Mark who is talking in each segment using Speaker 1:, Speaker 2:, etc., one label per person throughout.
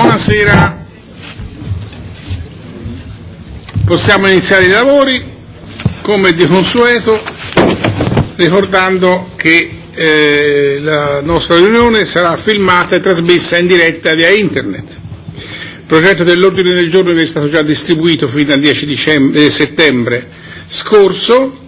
Speaker 1: Buonasera. Possiamo iniziare i lavori come di consueto ricordando che eh, la nostra riunione sarà filmata e trasmessa in diretta via internet. Il progetto dell'ordine del giorno è stato già distribuito fino al 10 dicembre, eh, settembre scorso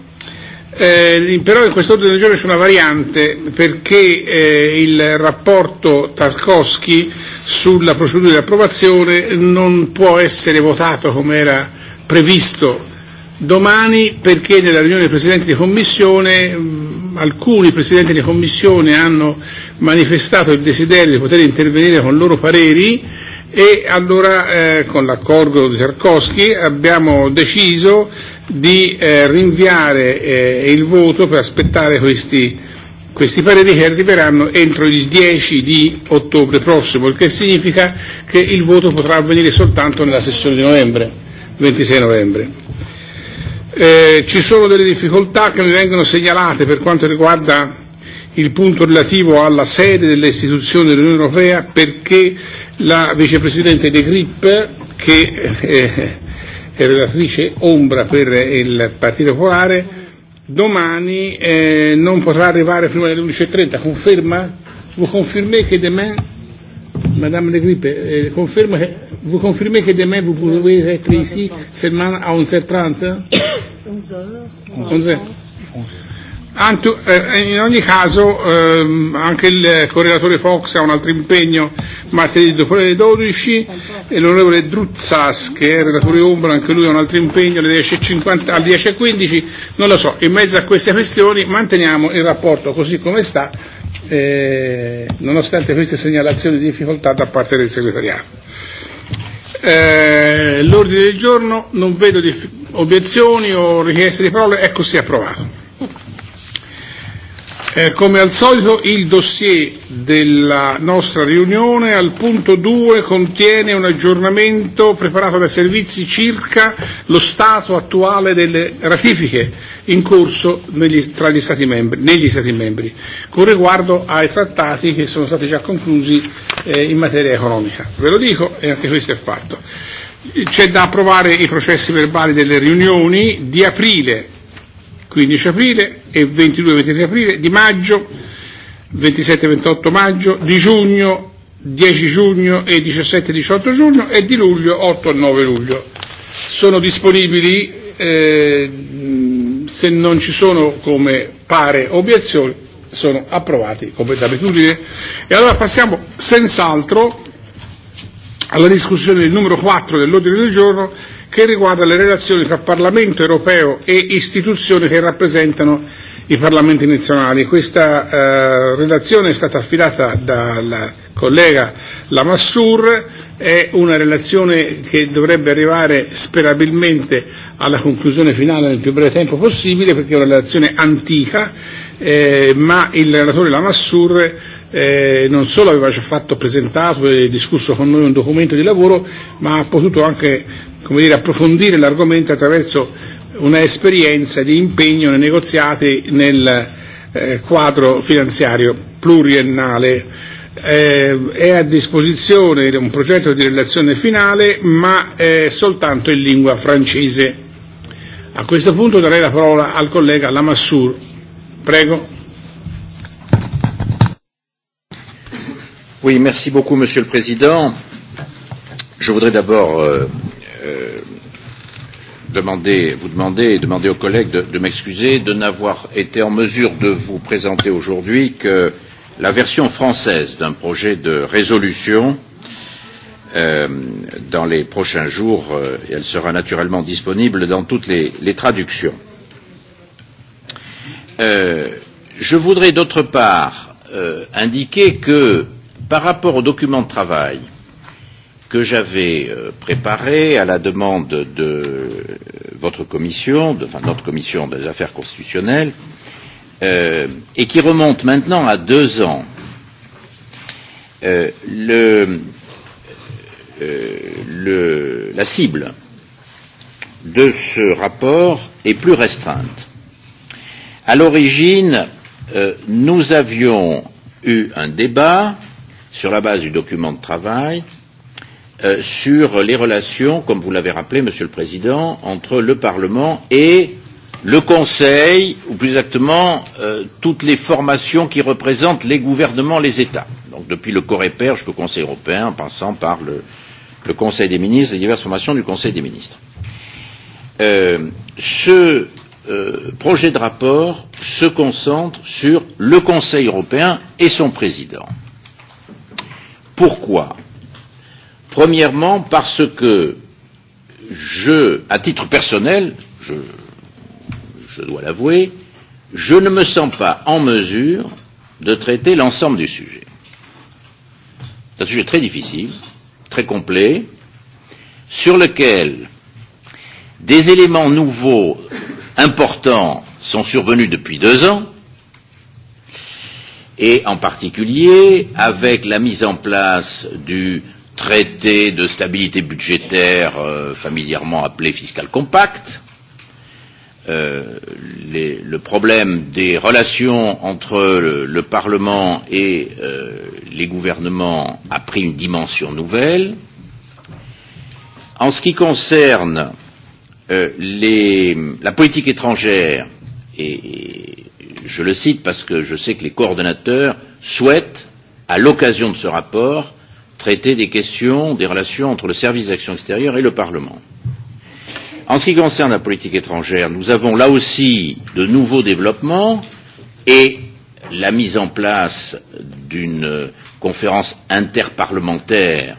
Speaker 1: Eh, però in quest'ordine del giorno c'è una variante perché eh, il rapporto Tarkovsky sulla procedura di approvazione non può essere votato come era previsto domani perché nella riunione dei Presidenti di Commissione mm, alcuni Presidenti di Commissione hanno manifestato il desiderio di poter intervenire con loro pareri e allora eh, con l'accordo di Tarkovsky abbiamo deciso di eh, rinviare eh, il voto per aspettare questi Questi pareri che arriveranno entro il 10 di ottobre prossimo, il che significa che il voto potrà avvenire soltanto nella sessione di novembre, 26 novembre. Eh, ci sono delle difficoltà che mi vengono segnalate per quanto riguarda il punto relativo alla sede delle istituzioni dell'Unione Europea perché la vicepresidente De Grip, che eh, è relatrice ombra per il Partito Popolare, domani eh, non potrà arrivare prima delle 11.30, conferma? Vuoi confermare che de me, Madame de Grippe, eh, conferma che, vous confirmez que demain vous pouvez être ici seulement à 11h30 11h. 11h. 11h. Antu, eh, in ogni caso ehm, anche il correlatore Fox ha un altro impegno martedì dopo le 12 e l'onorevole Druzzas che è relatore Ombra anche lui ha un altro impegno alle 10.50 e alle 10.15 e non lo so in mezzo a queste questioni manteniamo il rapporto così come sta eh, nonostante queste segnalazioni di difficoltà da parte del segretariato. Eh, l'ordine del giorno non vedo obiezioni o richieste di parole, ecco si è approvato. Eh, come al solito il dossier della nostra riunione al punto 2 contiene un aggiornamento preparato dai servizi circa lo stato attuale delle ratifiche in corso negli, tra gli Stati membri, negli Stati membri, con riguardo ai trattati che sono stati già conclusi eh, in materia economica. Ve lo dico e anche questo è fatto. C'è da approvare i processi verbali delle riunioni di aprile 15 aprile e 22-23 aprile, di maggio 27-28 maggio, di giugno 10 giugno e 17-18 giugno e di luglio 8-9 e luglio. Sono disponibili, eh, se non ci sono come pare obiezioni, sono approvati come d'abitudine. E allora passiamo senz'altro alla discussione del numero 4 dell'ordine del giorno che riguarda le relazioni tra Parlamento europeo e istituzioni che rappresentano i Parlamenti nazionali. Questa eh, relazione è stata affidata dal collega Lamassur, è una relazione che dovrebbe arrivare sperabilmente alla conclusione finale nel più breve tempo possibile perché è una relazione antica eh, ma il relatore Lamassur eh, non solo aveva già fatto presentato e discusso con noi un documento di lavoro, ma ha potuto anche come dire, approfondire l'argomento attraverso una esperienza di impegno nei negoziati nel eh, quadro finanziario pluriennale. Eh, è a disposizione un progetto di relazione finale, ma soltanto in lingua francese. A questo punto darei la parola al collega Lamassur.
Speaker 2: Prego. Oui, merci beaucoup, Monsieur le Président. Je voudrais d'abord euh, demander, vous demander et demander aux collègues de, de m'excuser de n'avoir été en mesure de vous présenter aujourd'hui que la version française d'un projet de résolution euh, dans les prochains jours euh, elle sera naturellement disponible dans toutes les, les traductions. Euh, je voudrais d'autre part euh, indiquer que par rapport au document de travail que j'avais euh, préparé à la demande de votre commission, de, enfin notre commission des affaires constitutionnelles, euh, et qui remonte maintenant à deux ans. Euh, le, euh, le, la cible de ce rapport est plus restreinte. À l'origine, euh, nous avions eu un débat sur la base du document de travail euh, Euh, sur les relations, comme vous l'avez rappelé, Monsieur le Président, entre le Parlement et le Conseil, ou plus exactement euh, toutes les formations qui représentent les gouvernements, les États, donc depuis le Coreper jusqu'au Conseil européen, en passant par le, le Conseil des ministres, les diverses formations du Conseil des ministres. Euh, ce projet de rapport se concentre sur le Conseil européen et son président. Pourquoi Premièrement, parce que je, à titre personnel, je, je dois l'avouer, je ne me sens pas en mesure de traiter l'ensemble du sujet. C'est un sujet très difficile, très complet, sur lequel des éléments nouveaux importants sont survenus depuis deux ans, et en particulier avec la mise en place du traité de stabilité budgétaire euh, familièrement appelé fiscal compact. Euh, les, le problème des relations entre le, le Parlement et euh, les gouvernements a pris une dimension nouvelle. En ce qui concerne euh, les, la politique étrangère, et, et je le cite parce que je sais que les coordonnateurs souhaitent, à l'occasion de ce rapport, traiter des questions des relations entre le service d'action extérieure et le Parlement. En ce qui concerne la politique étrangère, nous avons là aussi de nouveaux développements et la mise en place d'une conférence interparlementaire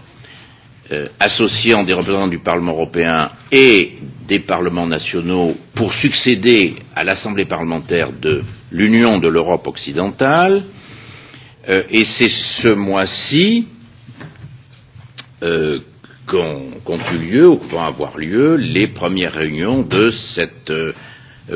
Speaker 2: euh, associant des représentants du Parlement européen et des parlements nationaux pour succéder à l'Assemblée parlementaire de l'Union de l'Europe occidentale. Euh, et c'est ce mois-ci euh, qu'ont qu eu lieu ou que vont avoir lieu les premières réunions de cette euh,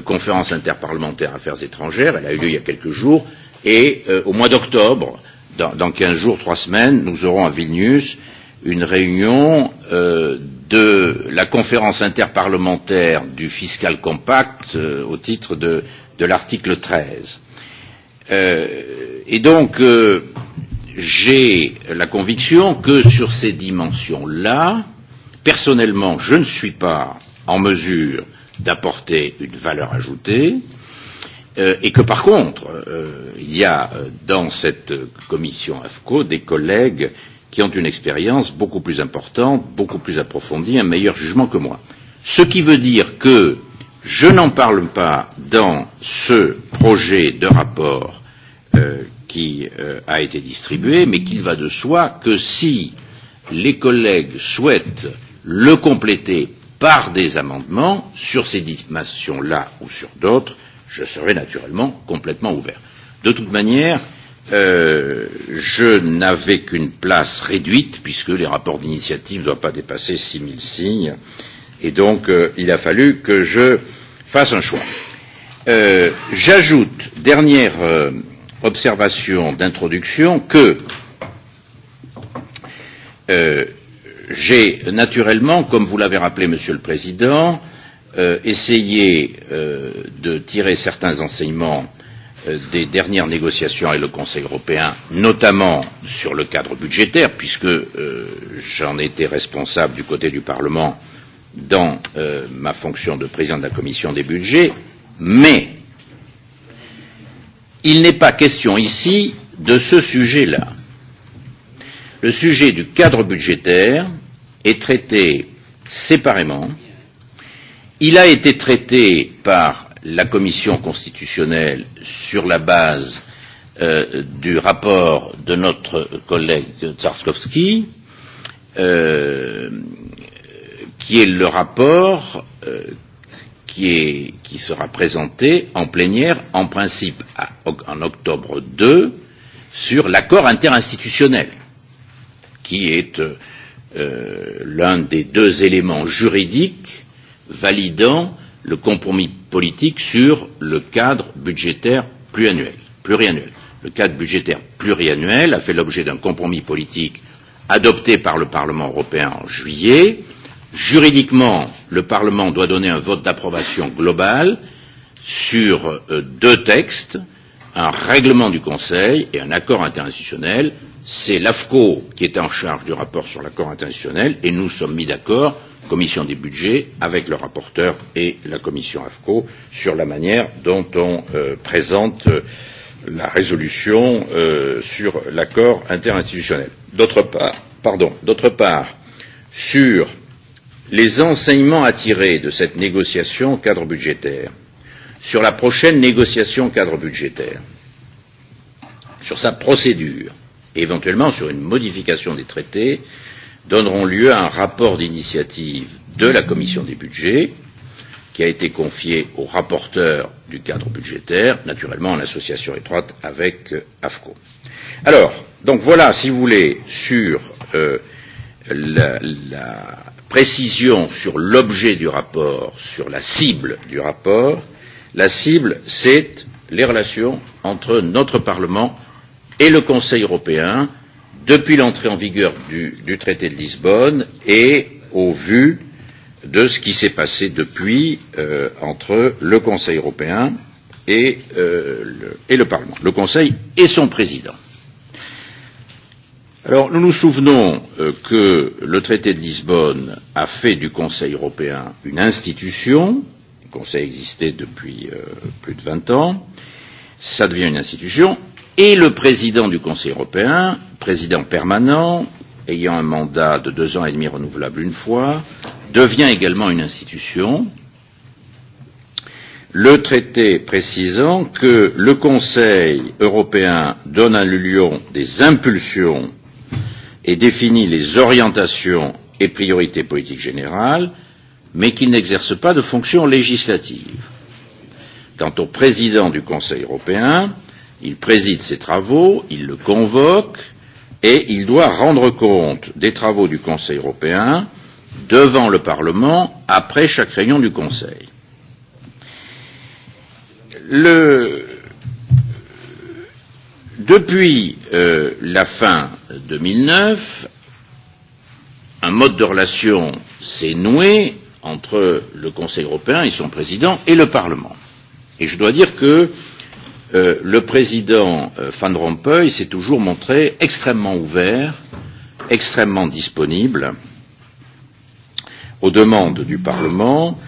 Speaker 2: conférence interparlementaire affaires étrangères. Elle a eu lieu il y a quelques jours et euh, au mois d'octobre, dans, dans 15 jours, 3 semaines, nous aurons à Vilnius une réunion euh, de la conférence interparlementaire du fiscal compact euh, au titre de, de l'article 13. Euh, et donc, euh, j'ai la conviction que sur ces dimensions-là, personnellement, je ne suis pas en mesure d'apporter une valeur ajoutée euh, et que par contre, euh, il y a euh, dans cette commission AFCO des collègues qui ont une expérience beaucoup plus importante, beaucoup plus approfondie, un meilleur jugement que moi. Ce qui veut dire que je n'en parle pas dans ce projet de rapport euh, qui euh, a été distribué, mais qu'il va de soi que si les collègues souhaitent le compléter par des amendements sur ces dimensions-là ou sur d'autres, je serai naturellement complètement ouvert. De toute manière, euh, je n'avais qu'une place réduite, puisque les rapports d'initiative ne doivent pas dépasser 6000 signes, et donc euh, il a fallu que je fasse un choix. Euh, J'ajoute, dernière euh, observation d'introduction que euh, j'ai naturellement, comme vous l'avez rappelé, Monsieur le Président, euh, essayé euh, de tirer certains enseignements euh, des dernières négociations avec le Conseil européen, notamment sur le cadre budgétaire, puisque j'en euh, j'en étais responsable du côté du Parlement dans ma fonction de président de la Commission des budgets, mais Il n'est pas question ici de ce sujet-là. Le sujet du cadre budgétaire est traité séparément. Il a été traité par la Commission constitutionnelle sur la base euh, du rapport de notre collègue Tsarskovski, euh, qui est le rapport euh, qui, est, qui sera présenté en plénière, en principe à, en octobre 2, sur l'accord interinstitutionnel, qui est euh, euh, l'un des deux éléments juridiques validant le compromis politique sur le cadre budgétaire pluriannuel. pluriannuel. Le cadre budgétaire pluriannuel a fait l'objet d'un compromis politique adopté par le Parlement européen en juillet, Juridiquement, le Parlement doit donner un vote d'approbation global sur euh, deux textes, un règlement du Conseil et un accord interinstitutionnel. C'est l'AFCO qui est en charge du rapport sur l'accord interinstitutionnel et nous sommes mis d'accord, Commission des budgets, avec le rapporteur et la Commission AFCO sur la manière dont on euh, présente euh, la résolution euh, sur l'accord interinstitutionnel. D'autre part, pardon, d'autre part, sur les enseignements à tirer de cette négociation cadre budgétaire sur la prochaine négociation cadre budgétaire, sur sa procédure et éventuellement sur une modification des traités donneront lieu à un rapport d'initiative de la commission des budgets qui a été confié au rapporteur du cadre budgétaire, naturellement en association étroite avec euh, AFCO. Alors, donc voilà, si vous voulez, sur euh, la, la précision sur l'objet du rapport, sur la cible du rapport. La cible, c'est les relations entre notre Parlement et le Conseil européen depuis l'entrée en vigueur du, du traité de Lisbonne et au vu de ce qui s'est passé depuis euh, entre le Conseil européen et, euh, le, et le Parlement, le Conseil et son président. Alors, nous nous souvenons euh, que le traité de Lisbonne a fait du Conseil européen une institution. Le Conseil existait depuis euh, plus de 20 ans. Ça devient une institution. Et le président du Conseil européen, président permanent, ayant un mandat de deux ans et demi renouvelable une fois, devient également une institution. Le traité précisant que le Conseil européen donne à l'Union des impulsions et définit les orientations et priorités politiques générales, mais qui n'exerce pas de fonction législative. Quant au président du Conseil européen, il préside ses travaux, il le convoque et il doit rendre compte des travaux du Conseil européen devant le Parlement après chaque réunion du Conseil. Le Depuis euh, la fin 2009, un mode de relation s'est noué entre le Conseil européen et son président et le Parlement. Et je dois dire que euh, le président euh, Van Rompuy s'est toujours montré extrêmement ouvert, extrêmement disponible aux demandes du Parlement.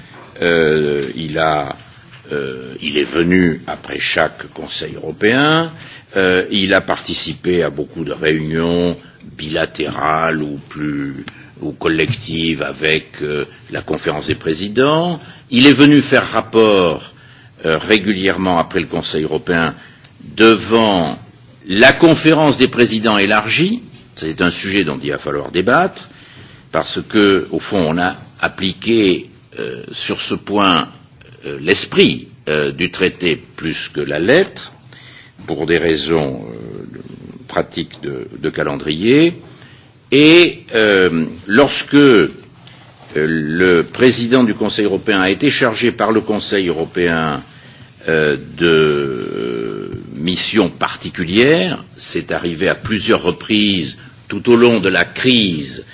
Speaker 2: Euh, il a euh, il est venu après chaque Conseil européen, euh, il a participé à beaucoup de réunions bilatérales ou plus ou collectives avec euh, la conférence des présidents, il est venu faire rapport euh, régulièrement après le Conseil européen devant la conférence des présidents élargie, c'est un sujet dont il va falloir débattre, parce que, au fond, on a appliqué euh, sur ce point Euh, l'esprit euh, du traité plus que la lettre pour des raisons euh, pratiques de, calendrier et lorsque le président du Conseil européen a été chargé par le Conseil européen de missions particulières, c'est arrivé à plusieurs reprises tout au long de la crise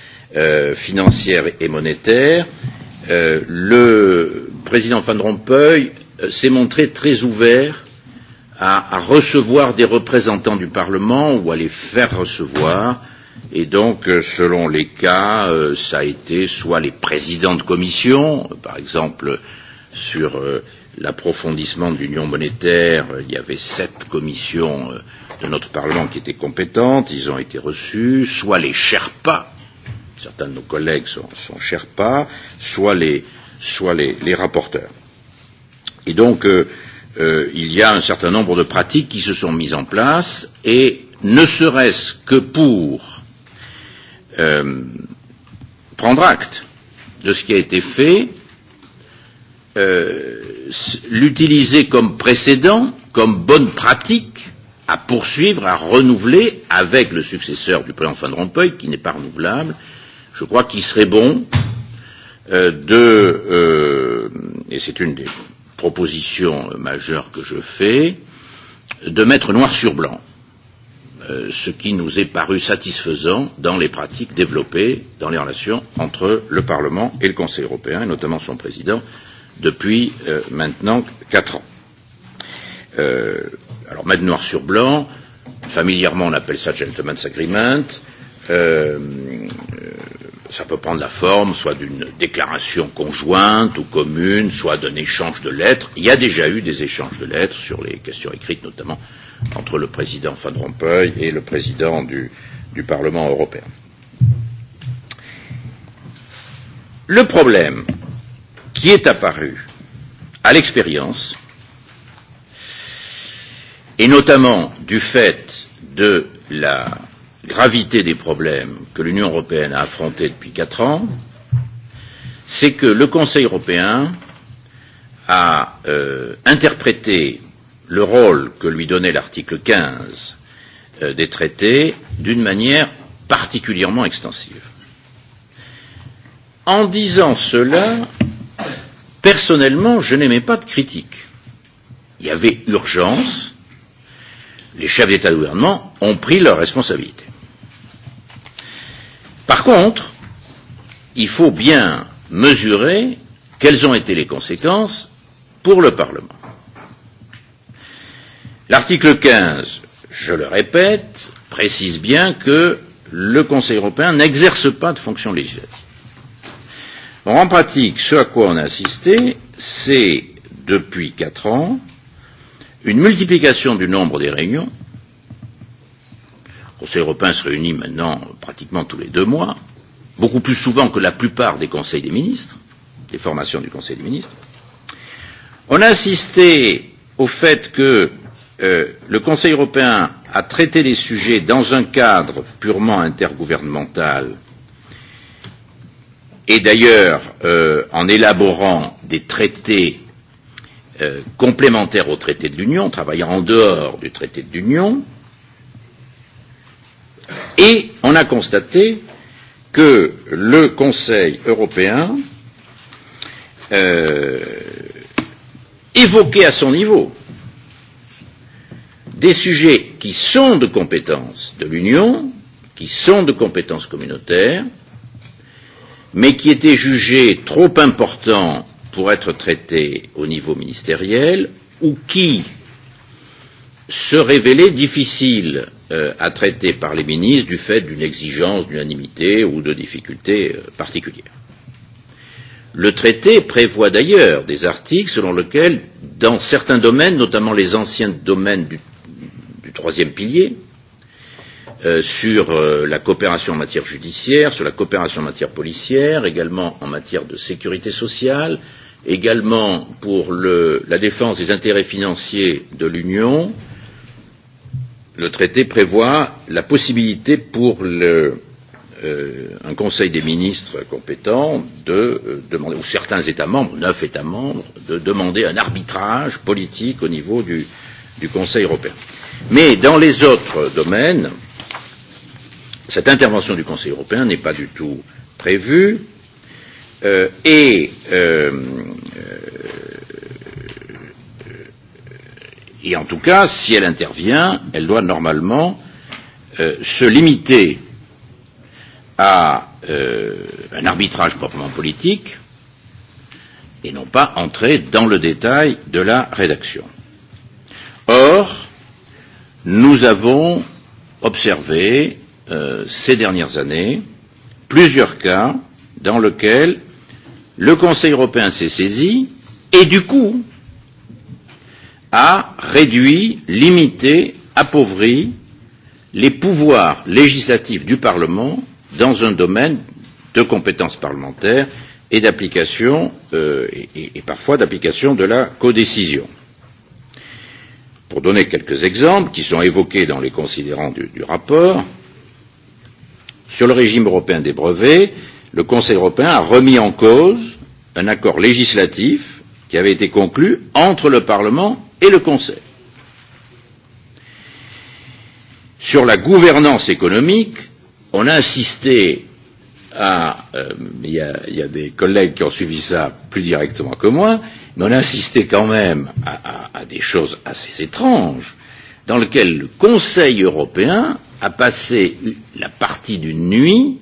Speaker 2: financière et monétaire, le président Van Rompuy euh, s'est montré très ouvert à, à recevoir des représentants du Parlement ou à les faire recevoir. Et donc, euh, selon les cas, euh, ça a été soit les présidents de commission, par exemple sur l'approfondissement de l'union monétaire, il y avait sept commissions de notre Parlement qui étaient compétentes, ils ont été reçus, soit les Sherpas, certains de nos collègues sont, sont Sherpas, soit les, soit les, les rapporteurs. Et donc, euh, euh, il y a un certain nombre de pratiques qui se sont mises en place et ne serait-ce que pour euh, prendre acte de ce qui a été fait, euh, l'utiliser comme précédent, comme bonne pratique à poursuivre, à renouveler avec le successeur du président Van Rompuy, qui n'est pas renouvelable, je crois qu'il serait bon Euh, de euh, et c'est une des propositions majeures que je fais de mettre noir sur blanc euh, ce qui nous est paru satisfaisant dans les pratiques développées dans les relations entre le Parlement et le Conseil européen, et notamment son président, depuis euh, maintenant quatre ans. Euh, alors, mettre noir sur blanc, familièrement on appelle ça gentleman's agreement, euh, ça peut prendre la forme soit d'une déclaration conjointe ou commune, soit d'un échange de lettres. Il y a déjà eu des échanges de lettres sur les questions écrites, notamment entre le président Van Rompuy et le président du, du Parlement européen. Le problème qui est apparu à l'expérience, et notamment du fait de la gravité des problèmes que l'Union européenne a affrontés depuis quatre ans, c'est que le Conseil européen a euh, interprété le rôle que lui donnait l'article 15 euh, des traités d'une manière particulièrement extensive. En disant cela, personnellement, je n'aimais pas de critique. Il y avait urgence, les chefs d'État et de gouvernement ont pris leurs responsabilités. Par contre, il faut bien mesurer quelles ont été les conséquences pour le Parlement. L'article 15, je le répète, précise bien que le Conseil européen n'exerce pas de fonction législative. Bon, en pratique, ce à quoi on a assisté, c'est, depuis quatre ans, une multiplication du nombre des réunions, Conseil européen se réunit maintenant euh, pratiquement tous les deux mois, beaucoup plus souvent que la plupart des conseils des ministres, des formations du Conseil des ministres. On a insisté au fait que euh, le Conseil européen a traité les sujets dans un cadre purement intergouvernemental et d'ailleurs euh, en élaborant des traités euh, complémentaires au traité de l'Union, travaillant en dehors du traité de l'Union, et on a constaté que le Conseil européen euh, évoquait à son niveau des sujets qui sont de compétence de l'Union, qui sont de compétence communautaire, mais qui étaient jugés trop importants pour être traités au niveau ministériel ou qui se révélaient difficiles euh, à traiter par les ministres du fait d'une exigence d'unanimité ou de difficultés euh, particulières. Le traité prévoit d'ailleurs des articles selon lesquels, dans certains domaines, notamment les anciens domaines du, du troisième pilier, euh, sur euh, la coopération en matière judiciaire, sur la coopération en matière policière, également en matière de sécurité sociale, également pour le, la défense des intérêts financiers de l'Union, euh, le traité prévoit la possibilité pour le, euh, un conseil des ministres compétents de euh, demander, ou certains États membres, neuf États membres, de demander un arbitrage politique au niveau du, du Conseil européen. Mais dans les autres domaines, cette intervention du Conseil européen n'est pas du tout prévue euh, et euh, et en tout cas si elle intervient elle doit normalement euh, se limiter à euh, un arbitrage proprement politique et non pas entrer dans le détail de la rédaction or nous avons observé euh, ces dernières années plusieurs cas dans lesquels le Conseil européen s'est saisi et du coup a réduit, limité, appauvri les pouvoirs législatifs du Parlement dans un domaine de compétences parlementaires et d'application euh, et, et parfois d'application de la codécision. Pour donner quelques exemples qui sont évoqués dans les considérants du, du rapport, sur le régime européen des brevets, le Conseil européen a remis en cause un accord législatif qui avait été conclu entre le Parlement et le Conseil. Sur la gouvernance économique, on a insisté à euh, il y, a, y a des collègues qui ont suivi ça plus directement que moi, mais on a insisté quand même à, à, à des choses assez étranges, dans lesquelles le Conseil européen a passé la partie d'une nuit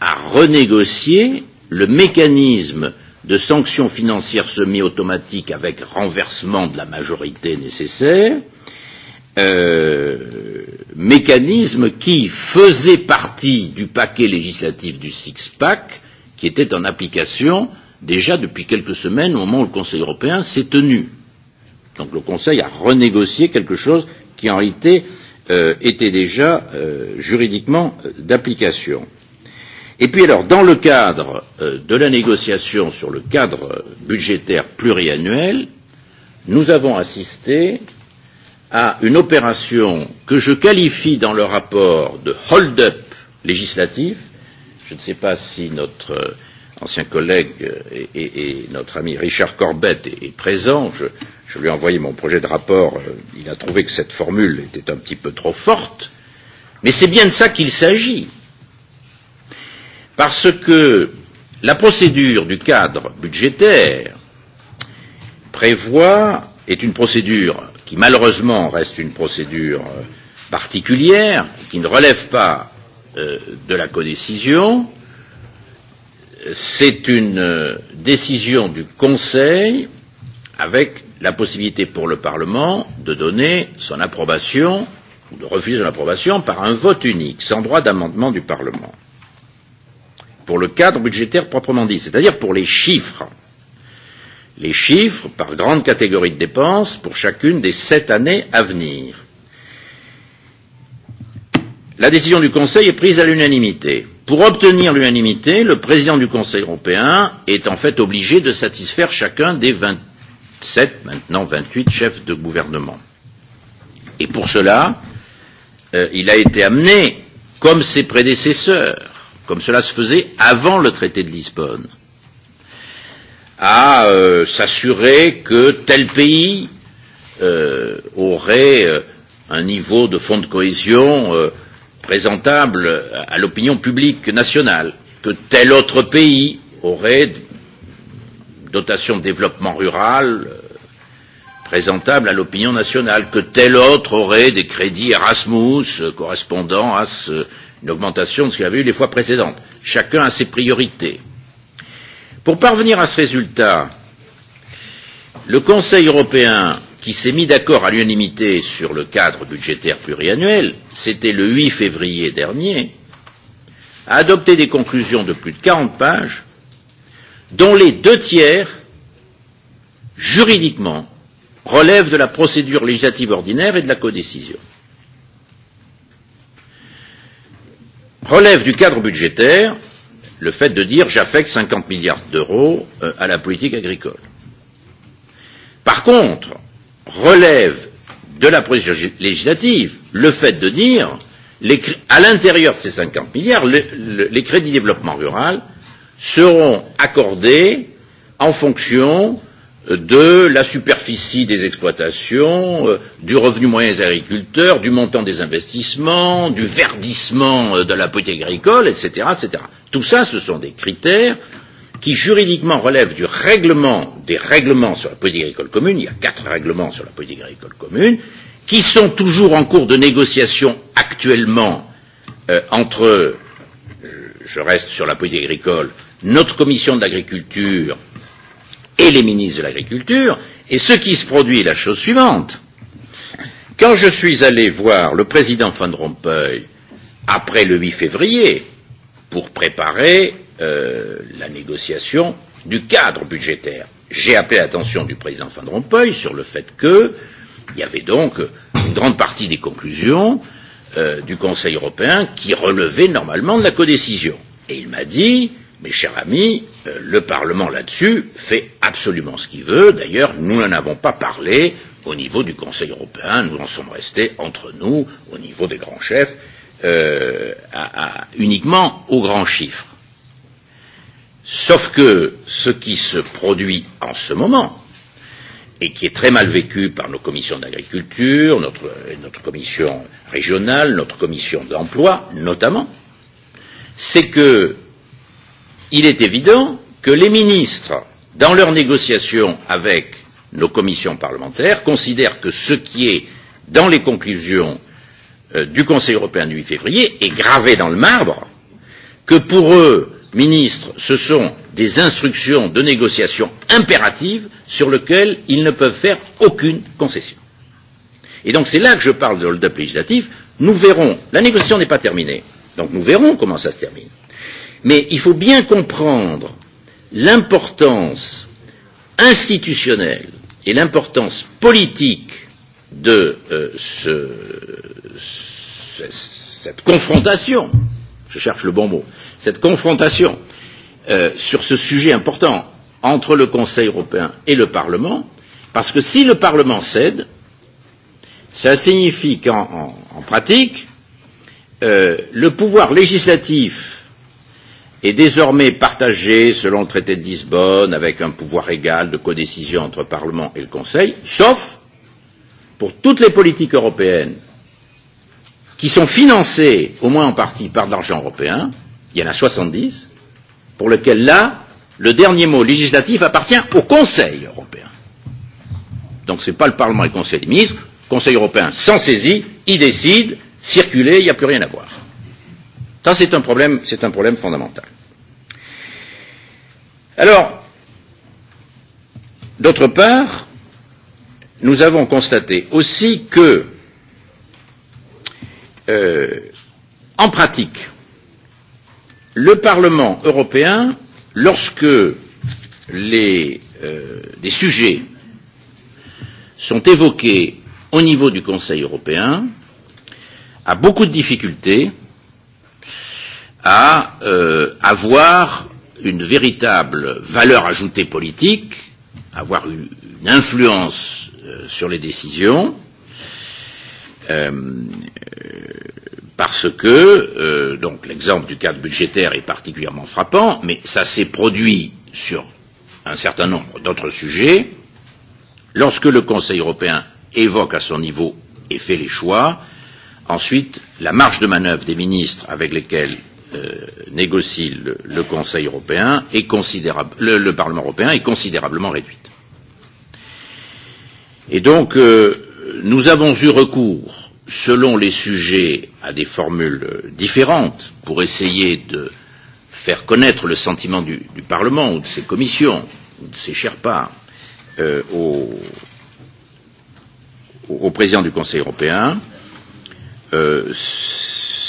Speaker 2: à renégocier le mécanisme de sanctions financières semi-automatiques avec renversement de la majorité nécessaire, euh, mécanisme qui faisait partie du paquet législatif du six-pack, qui était en application déjà depuis quelques semaines au moment où le Conseil européen s'est tenu. Donc le Conseil a renégocié quelque chose qui en réalité euh, était déjà euh, juridiquement euh, d'application. Et puis alors, dans le cadre euh, de la négociation sur le cadre budgétaire pluriannuel, nous avons assisté à une opération que je qualifie dans le rapport de hold-up législatif. Je ne sais pas si notre euh, ancien collègue euh, et, et, et notre ami Richard Corbett est, est présent. Je, je lui ai envoyé mon projet de rapport. Il a trouvé que cette formule était un petit peu trop forte. Mais c'est bien de ça qu'il s'agit parce que la procédure du cadre budgétaire prévoit est une procédure qui malheureusement reste une procédure euh, particulière qui ne relève pas euh, de la codécision c'est une euh, décision du conseil avec la possibilité pour le parlement de donner son approbation ou de refuser son approbation par un vote unique sans droit d'amendement du parlement pour le cadre budgétaire proprement dit, c'est-à-dire pour les chiffres. Les chiffres par grande catégorie de dépenses pour chacune des sept années à venir. La décision du Conseil est prise à l'unanimité. Pour obtenir l'unanimité, le président du Conseil européen est en fait obligé de satisfaire chacun des 27, maintenant 28 chefs de gouvernement. Et pour cela, euh, il a été amené, comme ses prédécesseurs, comme cela se faisait avant le traité de Lisbonne, à euh, s'assurer que tel pays euh, aurait euh, un niveau de fonds de cohésion euh, présentable à l'opinion publique nationale, que tel autre pays aurait dotation de développement rural euh, présentable à l'opinion nationale, que tel autre aurait des crédits Erasmus euh, correspondant à ce une augmentation de ce qu'il avait eu les fois précédentes. Chacun a ses priorités. Pour parvenir à ce résultat, le Conseil européen qui s'est mis d'accord à l'unanimité sur le cadre budgétaire pluriannuel, c'était le 8 février dernier, a adopté des conclusions de plus de 40 pages, dont les deux tiers, juridiquement, relèvent de la procédure législative ordinaire et de la codécision. relève du cadre budgétaire le fait de dire j'affecte 50 milliards d'euros euh, à la politique agricole. Par contre, relève de la procédure législative le fait de dire les, à l'intérieur de ces 50 milliards, le, le, les crédits de développement rural seront accordés en fonction de la superficie des exploitations, euh, du revenu moyen des agriculteurs, du montant des investissements, du verdissement euh, de la politique agricole, etc., etc. Tout ça, ce sont des critères qui juridiquement relèvent du règlement, des règlements sur la politique agricole commune, il y a quatre règlements sur la politique agricole commune, qui sont toujours en cours de négociation actuellement euh, entre, euh, je reste sur la politique agricole, notre commission de l'agriculture et les ministres de l'agriculture, et ce qui se produit est la chose suivante. Quand je suis allé voir le président Van Rompuy après le 8 février pour préparer euh, la négociation du cadre budgétaire, j'ai appelé l'attention du président Van Rompuy sur le fait que il y avait donc une grande partie des conclusions euh, du Conseil européen qui relevaient normalement de la codécision. Et il m'a dit Mes chers amis, euh, le Parlement là-dessus fait absolument ce qu'il veut. D'ailleurs, nous n'en avons pas parlé au niveau du Conseil européen. Nous en sommes restés entre nous, au niveau des grands chefs, euh, à, à, uniquement aux grands chiffres. Sauf que ce qui se produit en ce moment, et qui est très mal vécu par nos commissions d'agriculture, notre, euh, notre commission régionale, notre commission d'emploi notamment, c'est que il est évident que les ministres, dans leurs négociations avec nos commissions parlementaires, considèrent que ce qui est dans les conclusions euh, du Conseil européen du 8 février est gravé dans le marbre, que pour eux, ministres, ce sont des instructions de négociation impératives sur lesquelles ils ne peuvent faire aucune concession. Et donc c'est là que je parle de hold-up législatif. Nous verrons, la négociation n'est pas terminée, donc nous verrons comment ça se termine. Mais il faut bien comprendre l'importance institutionnelle et l'importance politique de euh, ce, ce, cette confrontation, je cherche le bon mot, cette confrontation euh, sur ce sujet important entre le Conseil européen et le Parlement, parce que si le Parlement cède, ça signifie qu'en en, en pratique, euh, le pouvoir législatif est désormais partagé selon le traité de Lisbonne avec un pouvoir égal de codécision entre Parlement et le Conseil, sauf pour toutes les politiques européennes qui sont financées, au moins en partie, par de l'argent européen, il y en a 70, pour lesquelles là, le dernier mot législatif appartient au Conseil européen. Donc ce n'est pas le Parlement et le Conseil des ministres, le Conseil européen s'en saisit, il décide, circuler, il n'y a plus rien à voir. Ça, c'est un problème, c'est un problème fondamental. Alors, d'autre part, nous avons constaté aussi que, euh, en pratique, le Parlement européen, lorsque les, euh, des sujets sont évoqués au niveau du Conseil européen, a beaucoup de difficultés à euh, avoir une véritable valeur ajoutée politique, avoir une, une influence euh, sur les décisions, euh, parce que euh, donc l'exemple du cadre budgétaire est particulièrement frappant, mais ça s'est produit sur un certain nombre d'autres sujets. Lorsque le Conseil européen évoque à son niveau et fait les choix, ensuite la marge de manœuvre des ministres avec lesquels Euh, négocie le, le Conseil européen est considérable le, le Parlement européen est considérablement réduite. Et donc euh, nous avons eu recours selon les sujets à des formules différentes pour essayer de faire connaître le sentiment du, du Parlement ou de ses commissions ou de ses sherpas euh, au, au président du Conseil européen. Euh,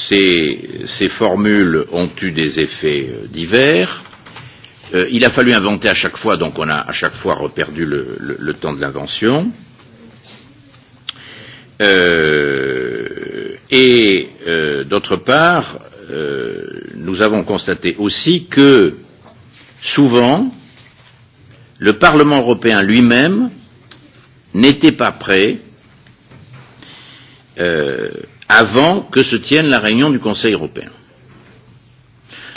Speaker 2: ces, ces formules ont eu des effets euh, divers. Euh, il a fallu inventer à chaque fois, donc on a à chaque fois reperdu le, le, le temps de l'invention. Euh, et euh, d'autre part, euh, nous avons constaté aussi que souvent, le Parlement européen lui-même n'était pas prêt euh, avant que se tienne la réunion du Conseil européen.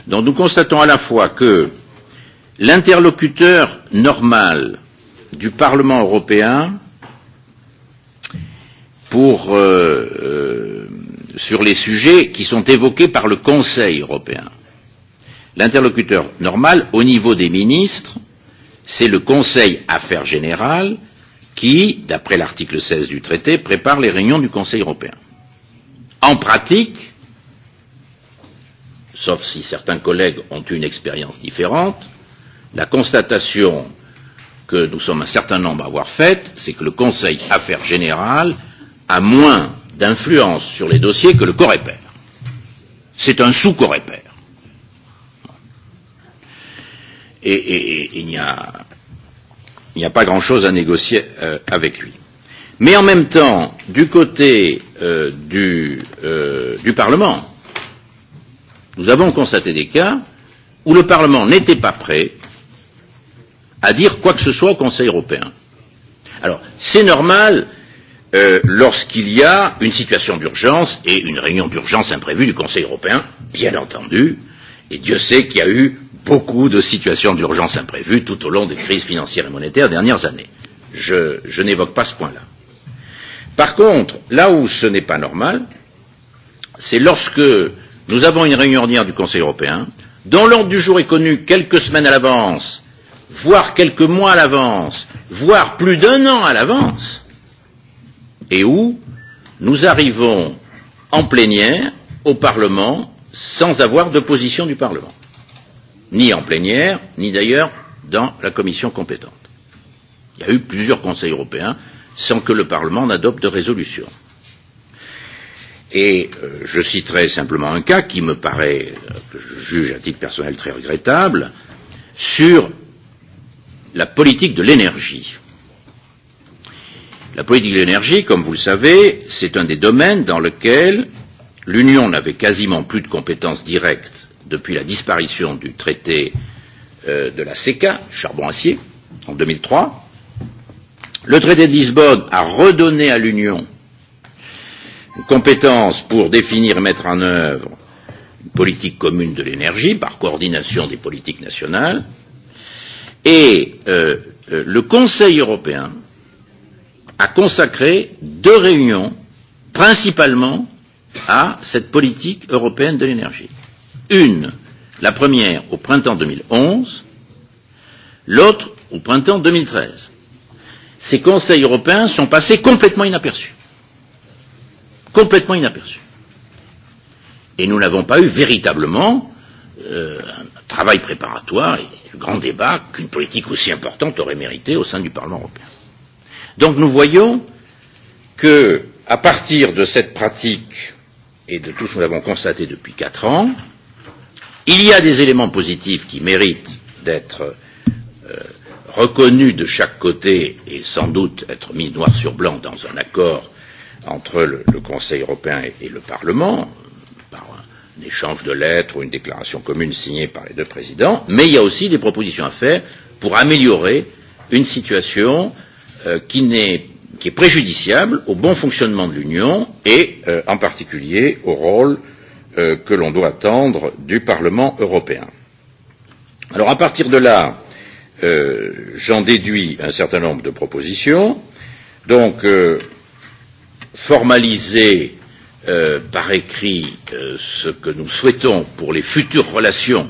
Speaker 2: Donc nous constatons à la fois que l'interlocuteur normal du Parlement européen pour, euh, euh, sur les sujets qui sont évoqués par le Conseil européen, l'interlocuteur normal au niveau des ministres, c'est le Conseil Affaires Générales qui, d'après l'article 16 du traité, prépare les réunions du Conseil européen. En pratique, sauf si certains collègues ont une expérience différente, la constatation que nous sommes un certain nombre à avoir faite, c'est que le Conseil Affaires Générales a moins d'influence sur les dossiers que le Corépère. C'est un sous-Corépère. Et, et, et il n'y a, il a pas grand-chose à négocier euh, avec lui. Mais en même temps, du côté euh, du, euh, du Parlement, nous avons constaté des cas où le Parlement n'était pas prêt à dire quoi que ce soit au Conseil européen. Alors, c'est normal euh, lorsqu'il y a une situation d'urgence et une réunion d'urgence imprévue du Conseil européen, bien entendu, et Dieu sait qu'il y a eu beaucoup de situations d'urgence imprévues tout au long des crises financières et monétaires des dernières années. Je, je n'évoque pas ce point-là. Par contre, là où ce n'est pas normal, c'est lorsque nous avons une réunion ordinaire du Conseil européen, dont l'ordre du jour est connu quelques semaines à l'avance, voire quelques mois à l'avance, voire plus d'un an à l'avance, et où nous arrivons en plénière au Parlement sans avoir de position du Parlement, ni en plénière, ni d'ailleurs dans la commission compétente. Il y a eu plusieurs conseils européens sans que le Parlement n'adopte de résolution. Et euh, je citerai simplement un cas qui me paraît, euh, que je juge à titre personnel très regrettable, sur la politique de l'énergie. La politique de l'énergie, comme vous le savez, c'est un des domaines dans lequel l'Union n'avait quasiment plus de compétences directes depuis la disparition du traité euh, de la CECA, charbon-acier, en 2003, Le traité de Lisbonne a redonné à l'Union une compétence pour définir et mettre en œuvre une politique commune de l'énergie par coordination des politiques nationales et euh, euh le Conseil européen a consacré deux réunions principalement à cette politique européenne de l'énergie. Une, la première au printemps 2011, l'autre au printemps 2013 ces conseils européens sont passés complètement inaperçus. Complètement inaperçus. Et nous n'avons pas eu véritablement euh, un travail préparatoire et un grand débat qu'une politique aussi importante aurait mérité au sein du Parlement européen. Donc nous voyons que, à partir de cette pratique et de tout ce que nous avons constaté depuis quatre ans, il y a des éléments positifs qui méritent d'être euh, reconnu de chaque côté et sans doute être mis noir sur blanc dans un accord entre le, le Conseil européen et, et le Parlement, par un, un échange de lettres ou une déclaration commune signée par les deux présidents, mais il y a aussi des propositions à faire pour améliorer une situation euh, qui n'est qui est préjudiciable au bon fonctionnement de l'Union et euh, en particulier au rôle euh, que l'on doit attendre du Parlement européen. Alors à partir de là, Euh, j'en déduis un certain nombre de propositions. Donc, euh, formaliser euh, par écrit euh, ce que nous souhaitons pour les futures relations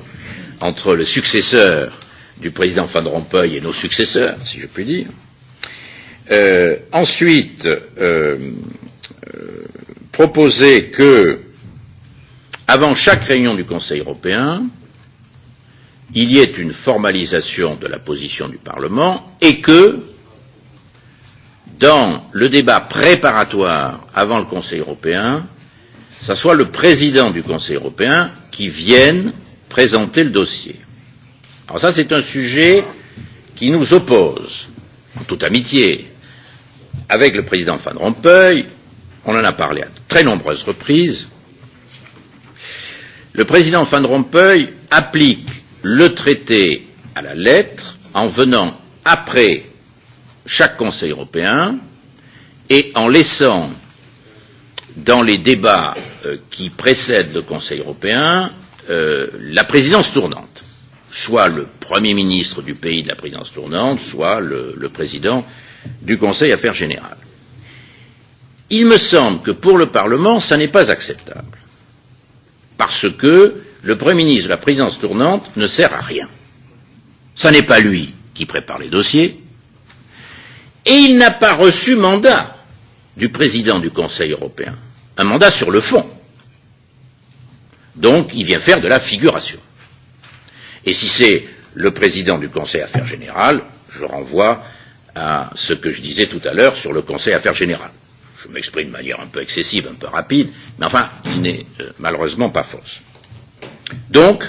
Speaker 2: entre le successeur du président Van Rompuy et nos successeurs, si je puis dire. Euh, ensuite, euh, euh, proposer que, avant chaque réunion du Conseil européen, euh, il y ait une formalisation de la position du Parlement et que, dans le débat préparatoire avant le Conseil européen, ce soit le président du Conseil européen qui vienne présenter le dossier. Alors ça, c'est un sujet qui nous oppose, en toute amitié, avec le président Van Rompuy, on en a parlé à très nombreuses reprises, le président Van Rompuy applique le traité à la lettre en venant après chaque Conseil européen et en laissant dans les débats euh, qui précèdent le Conseil européen euh, la présidence tournante, soit le Premier ministre du pays de la présidence tournante, soit le, le président du Conseil Affaires Générales. Il me semble que pour le Parlement, ça n'est pas acceptable, parce que le Premier ministre de la présidence tournante ne sert à rien. Ce n'est pas lui qui prépare les dossiers, et il n'a pas reçu mandat du président du Conseil européen, un mandat sur le fond. Donc, il vient faire de la figuration. Et si c'est le président du Conseil Affaires Générales, je renvoie à ce que je disais tout à l'heure sur le Conseil Affaires Générales. Je m'exprime de manière un peu excessive, un peu rapide, mais enfin, il n'est euh, malheureusement pas fausse. Donc,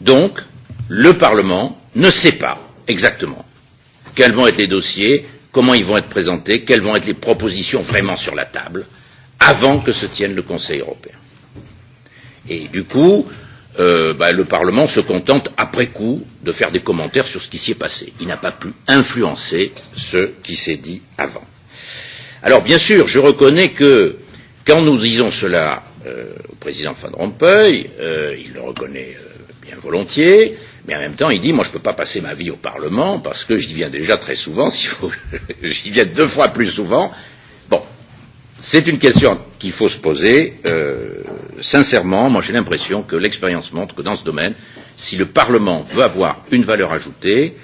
Speaker 2: donc, le Parlement ne sait pas exactement quels vont être les dossiers, comment ils vont être présentés, quelles vont être les propositions vraiment sur la table, avant que se tienne le Conseil européen. Et du coup, euh, bah, le Parlement se contente, après coup, de faire des commentaires sur ce qui s'y est passé. Il n'a pas pu influencer ce qui s'est dit avant. Alors, bien sûr, je reconnais que, quand nous disons cela Euh, au président Van Rompuy, euh, il le reconnaît euh, bien volontiers, mais en même temps il dit moi je ne peux pas passer ma vie au Parlement parce que j'y viens déjà très souvent, si vous... j'y viens deux fois plus souvent. Bon, c'est une question qu'il faut se poser. Euh, sincèrement, moi j'ai l'impression que l'expérience montre que dans ce domaine, si le Parlement veut avoir une valeur ajoutée,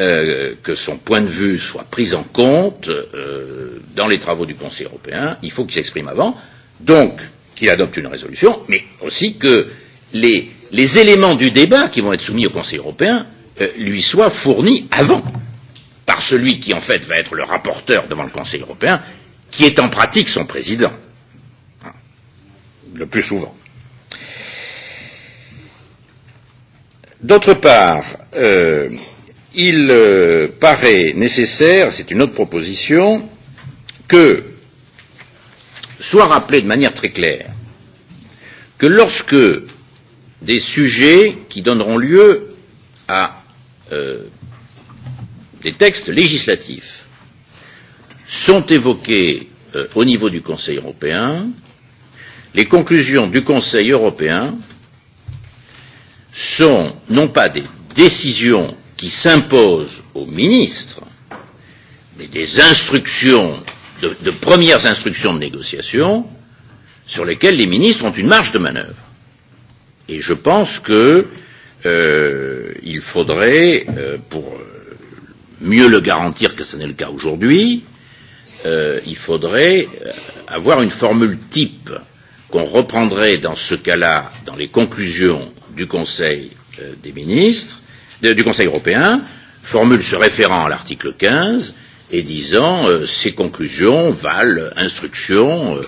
Speaker 2: euh, que son point de vue soit pris en compte euh, dans les travaux du Conseil européen, il faut qu'il s'exprime avant. Donc, qu'il adopte une résolution, mais aussi que les, les éléments du débat qui vont être soumis au Conseil européen euh, lui soient fournis avant par celui qui, en fait, va être le rapporteur devant le Conseil européen, qui est en pratique son président, le plus souvent. D'autre part, euh, il euh, paraît nécessaire, c'est une autre proposition, que soit rappelé de manière très claire que lorsque des sujets qui donneront lieu à euh, des textes législatifs sont évoqués euh, au niveau du Conseil européen, les conclusions du Conseil européen sont non pas des décisions qui s'imposent aux ministres, mais des instructions de, de premières instructions de négociation sur lesquelles les ministres ont une marge de manœuvre. Et je pense que euh, il faudrait, euh, pour mieux le garantir que ce n'est le cas aujourd'hui, euh, il faudrait euh, avoir une formule type qu'on reprendrait dans ce cas-là dans les conclusions du Conseil euh, des ministres, de, du Conseil européen, formule se référant à l'article 15, et disant euh, ces conclusions valent instruction euh,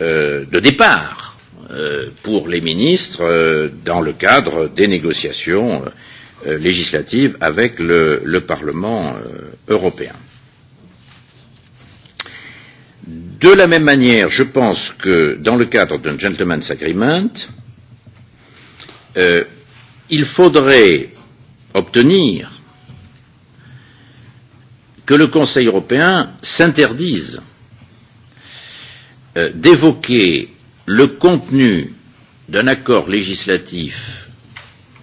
Speaker 2: euh, de départ euh, pour les ministres euh, dans le cadre des négociations euh, législatives avec le, le Parlement euh, européen. De la même manière, je pense que dans le cadre d'un gentleman's agreement, euh, il faudrait obtenir que le Conseil européen s'interdise euh, d'évoquer le contenu d'un accord législatif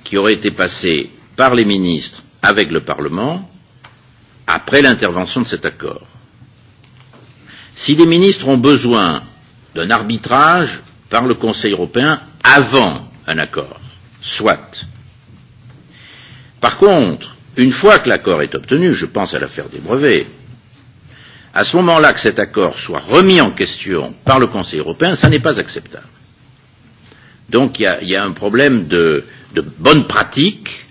Speaker 2: qui aurait été passé par les ministres avec le Parlement après l'intervention de cet accord. Si les ministres ont besoin d'un arbitrage par le Conseil européen avant un accord, soit. Par contre, Une fois que l'accord est obtenu, je pense à l'affaire des brevets, à ce moment-là que cet accord soit remis en question par le Conseil européen, ça n'est pas acceptable. Donc il y a, y a un problème de, de bonne pratique.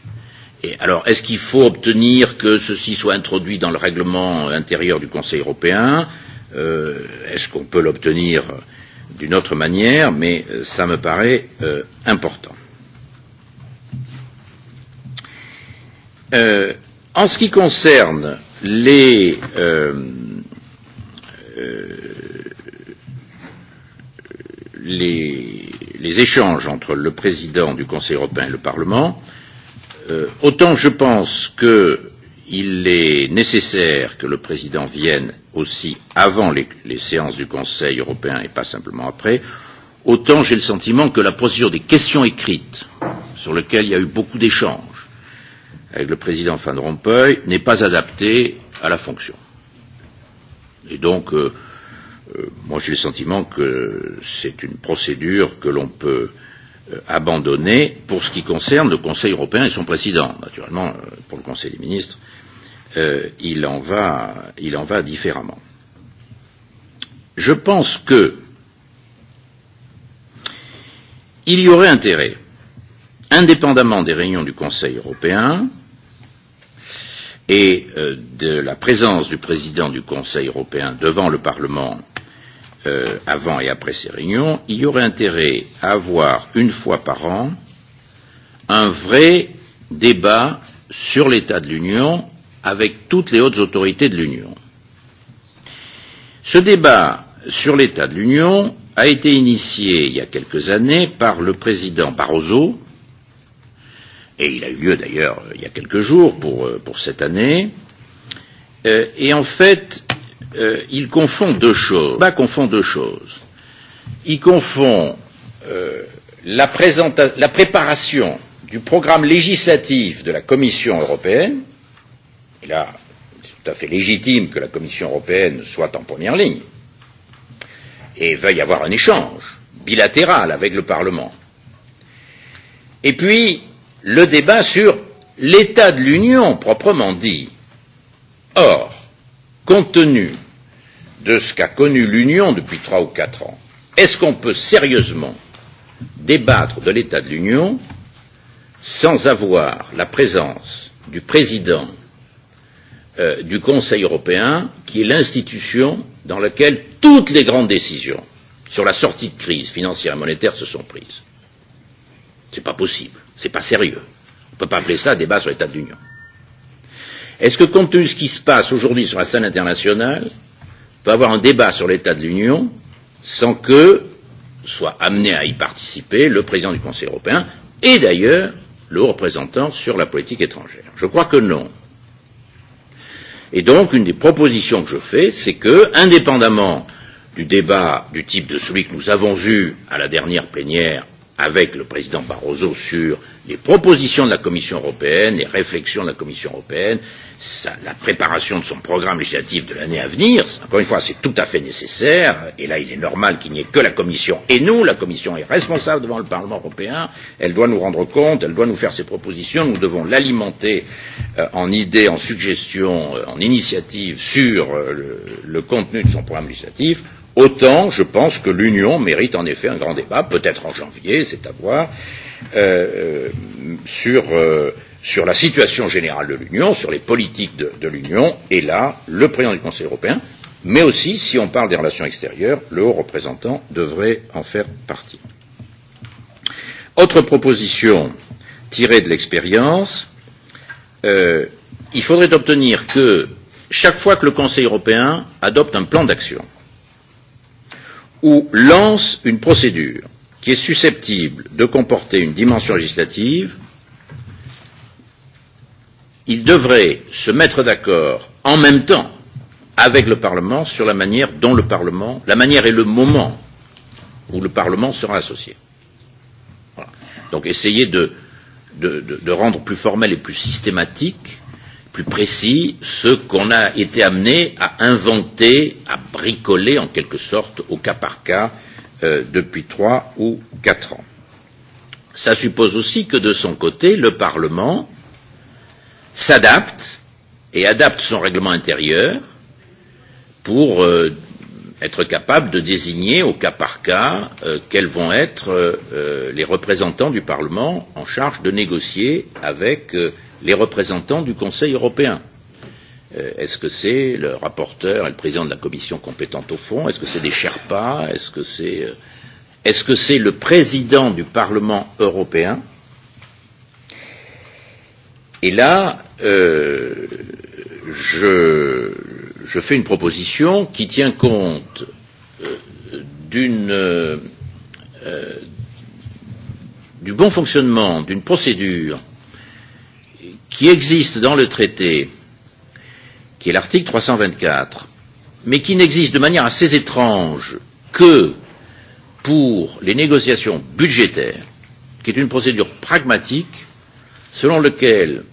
Speaker 2: Et alors, est-ce qu'il faut obtenir que ceci soit introduit dans le règlement intérieur du Conseil européen euh, Est-ce qu'on peut l'obtenir d'une autre manière Mais euh, ça me paraît euh, important. Euh, en ce qui concerne les, euh, euh, les, les échanges entre le président du Conseil européen et le Parlement, euh, autant je pense qu'il est nécessaire que le président vienne aussi avant les, les séances du Conseil européen et pas simplement après, autant j'ai le sentiment que la procédure des questions écrites, sur lesquelles il y a eu beaucoup d'échanges, avec le président Van Rompuy n'est pas adapté à la fonction. Et donc, euh, euh, moi j'ai le sentiment que c'est une procédure que l'on peut euh, abandonner pour ce qui concerne le Conseil européen et son président. Naturellement, euh, pour le Conseil des ministres, euh, il, en va, il en va différemment. Je pense que il y aurait intérêt, indépendamment des réunions du Conseil européen, et euh, de la présence du président du Conseil européen devant le Parlement euh, avant et après ces réunions, il y aurait intérêt à avoir une fois par an un vrai débat sur l'état de l'Union avec toutes les hautes autorités de l'Union. Ce débat sur l'état de l'Union a été initié il y a quelques années par le président Barroso et il a eu lieu d'ailleurs il y a quelques jours pour, euh, pour cette année. Euh, et en fait, euh, il confond deux choses. Bah, confond deux choses. Il confond euh, la, la préparation du programme législatif de la Commission européenne, et là, c'est tout à fait légitime que la Commission européenne soit en première ligne, et veuille avoir un échange bilatéral avec le Parlement. Et puis, le débat sur l'état de l'Union proprement dit. Or, compte tenu de ce qu'a connu l'Union depuis trois ou quatre ans, est-ce qu'on peut sérieusement débattre de l'état de l'Union sans avoir la présence du président euh, du Conseil européen, qui est l'institution dans laquelle toutes les grandes décisions sur la sortie de crise financière et monétaire se sont prises. Ce n'est pas possible. C'est pas sérieux. On ne peut pas appeler ça un débat sur l'état de l'Union. Est-ce que compte tenu de ce qui se passe aujourd'hui sur la scène internationale, on peut avoir un débat sur l'état de l'Union sans que soit amené à y participer le président du Conseil européen et d'ailleurs le représentant sur la politique étrangère Je crois que non. Et donc, une des propositions que je fais, c'est que, indépendamment du débat du type de celui que nous avons eu à la dernière plénière avec le président Barroso sur les propositions de la Commission européenne, les réflexions de la Commission européenne, sa, la préparation de son programme législatif de l'année à venir. Encore une fois, c'est tout à fait nécessaire. Et là, il est normal qu'il n'y ait que la Commission et nous. La Commission est responsable devant le Parlement européen. Elle doit nous rendre compte, elle doit nous faire ses propositions. Nous devons l'alimenter euh, en idées, en suggestions, euh, en initiatives sur euh, le, le contenu de son programme législatif Autant, je pense que l'Union mérite en effet un grand débat, peut-être en janvier, c'est à voir, euh, euh, sur, euh, sur la situation générale de l'Union, sur les politiques de, de l'Union, et là, le président du Conseil européen, mais aussi, si on parle des relations extérieures, le haut représentant devrait en faire partie. Autre proposition tirée de l'expérience, euh, il faudrait obtenir que chaque fois que le Conseil européen adopte un plan d'action, ou lance une procédure qui est susceptible de comporter une dimension législative, il devrait se mettre d'accord en même temps avec le Parlement sur la manière dont le Parlement, la manière et le moment où le Parlement sera associé. Voilà. Donc essayer de, de, de, de rendre plus formel et plus systématique plus précis, ce qu'on a été amené à inventer, à bricoler en quelque sorte au cas par cas euh, depuis trois ou quatre ans. Ça suppose aussi que de son côté, le Parlement s'adapte et adapte son règlement intérieur pour euh, être capable de désigner au cas par cas euh, quels vont être euh, euh les représentants du Parlement en charge de négocier avec euh, les représentants du Conseil européen. Euh, est-ce que c'est le rapporteur et le président de la commission compétente au fond Est-ce que c'est des Sherpas Est-ce que c'est euh, est -ce que c'est le président du Parlement européen Et là, euh, je, je fais une proposition qui tient compte euh, d'une euh, du bon fonctionnement d'une procédure qui existe dans le traité, qui est l'article 324, mais qui n'existe de manière assez étrange que pour les négociations budgétaires, qui est une procédure pragmatique, selon laquelle,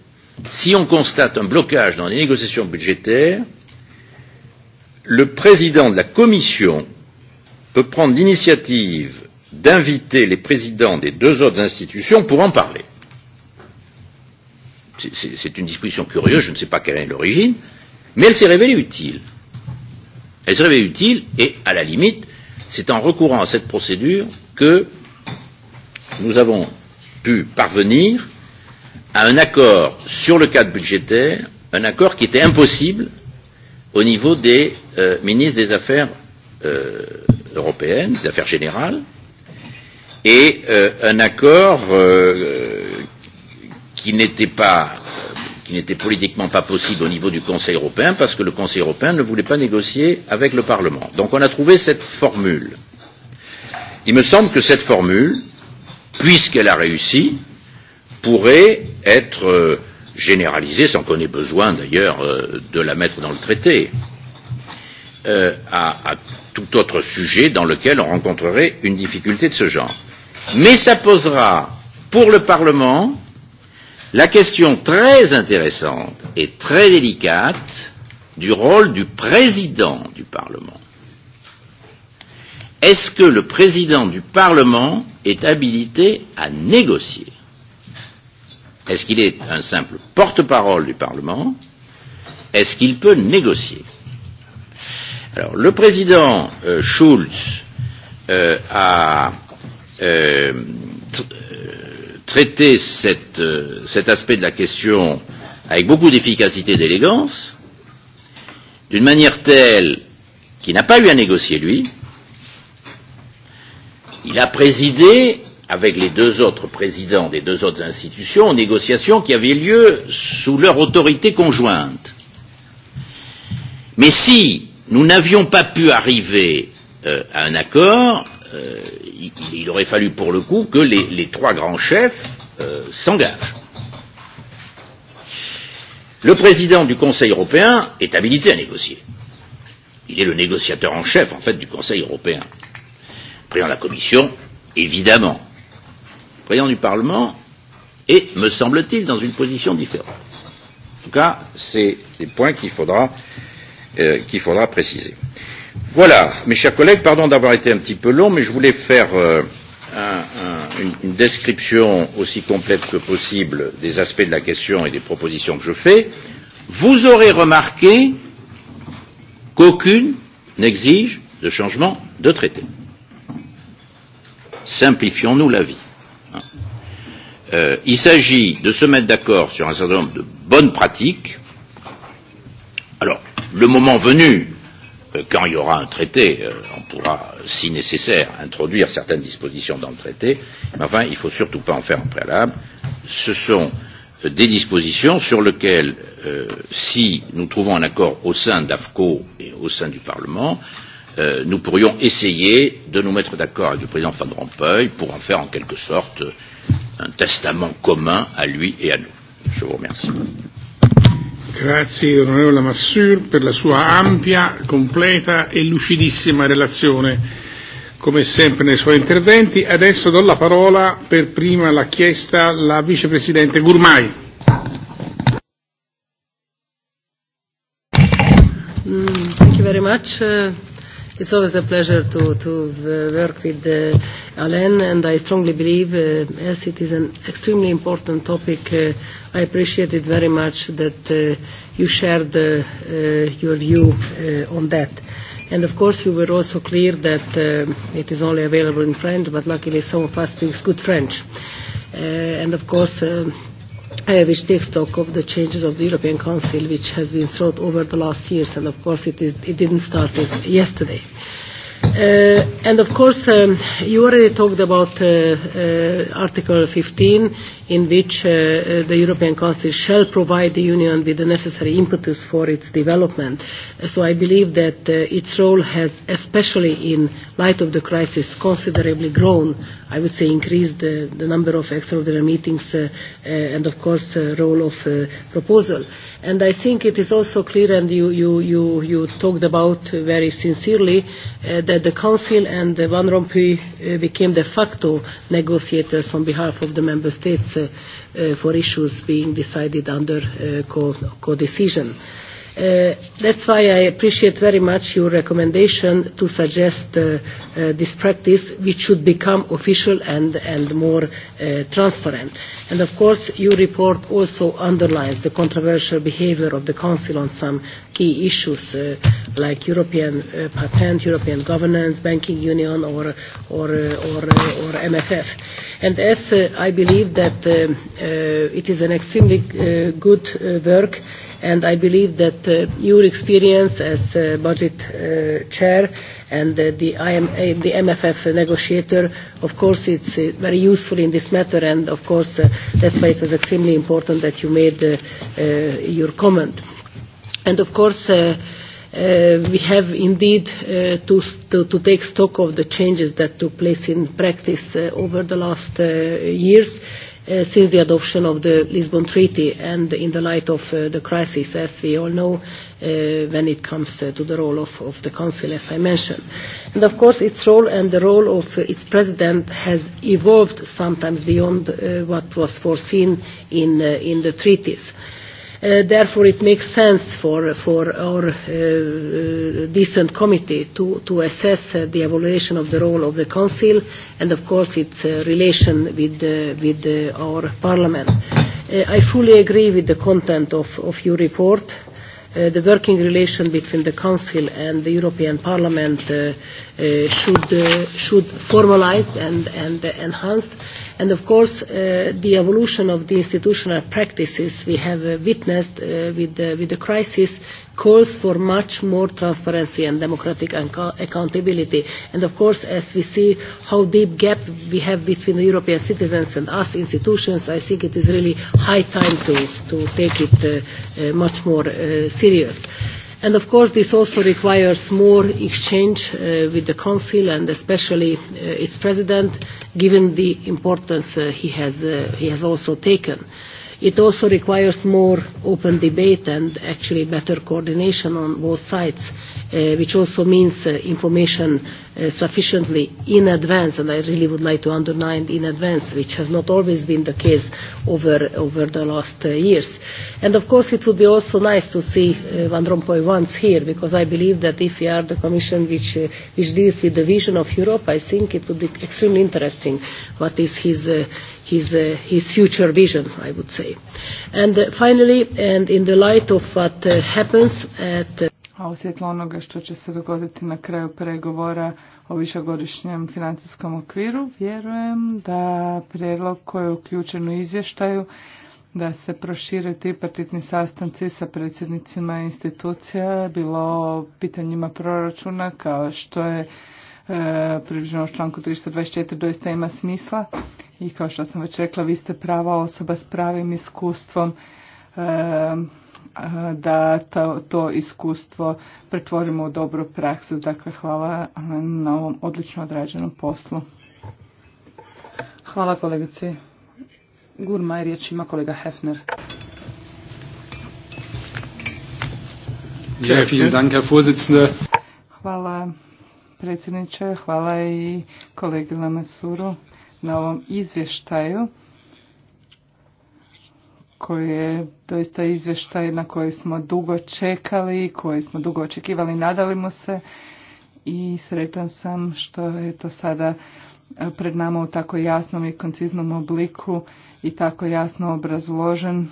Speaker 2: si on constate un blocage dans les négociations budgétaires, le président de la Commission peut prendre l'initiative d'inviter les présidents des deux autres institutions pour en parler c'est une disposition curieuse, je ne sais pas quelle est l'origine, mais elle s'est révélée utile. Elle s'est révélée utile et, à la limite, c'est en recourant à cette procédure que nous avons pu parvenir à un accord sur le cadre budgétaire, un accord qui était impossible au niveau des euh, ministres des Affaires euh, européennes, des Affaires générales, et euh, un accord euh, qui n'était pas qui n'était politiquement pas possible au niveau du Conseil européen parce que le Conseil européen ne voulait pas négocier avec le Parlement. Donc on a trouvé cette formule. Il me semble que cette formule, puisqu'elle a réussi, pourrait être euh, généralisée, sans qu'on ait besoin d'ailleurs euh, de la mettre dans le traité, euh, à, à tout autre sujet dans lequel on rencontrerait une difficulté de ce genre. Mais ça posera pour le Parlement la question très intéressante et très délicate du rôle du président du Parlement. Est-ce que le président du Parlement est habilité à négocier Est-ce qu'il est un simple porte-parole du Parlement Est-ce qu'il peut négocier Alors, le président euh, Schulz euh, a euh, traiter cette, euh, cet aspect de la question avec beaucoup d'efficacité et d'élégance, d'une manière telle qu'il n'a pas eu à négocier lui. Il a présidé, avec les deux autres présidents des deux autres institutions, aux négociations qui avaient lieu sous leur autorité conjointe. Mais si nous n'avions pas pu arriver euh, à un accord, euh, il, il aurait fallu pour le coup que les, les trois grands chefs euh, s'engagent. Le président du Conseil européen est habilité à négocier. Il est le négociateur en chef, en fait, du Conseil européen. Le président de la Commission, évidemment. Le président du Parlement est, me semble-t-il, dans une position différente. En tout cas, c'est des points qu'il faudra, euh, qu'il faudra préciser. Voilà, mes chers collègues, pardon d'avoir été un petit peu long, mais je voulais faire euh, un, un, une, description aussi complète que possible des aspects de la question et des propositions que je fais. Vous aurez remarqué qu'aucune n'exige de changement de traité. Simplifions-nous la vie. Euh, il s'agit de se mettre d'accord sur un certain nombre de bonnes pratiques. Alors, le moment venu, quand il y aura un traité, euh, on pourra, si nécessaire, introduire certaines dispositions dans le traité, mais enfin, il ne faut surtout pas en faire un préalable. Ce sont euh, des dispositions sur lesquelles, euh, si nous trouvons un accord au sein d'AFCO et au sein du Parlement, euh, nous pourrions essayer de nous mettre d'accord avec le président Van Rompuy pour en faire en quelque sorte euh, un testament commun à lui et à nous. Je vous remercie.
Speaker 1: Grazie onorevole Massur per la sua ampia, completa e lucidissima relazione come sempre nei suoi interventi. Adesso do la parola per prima la chiesta la vicepresidente Gurmai.
Speaker 3: Mm, uh, It's always a pleasure to, to uh, work with uh, Alain, and I strongly believe, uh, as it is an extremely important topic, uh, I appreciate it very much that uh, you shared uh, uh, your view uh, on that. And of course you were also clear that uh, it is only available in French, but luckily some of us speak good French. Uh, and of course, uh, Uh, which takes stock of the changes of the European Council which has been sought over the last years and of course it, is, it didn't start it yesterday. Uh, and of course um, you already talked about uh, uh Article 15 in which uh, uh, the European Council shall provide the Union with the necessary impetus for its development. So I believe that uh, its role has, especially in light of the crisis, considerably grown. I would say increased the, the number of extraordinary meetings uh, uh and, of course, the uh, role of proposal. And I think it is also clear, and you, you, you, you talked about very sincerely, that the Council and Van Rompuy became de facto negotiators on behalf of the Member States Uh, for issues being decided under uh, co-decision. co decision co Uh, that's why I appreciate very much your recommendation to suggest uh, uh, this practice which should become official and, and more uh, transparent. And of course your report also underlines the controversial behaviour of the Council on some key issues uh, like European uh, patent, European governance, banking union or, or, or, or MFF. And as I believe that um, it is an extremely good work and I believe that uh, your experience as uh, budget uh, chair and uh, the, IMA, the MFF negotiator, of course, it's, uh, very useful in this matter, and of course, uh, that's why it was extremely important that you made uh, uh, your comment. And of course, uh, Uh, we have indeed uh, to, to, to take stock of the changes that took place in practice uh, over the last uh, years Uh, since the adoption of the Lisbon Treaty and in the light of uh, the crisis, as we all know, uh, when it comes uh, to the role of, of the Council, as I mentioned. And of course, its role and the role of its President has evolved sometimes beyond what was foreseen in, in the treaties. Uh, therefore it makes sense for for our uh, uh, decent committee to to assess uh, the evaluation of the role of the council and of course its uh, relation with uh, with our parliament i fully agree with the content of of your report the working relation between the council and the european parliament should should formalize and and enhance And of course, uh, the evolution of the institutional practices we have uh, witnessed uh, with, the, with the crisis calls for much more transparency and democratic accountability. And of course, as we see how deep gap we have between the European citizens and us institutions, I think it is really high time to, to take it uh, uh, much more uh, serious. And of course this also requires more exchange uh, with the Council and especially uh, its President, given the importance uh, he, has, uh, he has also taken. It also requires more open debate and actually better coordination on both sides, uh, which also means uh, information uh, sufficiently in advance, and I really would like to underline in advance, which has not always been the case over, the last years. And of course it would be also nice to see Van Rompuy once here, because I believe that if we are the Commission which, which deals with the vision of Europe, I think it would be extremely interesting what is his his, uh, his future vision, I would say. And uh, finally, and in the light of what uh, happens at... Uh, a u svjetlu onoga što će se dogoditi na
Speaker 4: kraju pregovora o višegodišnjem financijskom okviru, vjerujem da prijedlog koji je uključen u izvještaju da se prošire ti sastanci sa predsjednicima institucija, bilo pitanjima proračuna kao što je u članku 324 doista ima smisla i kao što sam već rekla vi ste prava osoba s pravim iskustvom e, da to, to iskustvo pretvorimo u dobru praksu. Dakle,
Speaker 5: hvala na ovom odlično odrađenom poslu. Hvala kolegici. Gurmaj, riječ ima kolega Hefner.
Speaker 1: vielen
Speaker 5: Hvala
Speaker 4: predsjedniče. Hvala i kolegi Lamasuru na ovom izvještaju koji je doista izvještaj na koji smo dugo čekali, koji smo dugo očekivali, nadali mu se i sretan sam što je to sada pred nama u tako jasnom i konciznom obliku i tako jasno obrazložen.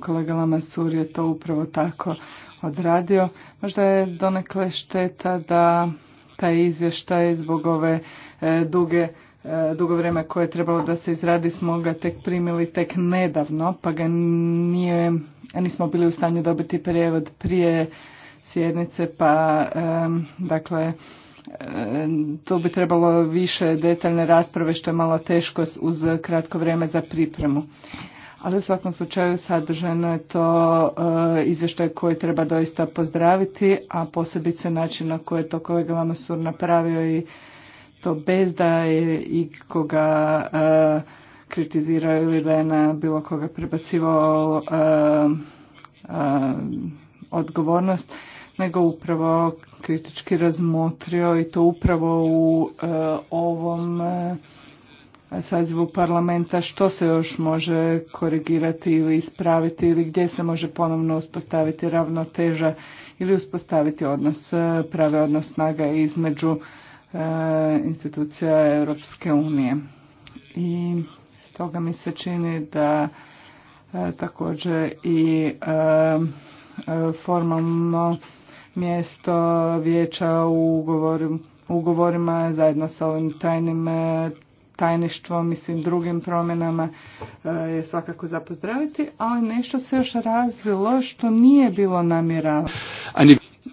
Speaker 4: Kolega Lamasur je to upravo tako odradio. Možda je donekle šteta da taj izvještaj zbog ove e, duge e, dugo vrijeme koje je trebalo da se izradi smo ga tek primili tek nedavno, pa ga nije, nismo bili u stanju dobiti prijevod prije sjednice, pa e, dakle tu bi trebalo više detaljne rasprave što je malo teško uz kratko vrijeme za pripremu ali u svakom slučaju sadržano je to e, izvještaj koji treba doista pozdraviti, a posebice način na koji je to kolega Lamasur napravio i to bez da je ikoga e, kritizirao ili da je na bilo koga prebacivao e, odgovornost, nego upravo kritički razmotrio i to upravo u ovom sazivu parlamenta što se još može korigirati ili ispraviti ili gdje se može ponovno uspostaviti ravnoteža ili uspostaviti odnos, e, prave odnos snaga između e, institucija Europske unije. I stoga mi se čini da e, također i formalno mjesto vijeća u ugovorima zajedno sa ovim tajnim tajništvom i svim drugim promjenama e, je svakako za pozdraviti, ali nešto se još razvilo što nije bilo namjeravano.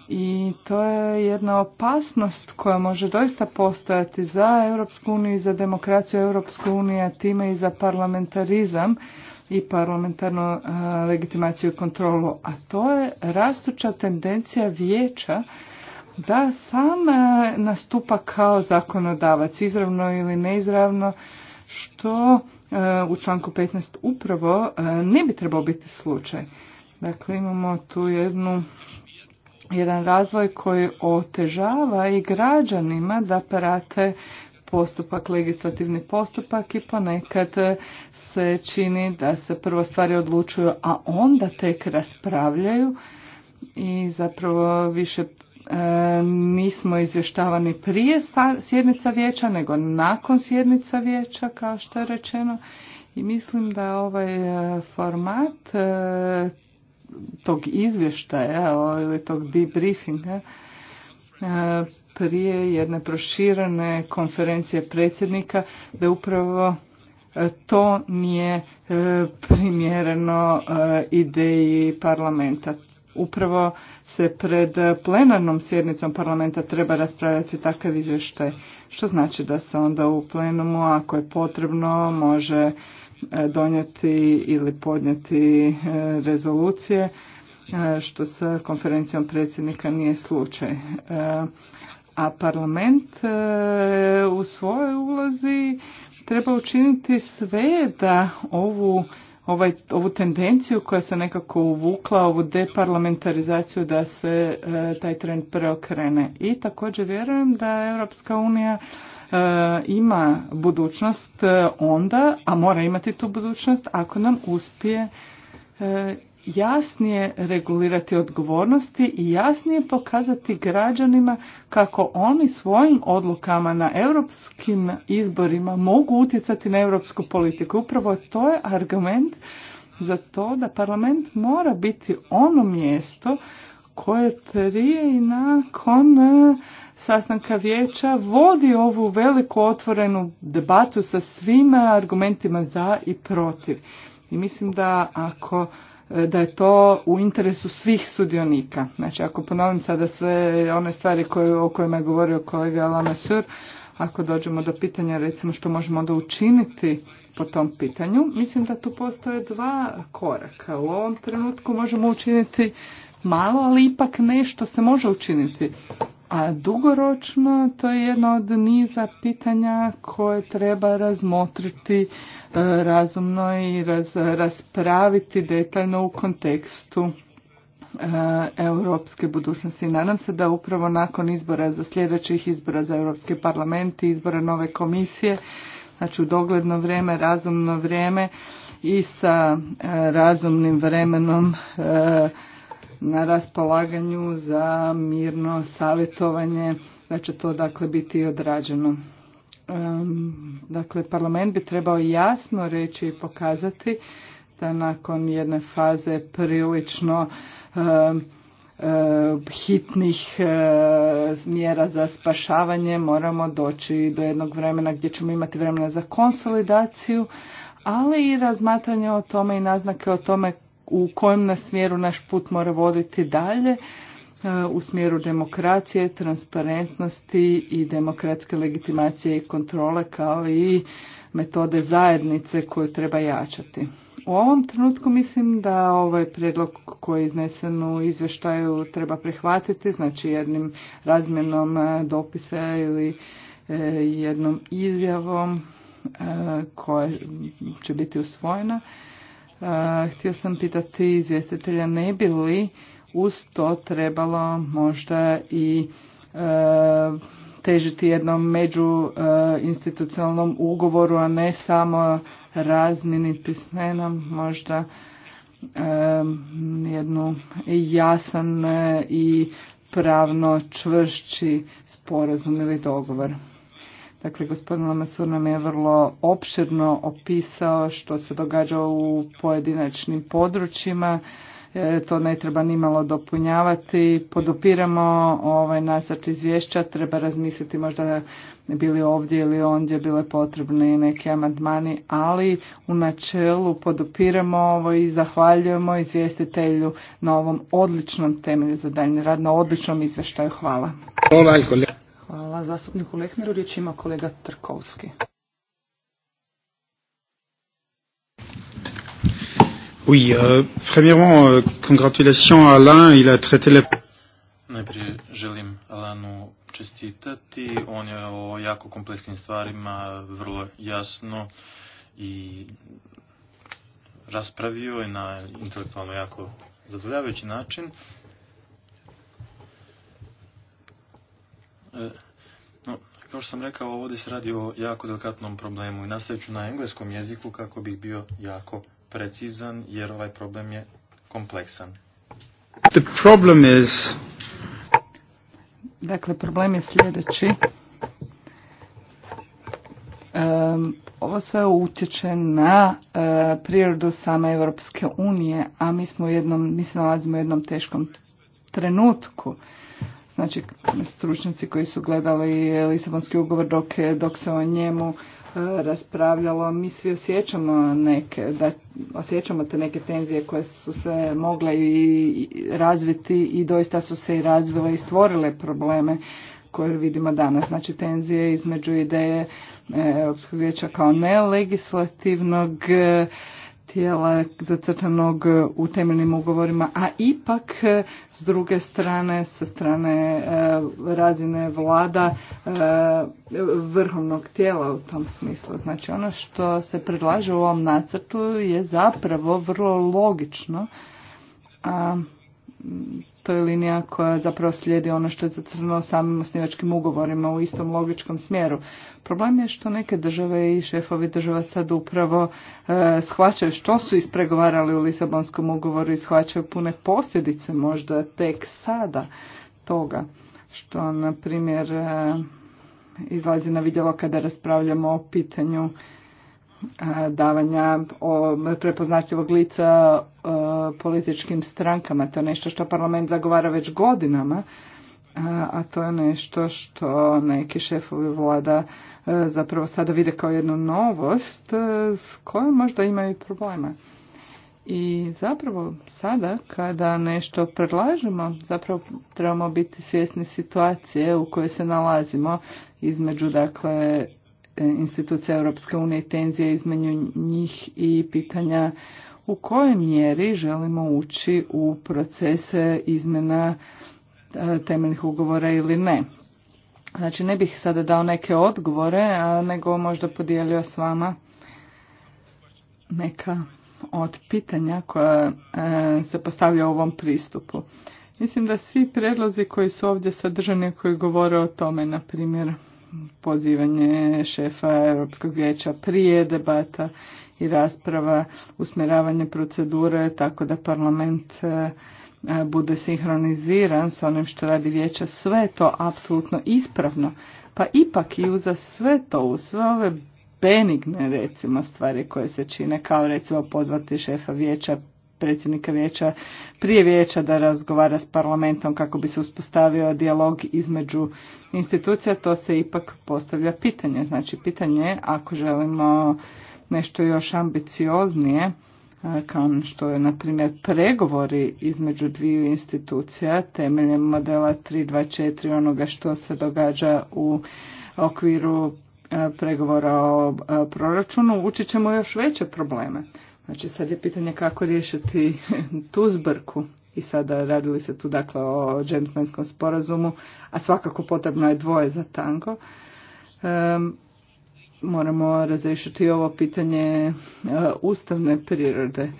Speaker 4: I to je jedna opasnost koja može doista postojati za Europsku uniju i za demokraciju Europske unije, a time i za parlamentarizam i parlamentarnu e, legitimaciju i kontrolu. A to je rastuća tendencija vijeća da sam e, nastupa kao zakonodavac, izravno ili neizravno, što e, u članku 15 upravo e, ne bi trebao biti slučaj. Dakle, imamo tu jednu jedan razvoj koji otežava i građanima da prate postupak, legislativni postupak i ponekad se čini da se prvo stvari odlučuju, a onda tek raspravljaju i zapravo više E, nismo izvještavani prije sjednica vijeća nego nakon sjednica vijeća kao što je rečeno i mislim da ovaj e, format e, tog izvještaja ili tog debriefinga prije jedne proširene konferencije predsjednika da upravo to nije primjereno ideji parlamenta. Upravo se pred plenarnom sjednicom parlamenta treba raspravljati takav izvještaj, što znači da se onda u plenumu, ako je potrebno, može e, donijeti ili podnijeti e, rezolucije, e, što sa konferencijom predsjednika nije slučaj. A parlament u svojoj ulozi treba učiniti sve da ovu ovaj, ovu tendenciju koja se nekako uvukla, ovu deparlamentarizaciju da se e, taj trend preokrene. I također vjerujem da Europska unija e, ima budućnost e, onda, a mora imati tu budućnost ako nam uspije jasnije regulirati odgovornosti i jasnije pokazati građanima kako oni svojim odlukama na europskim izborima mogu utjecati na europsku politiku. Upravo to je argument za to da parlament mora biti ono mjesto koje prije i nakon e, sastanka vijeća vodi ovu veliku otvorenu debatu sa svima argumentima za i protiv. I mislim da ako E, da je to u interesu svih sudionika. Znači ako ponovim sada sve one stvari koje, o kojima je govorio kolega Lamasur, ako dođemo do pitanja recimo što možemo da učiniti po tom pitanju, mislim da tu postoje dva koraka. U ovom trenutku možemo učiniti malo, ali ipak nešto se može učiniti. A dugoročno to je jedno od niza pitanja koje treba razmotriti e, razumno i raspraviti detaljno u kontekstu e, europske budućnosti. Nadam se da upravo nakon izbora za sljedećih izbora za Europski parlament i izbora nove komisije, znači u dogledno vrijeme, razumno vrijeme i sa e, razumnim vremenom na raspolaganju za mirno savjetovanje, da će to dakle biti odrađeno. Dakle, parlament bi trebao jasno reći i pokazati da nakon jedne faze prilično hitnih mjera za spašavanje moramo doći do jednog vremena gdje ćemo imati vremena za konsolidaciju, ali i razmatranje o tome i naznake o tome u kojem na smjeru naš put mora voditi dalje e, u smjeru demokracije, transparentnosti i demokratske legitimacije i kontrole kao i metode zajednice koju treba jačati. U ovom trenutku mislim da ovaj prijedlog koji je iznesen u izvještaju treba prihvatiti, znači jednim razmjenom e, dopisa ili e, jednom izjavom koja će biti usvojena htio sam pitati izvjestitelja ne bi li uz to trebalo možda i e, težiti jednom međuinstitucionalnom e, ugovoru, a ne samo razmini pismenom možda e, jednu jasan i pravno čvršći sporazum ili dogovor. Dakle, gospodin Lamasur nam je vrlo opširno opisao što se događa u pojedinačnim područjima. E, to ne treba nimalo dopunjavati. Podopiramo ovaj nacrt izvješća. Treba razmisliti možda bili ovdje ili ondje bile potrebne neke amandmani, ali u načelu podopiramo ovo i zahvaljujemo izvjestitelju na ovom odličnom temelju za daljnji rad, na odličnom izvještaju. Hvala.
Speaker 5: Hvala zastupniku Lehneru. Riječ ima kolega Trkovski.
Speaker 1: Oui, euh, euh, congratulations à Alain, il a traité la...
Speaker 6: Najprije želim Alanu čestitati, on je o jako kompleksnim stvarima vrlo jasno i raspravio i na intelektualno jako zadovoljavajući način. Kao što sam rekao, ovdje se radi o jako delikatnom problemu i nastavit ću na engleskom jeziku kako bih bio jako precizan jer ovaj problem je kompleksan.
Speaker 1: The problem is...
Speaker 4: Dakle, problem je sljedeći. Um, ovo sve utječe na uh, prirodu same Europske unije, a mi smo u jednom, mi se nalazimo u jednom teškom trenutku. Znači, stručnici koji su gledali Lisabonski ugovor dok, dok se o njemu e, raspravljalo, mi svi osjećamo neke, da osjećamo te neke tenzije koje su se mogle i razviti i doista su se i razvile i stvorile probleme koje vidimo danas. Znači tenzije između ideje e, Europskog vijeća kao nelegislativnog tijela zacrtanog u temeljnim ugovorima, a ipak e, s druge strane, sa strane e, razine vlada e, vrhovnog tijela u tom smislu. Znači ono što se predlaže u ovom nacrtu je zapravo vrlo logično. To je linija koja zapravo slijedi ono što je zacrno samim osnivačkim ugovorima u istom logičkom smjeru. Problem je što neke države i šefovi država sad upravo e, shvaćaju što su ispregovarali u Lisabonskom ugovoru i shvaćaju pune posljedice možda tek sada toga. Što, na primjer, e, izlazi na vidjelo kada raspravljamo o pitanju davanja prepoznatljivog lica e, političkim strankama. To je nešto što parlament zagovara već godinama, e, a to je nešto što neki šefovi vlada e, zapravo sada vide kao jednu novost s kojom možda imaju problema. I zapravo sada kada nešto predlažemo, zapravo trebamo biti svjesni situacije u kojoj se nalazimo između dakle institucija Europske unije i tenzije između njih i pitanja u kojoj mjeri želimo ući u procese izmjena e, temeljnih ugovora ili ne. Znači ne bih sada dao neke odgovore, nego možda podijelio s vama neka od pitanja koja e, se postavlja u ovom pristupu. Mislim da svi predlozi koji su ovdje sadržani koji govore o tome, na primjer, pozivanje šefa Europskog vijeća prije debata i rasprava, usmjeravanje procedure tako da parlament e, bude sinhroniziran s onim što radi vijeća, sve je to apsolutno ispravno. Pa ipak i uza sve to, u sve ove benigne recimo stvari koje se čine, kao recimo pozvati šefa vijeća predsjednika vijeća prije vijeća da razgovara s parlamentom kako bi se uspostavio dijalog između institucija, to se ipak postavlja pitanje. Znači pitanje ako želimo nešto još ambicioznije, e, kao što je na primjer pregovori između dviju institucija temeljem modela 324 onoga što se događa u okviru e, pregovora o e, proračunu, učit ćemo još veće probleme. Znači sad je pitanje kako riješiti tu zbrku i sada radili se tu dakle o gentlemanskom sporazumu, a svakako potrebno je dvoje za tango. moramo razriješiti ovo pitanje e, ustavne prirode.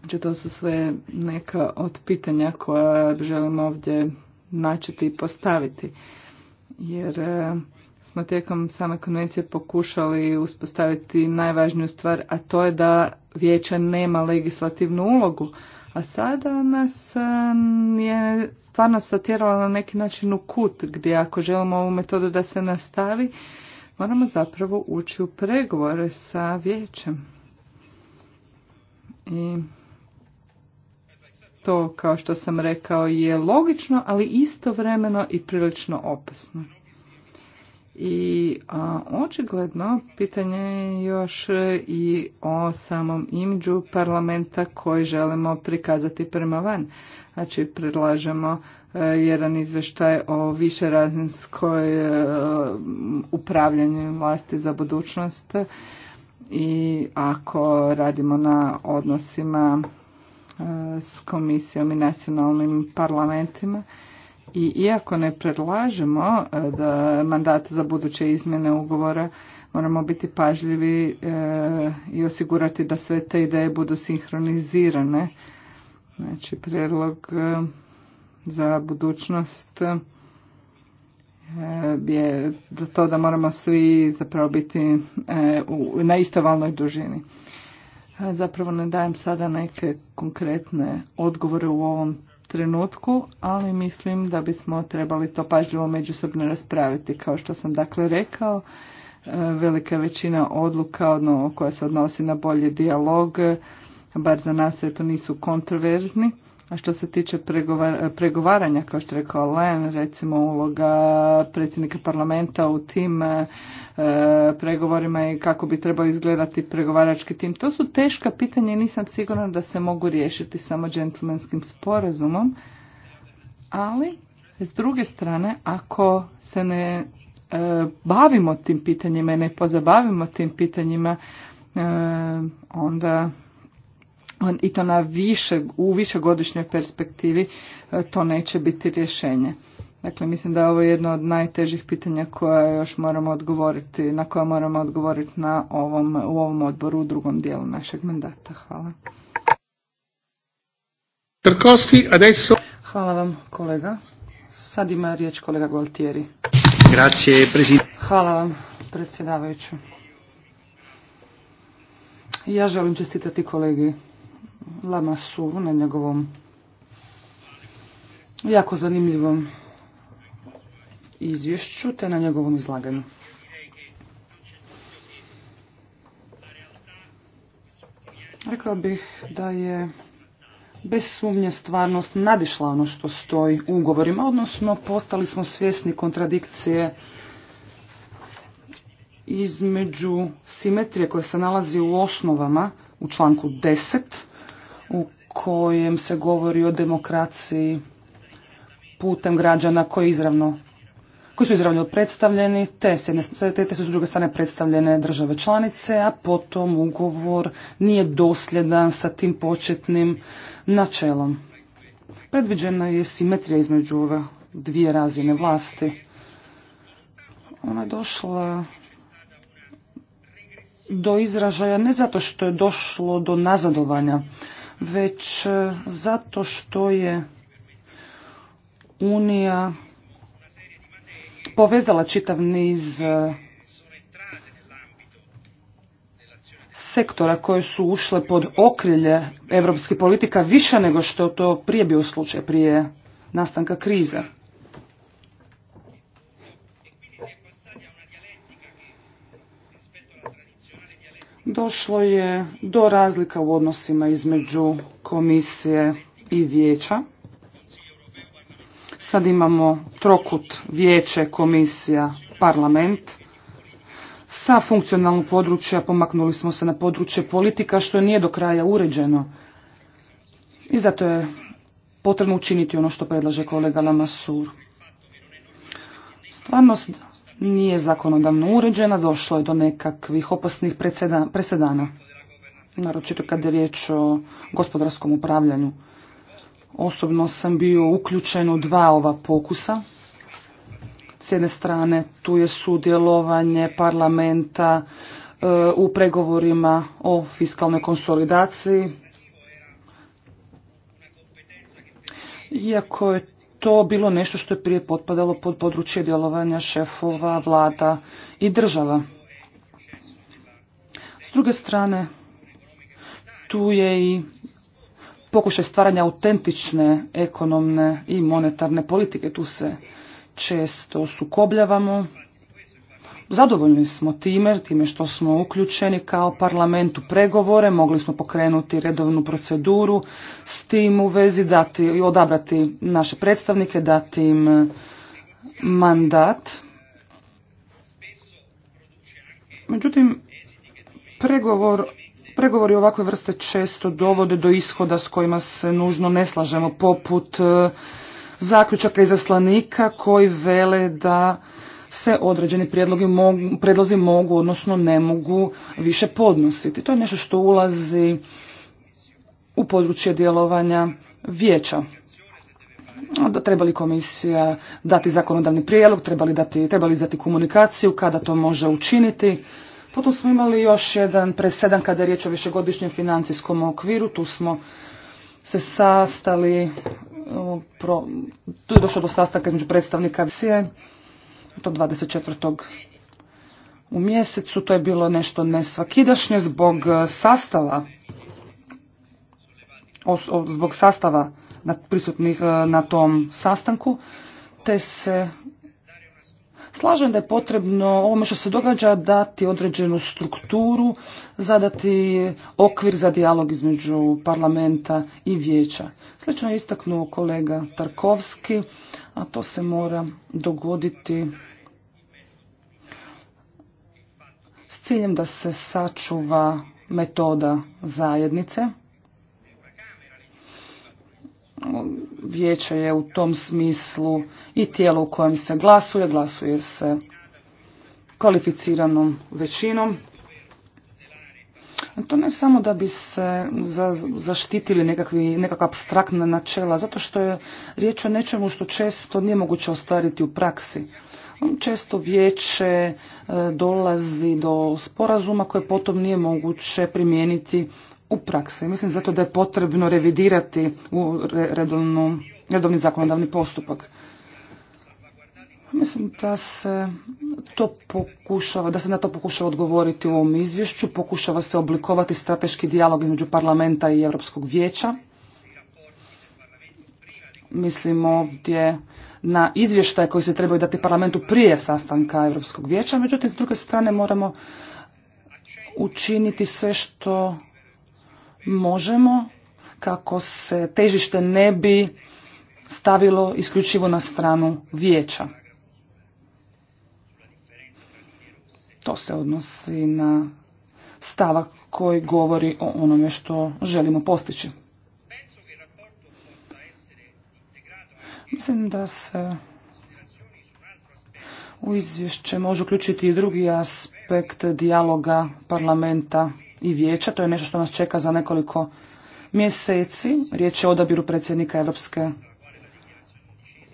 Speaker 4: znači to su sve neka od pitanja koja želimo ovdje načeti i postaviti. Jer smo tijekom same konvencije pokušali uspostaviti najvažniju stvar, a to je da vijeće nema legislativnu ulogu. A sada nas je stvarno satjerala na neki način u kut, gdje ako želimo ovu metodu da se nastavi, moramo zapravo ući u pregovore sa vijećem. I to, kao što sam rekao, je logično, ali istovremeno i prilično opasno. I a, očigledno pitanje je još i o samom imidžu parlamenta koji želimo prikazati prema van. Znači predlažemo e, jedan izvještaj o višerazinskoj e, upravljanju vlasti za budućnost i ako radimo na odnosima e, s komisijom i nacionalnim parlamentima i iako ne predlažemo e, da mandat za buduće izmjene ugovora, moramo biti pažljivi e, i osigurati da sve te ideje budu sinhronizirane. Znači, predlog e, za budućnost je to da moramo svi zapravo biti na istovalnoj dužini. Zapravo ne dajem sada neke konkretne odgovore u ovom trenutku, ali mislim da bismo trebali to pažljivo međusobno raspraviti. Kao što sam dakle rekao, e, velika većina odluka koja se odnosi na bolji dijalog, bar za nas je to nisu kontroverzni a što se tiče pregovaranja, kao što je rekao Len, recimo uloga predsjednika parlamenta u tim e, pregovorima i kako bi trebao izgledati pregovarački tim, to su teška pitanja i nisam sigurna da se mogu riješiti samo džentlmenskim sporazumom. Ali, s druge strane, ako se ne e, bavimo tim pitanjima i ne pozabavimo tim pitanjima, e, onda i to na više, u višegodišnjoj perspektivi e, to neće biti rješenje. Dakle, mislim da je ovo jedno od najtežih pitanja koja još moramo odgovoriti, na koja moramo odgovoriti na ovom, u ovom odboru u drugom dijelu našeg mandata. Hvala.
Speaker 5: Trkovski, adesso. Hvala vam, kolega. Sad ima riječ kolega Gualtieri.
Speaker 1: Grazie,
Speaker 5: Hvala vam, predsjedavajuću. Ja želim čestitati kolegi su na njegovom jako zanimljivom izvješću te na njegovom izlaganju. Rekao bih da je bez sumnje stvarnost nadišla ono što stoji u ugovorima, odnosno postali smo svjesni kontradikcije između simetrije koje se nalazi u osnovama u članku deset u kojem se govori o demokraciji putem građana koji izravno koji su izravno predstavljeni, te, s te, su s druge strane predstavljene države članice, a potom ugovor nije dosljedan sa tim početnim načelom. Predviđena je simetrija između dvije razine vlasti. Ona je došla do izražaja ne zato što je došlo do nazadovanja već e, zato što je Unija povezala čitav niz e, sektora koje su ušle pod okrilje europskih politika više nego što to prije bio slučaj prije nastanka krize. došlo je do razlika u odnosima između komisije i vijeća. Sad imamo trokut vijeće, komisija, parlament. Sa funkcionalnog područja pomaknuli smo se na područje politika što nije do kraja uređeno. I zato je potrebno učiniti ono što predlaže kolega Lamassur. Stvarnost nije zakonodavno uređena, došlo je do nekakvih opasnih presedana, naročito kad je riječ o gospodarskom upravljanju. Osobno sam bio uključen u dva ova pokusa. S jedne strane tu je sudjelovanje parlamenta e, u pregovorima o fiskalnoj konsolidaciji. Iako je to bilo nešto što je prije potpadalo pod područje djelovanja šefova, vlada i država. S druge strane, tu je i pokušaj stvaranja autentične ekonomne i monetarne politike. Tu se često sukobljavamo Zadovoljni smo time, time što smo uključeni kao parlament u pregovore, mogli smo pokrenuti redovnu proceduru, s tim u vezi dati i odabrati naše predstavnike, dati im e, mandat. Međutim, pregovor Pregovori ovakve vrste često dovode do ishoda s kojima se nužno ne slažemo, poput e, zaključaka izaslanika koji vele da se određeni mogu, predlozi mogu, odnosno ne mogu više podnositi. To je nešto što ulazi u područje djelovanja vijeća. Trebali treba li komisija dati zakonodavni prijelog, treba li, dati, komunikaciju, kada to može učiniti. Potom smo imali još jedan presedan kada je riječ o višegodišnjem financijskom okviru. Tu smo se sastali, tu je došlo do sastanka između predstavnika komisije to 24. u mjesecu. To je bilo nešto nesvakidašnje zbog e, sastava zbog sastava prisutnih e, na tom sastanku, te se slažem da je potrebno ovome što se događa dati određenu strukturu, zadati okvir za dijalog između parlamenta i vijeća. Slično je istaknuo kolega Tarkovski, a to se mora dogoditi s ciljem da se sačuva metoda zajednice. Vijeće je u tom smislu i tijelo u kojem se glasuje, glasuje se kvalificiranom većinom. To ne samo da bi se zaštitili nekakvi, nekakva abstraktna načela, zato što je riječ o nečemu što često nije moguće ostvariti u praksi. Često vijeće e, dolazi do sporazuma koje potom nije moguće primijeniti u praksi. Mislim zato da je potrebno revidirati u redovni zakonodavni postupak. Mislim da se to pokušava, da se na to pokušava odgovoriti u ovom izvješću, pokušava se oblikovati strateški dijalog između parlamenta i Europskog vijeća. Mislim ovdje na izvještaje koji se trebaju dati parlamentu prije sastanka Europskog vijeća, međutim s druge strane moramo učiniti sve što možemo kako se težište ne bi stavilo isključivo na stranu vijeća. To se odnosi na stavak koji govori o onome što želimo postići. Mislim da se u izvješće može uključiti i drugi aspekt dijaloga parlamenta i vijeća. To je nešto što nas čeka za nekoliko mjeseci. Riječ je o odabiru predsjednika Europske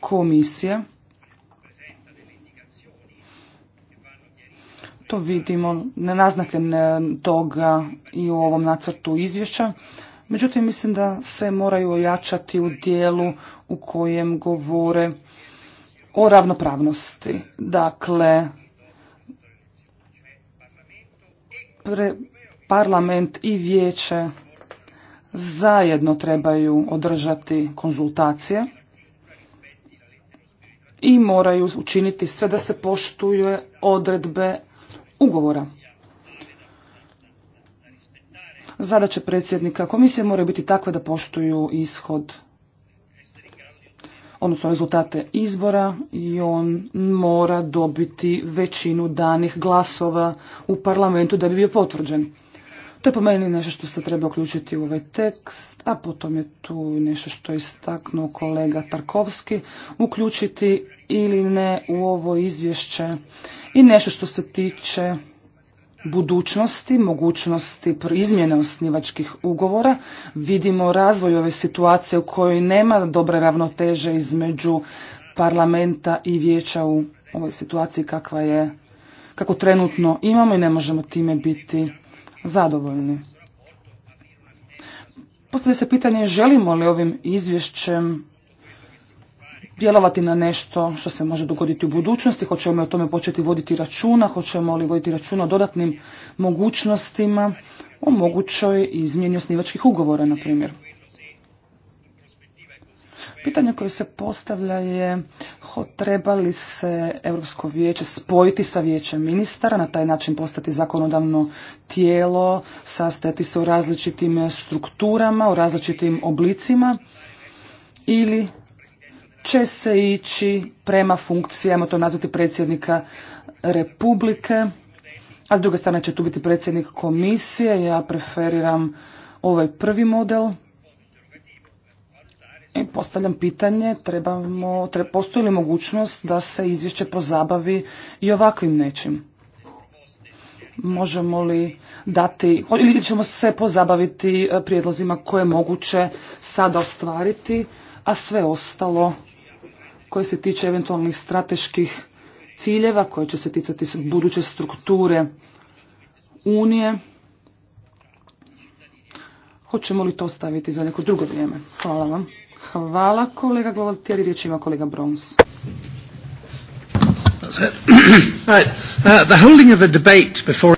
Speaker 5: komisije. To vidimo na naznake e, toga i u ovom nacrtu izvješća. Međutim, mislim da se moraju ojačati u dijelu u kojem govore o ravnopravnosti. Dakle, pre parlament i vijeće zajedno trebaju održati konzultacije i moraju učiniti sve da se poštuje odredbe ugovora. Zadaće predsjednika komisije moraju biti takve da poštuju ishod, odnosno rezultate izbora i on mora dobiti većinu danih glasova u parlamentu da bi bio potvrđen. To je po meni nešto što se treba uključiti u ovaj tekst, a potom je tu nešto što je istaknuo kolega Tarkovski, uključiti ili ne u ovo izvješće i nešto što se tiče budućnosti, mogućnosti izmjene osnivačkih ugovora. Vidimo razvoj ove situacije u kojoj nema dobre ravnoteže između parlamenta i vijeća u ovoj situaciji kakva je, kako trenutno imamo i ne možemo time biti zadovoljni. Postavlja se pitanje želimo li ovim izvješćem djelovati na nešto što se može dogoditi u budućnosti, hoćemo li o tome početi voditi računa, hoćemo li voditi računa o dodatnim mogućnostima, o mogućoj izmjeni osnivačkih ugovora, na primjer. Pitanje koje se postavlja je ho, treba li se Europsko vijeće spojiti sa vijećem ministara, na taj način postati zakonodavno tijelo, sastajati se u različitim strukturama, u različitim oblicima ili će se ići prema funkcijama, to nazvati predsjednika Republike, a s druge strane će tu biti predsjednik komisije, ja preferiram ovaj prvi model. I postavljam pitanje, trebamo, tre, postoji li mogućnost da se izvješće pozabavi i ovakvim nečim? Možemo li dati, ili ćemo se pozabaviti e, prijedlozima koje je moguće sada ostvariti, a sve ostalo koje se tiče eventualnih strateških ciljeva, koje će se ticati buduće strukture Unije, Hoćemo li to staviti za neko drugo vrijeme? Hvala vam. Hvala kolega Glavatijeri, riječ ima kolega Brons.
Speaker 1: Uh,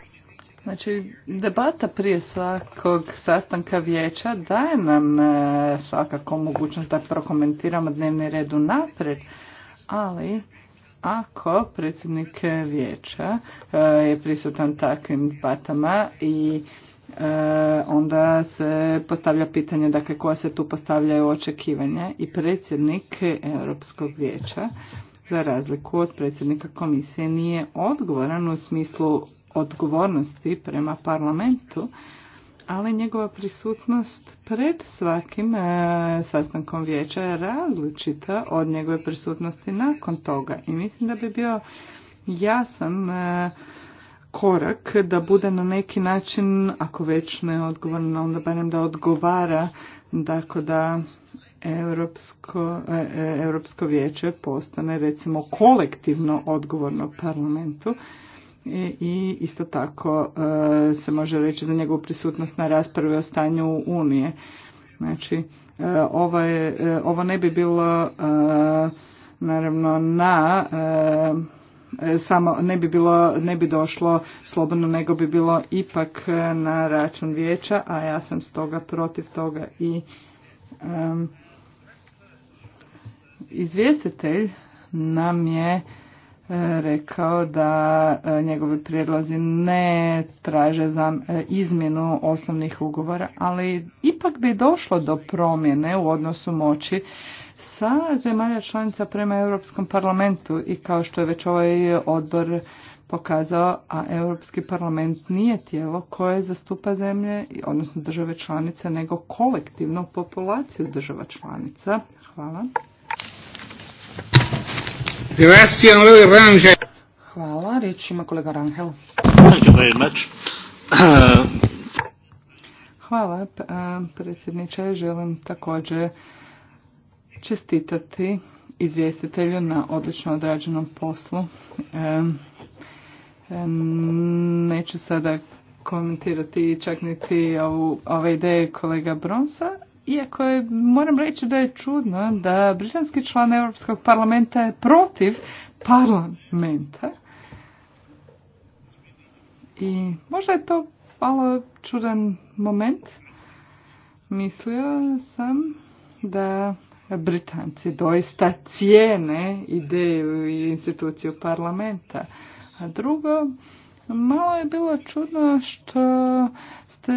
Speaker 4: znači, debata prije svakog sastanka vijeća daje nam uh, svakako mogućnost da prokomentiramo dnevni red napred, ali ako predsjednik vijeća uh, je prisutan takvim debatama i E, onda se postavlja pitanje dakle koja se tu postavljaju očekivanja i predsjednik Europskog vijeća za razliku od predsjednika komisije nije odgovoran u smislu odgovornosti prema parlamentu ali njegova prisutnost pred svakim e, sastankom vijeća je različita od njegove prisutnosti nakon toga i mislim da bi bio jasan e, korak da bude na neki način, ako već ne odgovorno, onda barem da odgovara tako da Europsko, e, e, Europsko vijeće postane recimo kolektivno odgovorno parlamentu e, i isto tako se može reći za njegovu prisutnost na raspravi o stanju Unije. Znači, ovo, je, ovo ne bi bilo naravno na E, samo ne bi, bilo, ne bi došlo slobodno nego bi bilo ipak e, na račun vijeća, a ja sam stoga protiv toga i izvjestitelj nam je e, rekao da njegovi prijedlozi ne traže za izmjenu osnovnih ugovora, ali ipak bi došlo do promjene u odnosu moći sa zemalja članica prema Europskom parlamentu i kao što je već ovaj odbor pokazao, a Europski parlament nije tijelo koje zastupa zemlje, odnosno države članice, nego kolektivnu populaciju država članica. Hvala.
Speaker 5: Hvala, riječ ima kolega Rangel. Hvala, predsjedniče.
Speaker 4: Želim također čestitati izvjestitelju na odlično odrađenom poslu. Neću sada komentirati čak niti ovu, ove ideje kolega Bronsa, iako je, moram reći da je čudno da britanski član Europskog parlamenta je protiv parlamenta. I možda je to malo čudan moment. Mislio sam da Britanci doista cijene ideju i instituciju parlamenta. A drugo, malo je bilo čudno što ste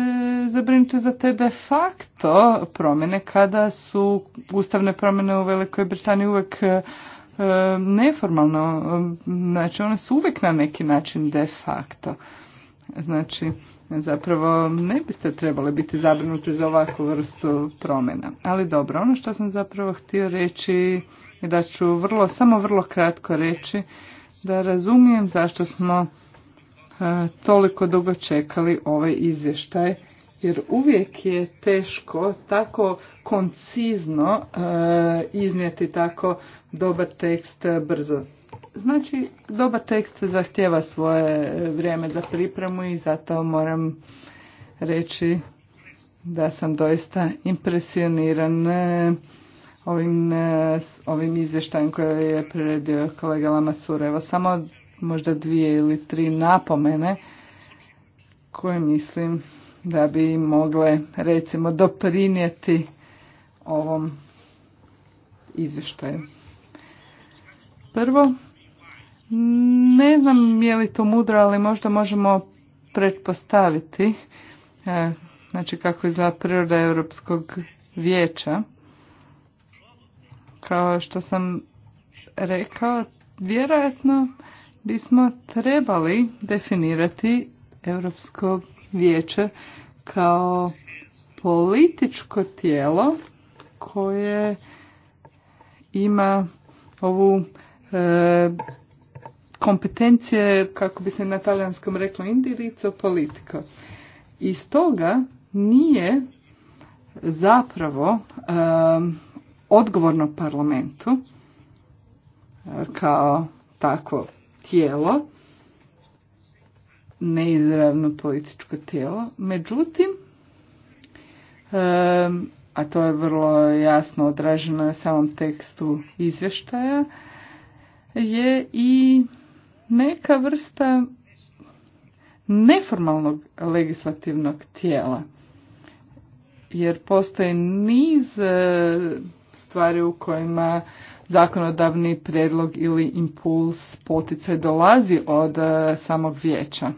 Speaker 4: zabrinuti za te de facto promjene kada su ustavne promjene u Velikoj Britaniji uvek e, neformalno, e, znači one su uvijek na neki način de facto. Znači, zapravo ne biste trebali biti zabrinuti za ovakvu vrstu promjena. Ali dobro, ono što sam zapravo htio reći je da ću vrlo, samo vrlo kratko reći da razumijem zašto smo e, toliko dugo čekali ovaj izvještaj jer uvijek je teško tako koncizno e, iznijeti tako dobar tekst brzo. Znači, dobar tekst zahtjeva svoje vrijeme za pripremu i zato moram reći da sam doista impresioniran e, ovim, e, ovim izvještajem koje je priredio kolega lama Evo samo možda dvije ili tri napomene koje mislim da bi mogle recimo doprinijeti ovom izvještaju. Prvo, ne znam je li to mudro, ali možda možemo pretpostaviti e, znači kako izgleda priroda Europskog vijeća. Kao što sam rekao, vjerojatno bismo trebali definirati Europsko vijeće kao političko tijelo koje ima ovu e, kompetencije, kako bi se na talijanskom reklo, indirico politiko. I stoga nije zapravo e, odgovorno parlamentu e, kao takvo tijelo neizravno političko tijelo. Međutim, a to je vrlo jasno odraženo na samom tekstu izvještaja, je i neka vrsta neformalnog legislativnog tijela. Jer postoji niz e, stvari u kojima zakonodavni predlog ili impuls poticaj dolazi od e, samog vijeća.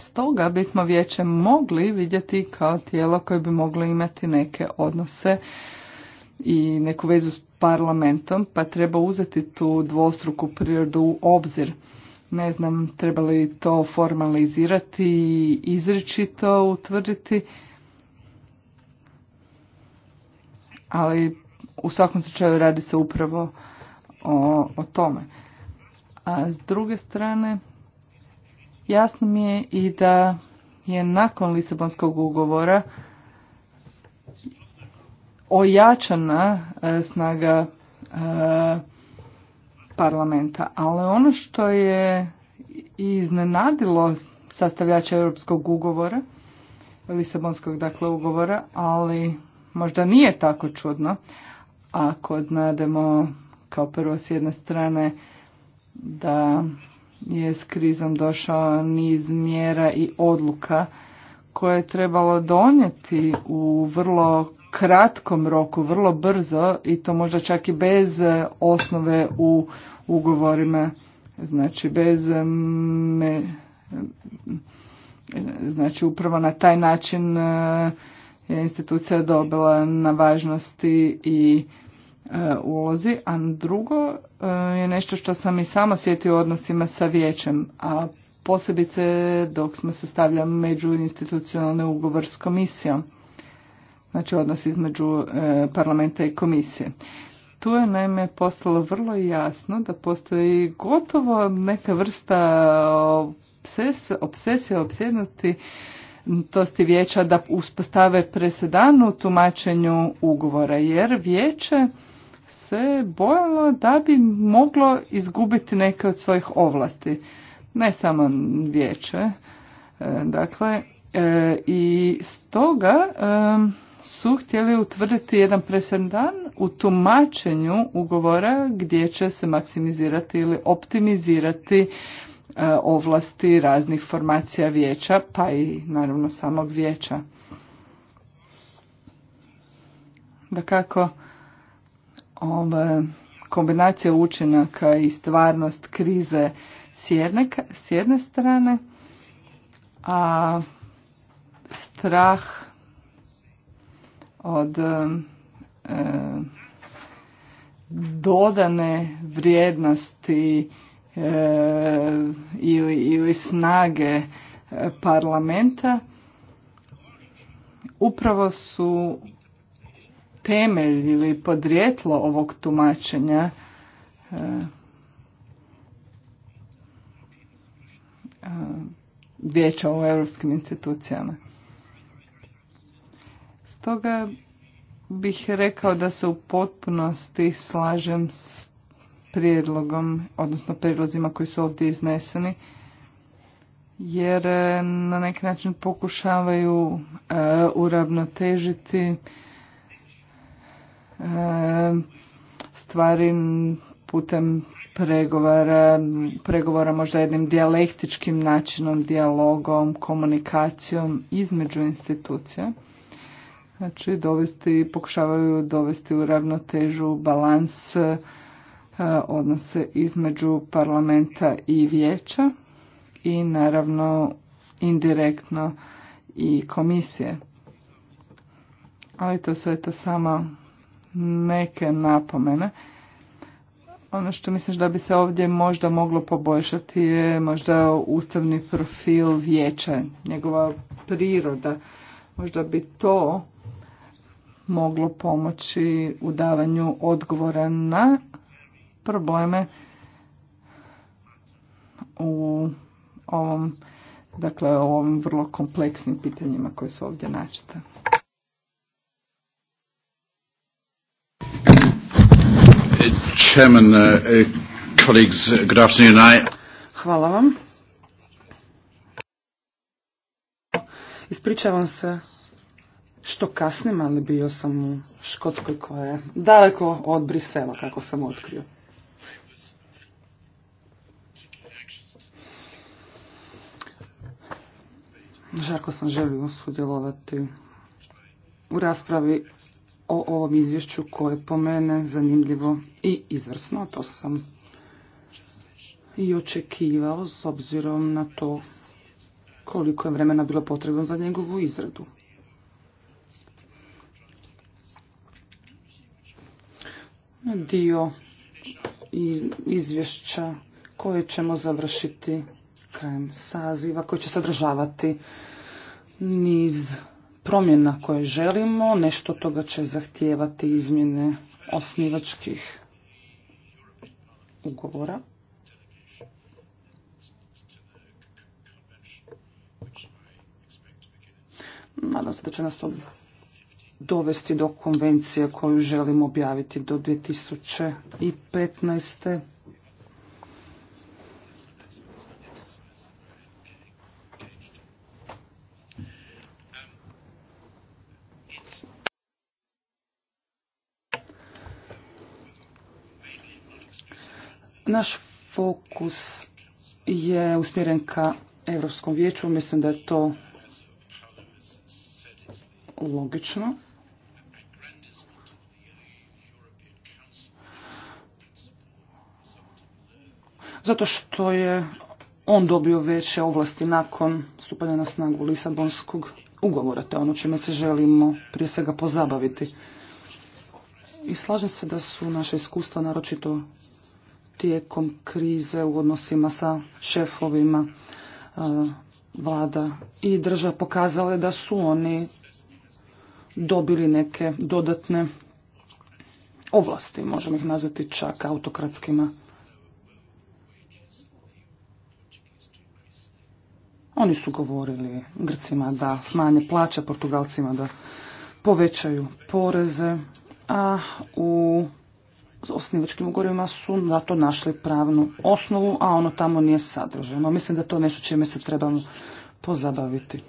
Speaker 4: Stoga bismo vijeće mogli vidjeti kao tijelo koje bi moglo imati neke odnose i neku vezu s parlamentom, pa treba uzeti tu dvostruku prirodu u obzir. Ne znam, treba li to formalizirati i izričito utvrditi, ali u svakom slučaju radi se upravo o, o tome. A s druge strane, Jasno mi je i da je nakon Lisabonskog ugovora ojačana e, snaga e, parlamenta. Ali ono što je iznenadilo sastavljača Europskog ugovora, Lisabonskog dakle ugovora, ali možda nije tako čudno ako znademo kao prvo s jedne strane da je s krizom došao niz mjera i odluka koje je trebalo donijeti u vrlo kratkom roku, vrlo brzo i to možda čak i bez osnove u ugovorima, znači bez mm, me, znači upravo na taj način e, je institucija dobila na važnosti i E, ulozi, a drugo e, je nešto što sam i sama sjetio u odnosima sa vijećem, a posebice dok smo sastavljali međuinstitucionalni ugovor s komisijom, znači odnos između e, parlamenta i komisije. Tu je naime postalo vrlo jasno da postoji gotovo neka vrsta obses, obsesija, obsjednosti tosti vijeća da uspostave presedan u tumačenju ugovora, jer vijeće se bojalo da bi moglo izgubiti neke od svojih ovlasti. Ne samo vijeće. E, dakle, e, i stoga e, su htjeli utvrditi jedan dan u tumačenju ugovora gdje će se maksimizirati ili optimizirati ovlasti raznih formacija vijeća, pa i naravno samog vijeća. Da kako ove kombinacija učinaka i stvarnost krize s jedne, s jedne strane, a strah od dodane vrijednosti e, ili snage parlamenta upravo su temelj ili podrijetlo ovog tumačenja e, e, vijeća u europskim institucijama. Stoga bih rekao da se u potpunosti slažem s prijedlogom, odnosno prijedlozima koji su ovdje izneseni, jer e, na neki način pokušavaju uravno uravnotežiti stvari putem pregovora, pregovora možda jednim dijalektičkim načinom, dijalogom, komunikacijom između institucija. Znači, dovesti, pokušavaju dovesti u ravnotežu balans e, odnose između parlamenta i vijeća i naravno indirektno i komisije. Ali to sve to samo neke napomene. Ono što misliš da bi se ovdje možda moglo poboljšati je možda ustavni profil vijeća, njegova priroda. Možda bi to moglo pomoći u davanju odgovora na probleme u ovom, dakle, ovom vrlo kompleksnim pitanjima koje su ovdje načete.
Speaker 2: Chairman, uh, colleagues, good
Speaker 5: Hvala vam. Ispričavam se što kasnim, ali bio sam u Škotskoj koja je daleko od Brisela, kako sam otkrio. Žako sam želio sudjelovati u raspravi o ovom izvješću koje je po mene zanimljivo i izvrsno, to sam i očekivao s obzirom na to koliko je vremena bilo potrebno za njegovu izradu. Dio izvješća koje ćemo završiti krajem saziva, koje će sadržavati niz promjena koje želimo, nešto toga će zahtijevati izmjene osnivačkih ugovora. Nadam se da će nas to dovesti do konvencije koju želimo objaviti do 2015. Naš fokus je usmjeren ka Europskom vijeću. Mislim da je to logično. Zato što je on dobio veće ovlasti nakon stupanja na snagu Lisabonskog ugovora. To je ono čime se želimo prije svega pozabaviti. I slažem se da su naše iskustva naročito tijekom krize u odnosima sa šefovima e, vlada i država pokazale da su oni dobili neke dodatne ovlasti, možemo ih nazvati čak autokratskima. Oni su govorili Grcima da smanje plaće, Portugalcima da povećaju poreze, a u osnivačkim ugovorima su na to našli pravnu osnovu, a ono tamo nije sadržano. Mislim da to je nešto čime se trebamo pozabaviti.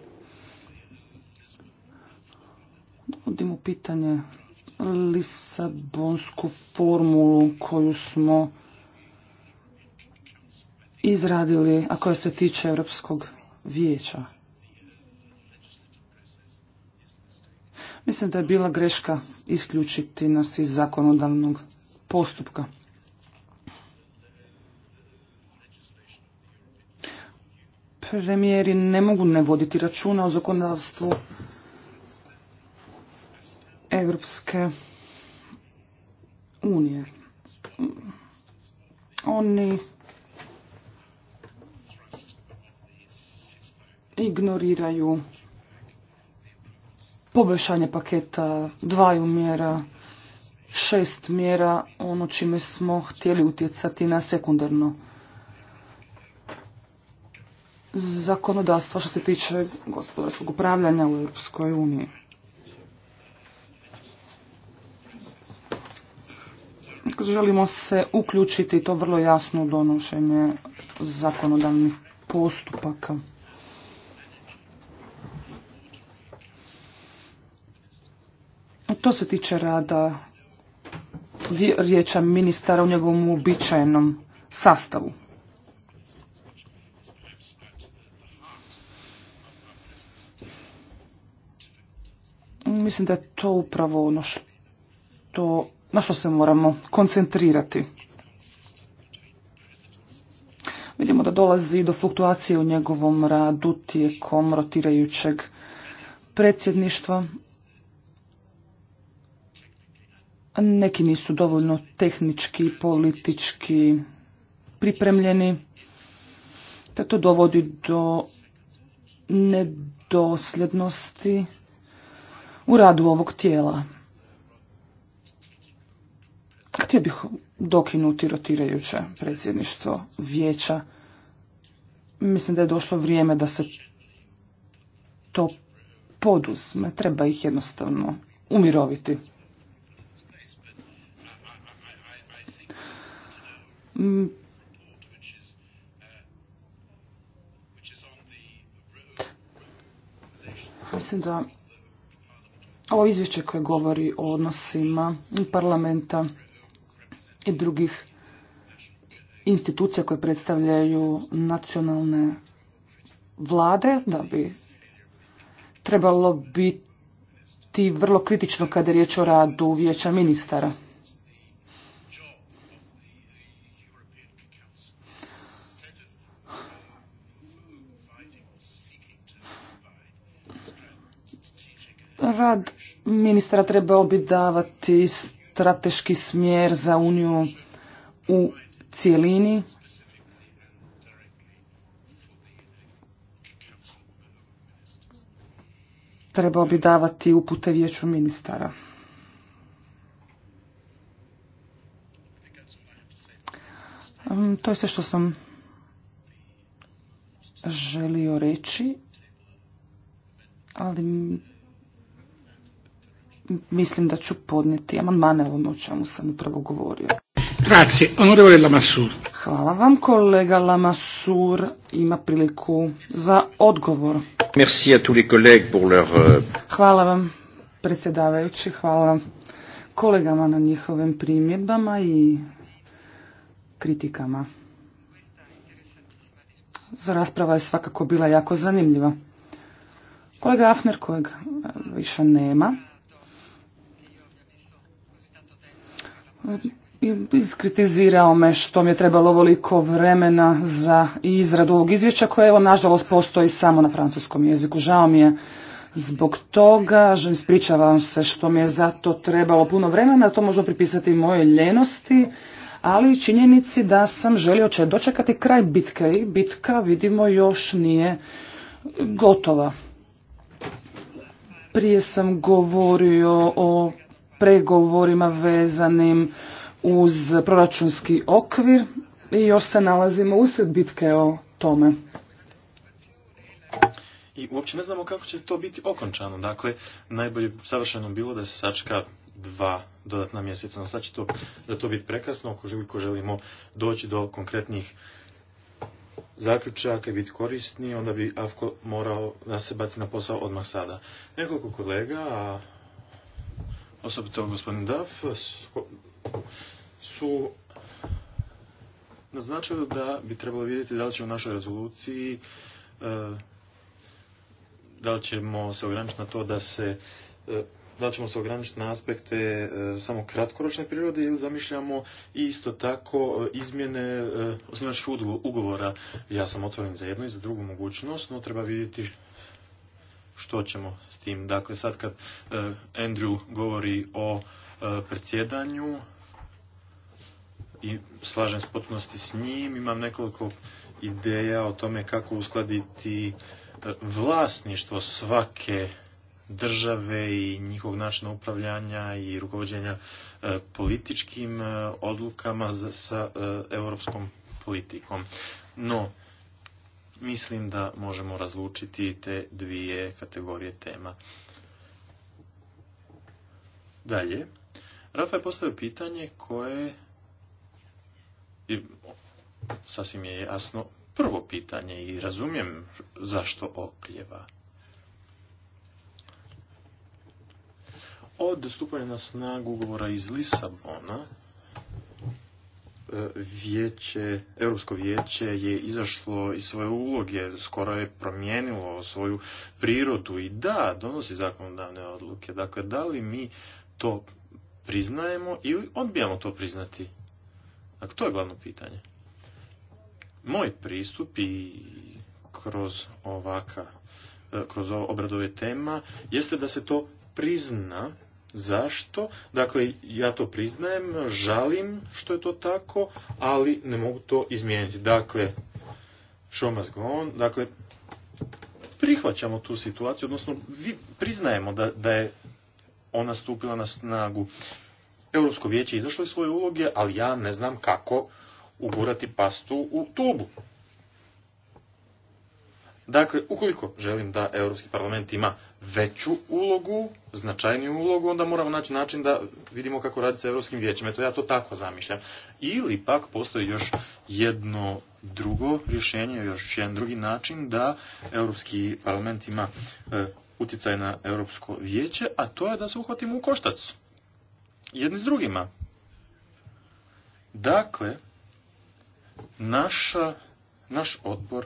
Speaker 5: Dovodim u pitanje Lisabonsku formulu koju smo izradili, a koja se tiče Europskog vijeća. Mislim da je bila greška isključiti nas iz zakonodavnog postupka. Premijeri ne mogu ne voditi računa o zakonodavstvu Evropske unije. Oni ignoriraju poboljšanje paketa dvaju mjera šest mjera ono čime smo htjeli utjecati na sekundarno zakonodavstvo što se tiče gospodarskog upravljanja u Europskoj uniji. Želimo se uključiti to vrlo jasno u donošenje zakonodavnih postupaka. To se tiče rada riječa ministara u njegovom uobičajenom sastavu. Mislim da je to upravo ono što, na što se moramo koncentrirati. Vidimo da dolazi do fluktuacije u njegovom radu tijekom rotirajućeg predsjedništva. Neki nisu dovoljno tehnički i politički pripremljeni, te to dovodi do nedosljednosti u radu ovog tijela. Htio bih dokinuti rotirajuće predsjedništvo vijeća. Mislim da je došlo vrijeme da se to poduzme. Treba ih jednostavno umiroviti. Mm. Mislim da ovo izvješće koje govori o odnosima parlamenta i drugih institucija koje predstavljaju nacionalne vlade, da bi trebalo biti vrlo kritično kada je riječ o radu vijeća ministara. Rad ministra trebao bi davati strateški smjer za Uniju u cijelini. Trebao bi davati upute vijeću ministara. Mm, to je sve što sam želio reći, ali mislim da ću podnijeti amandmane ono o čemu sam upravo govorio.
Speaker 1: Grazie, onorevole Lamassur.
Speaker 5: Hvala vam, kolega Lamassur ima priliku za odgovor.
Speaker 2: Merci à tous les collègues pour leur... Euh,
Speaker 5: hvala vam, predsjedavajući, hvala kolegama na njihovim primjedbama i kritikama. Za rasprava je svakako bila jako zanimljiva. Kolega Afner, kojeg više nema, iskritizirao me što mi je trebalo ovoliko vremena za izradu ovog izvješća koje evo nažalost postoji samo na francuskom jeziku. Žao mi je zbog toga, ispričavam se što mi je za to trebalo puno vremena, to možda pripisati moje ljenosti, ali činjenici da sam želio će dočekati kraj bitke i bitka vidimo još nije gotova. Prije sam govorio o pregovorima vezanim uz proračunski okvir i još se nalazimo usred bitke o tome.
Speaker 6: I uopće ne znamo kako će to biti okončano. Dakle, najbolje savršeno bilo da se sačka dva dodatna mjeseca. No sad će to, da to biti prekasno ako želimo doći do konkretnih zaključaka i biti korisni, onda bi AFKO morao da se baci na posao odmah sada. Nekoliko kolega, a osobito gospodin Daf, su naznačili da bi trebalo vidjeti da li će u našoj rezoluciji e, da li ćemo se ograničiti na to da se e, da li ćemo se ograničiti na aspekte e, samo kratkoročne prirode ili zamišljamo isto tako izmjene naših ugovora. Ja sam otvoren za jednu i za drugu mogućnost, no treba vidjeti što ćemo s tim. Dakle, sad kad e, Andrew govori o e, predsjedanju i slažem s potpunosti s njim, imam nekoliko ideja o tome kako uskladiti e, vlasništvo svake države i njihovog načina upravljanja i rukovođenja političkim odlukama sa europskom politikom. No, mislim da možemo razlučiti te dvije kategorije tema. Dalje, Rafa je postavio pitanje koje i sasvim je jasno prvo pitanje i razumijem zašto okljeva. Od stupanja na snagu ugovora iz Lisabona vijeće, Europsko vijeće je izašlo iz svoje uloge, skoro je promijenilo svoju prirodu i da, donosi zakonodavne odluke. Dakle, da li mi to priznajemo ili odbijamo to priznati? Dakle, to je glavno pitanje. Moj pristup i kroz ovaka, kroz obradove tema, jeste da se to prizna Zašto? Dakle, ja to priznajem, žalim što je to tako, ali ne mogu to izmijeniti. Dakle, dakle, prihvaćamo tu situaciju, odnosno vi priznajemo da, da je ona stupila na snagu. Europsko vijeće izašlo iz svoje uloge, ali ja ne znam kako ugurati pastu u tubu. Dakle, ukoliko želim da Europski parlament ima veću ulogu, značajniju ulogu, onda moramo naći način da vidimo kako radi sa Europskim vijećem. Eto, ja to tako zamišljam. Ili pak postoji još jedno drugo rješenje, još jedan drugi način da Europski parlament ima e, utjecaj na Europsko vijeće, a to je da se uhvatimo u koštac. Jedni s drugima. Dakle, naša, naš odbor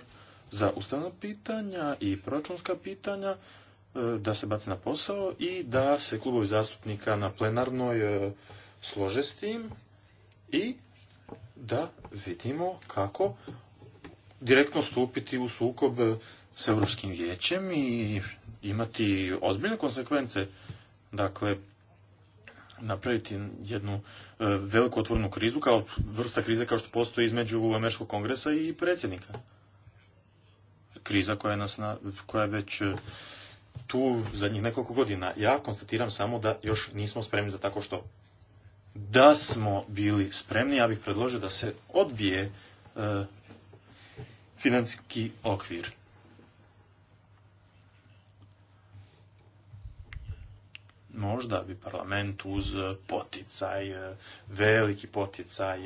Speaker 6: za ustavna pitanja i proračunska pitanja e, da se baci na posao i da se klubovi zastupnika na plenarnoj e, slože s tim i da vidimo kako direktno stupiti u sukob e, s Europskim vijećem i imati ozbiljne konsekvence. Dakle, napraviti jednu veliku otvornu krizu kao vrsta krize kao što postoji između Američkog kongresa i predsjednika kriza koja je, nas koja već e, tu zadnjih nekoliko godina. Ja konstatiram samo da još nismo spremni za tako što. Da smo bili spremni, ja bih predložio da se odbije e, financijski okvir. Možda bi parlament uz poticaj, e, veliki poticaj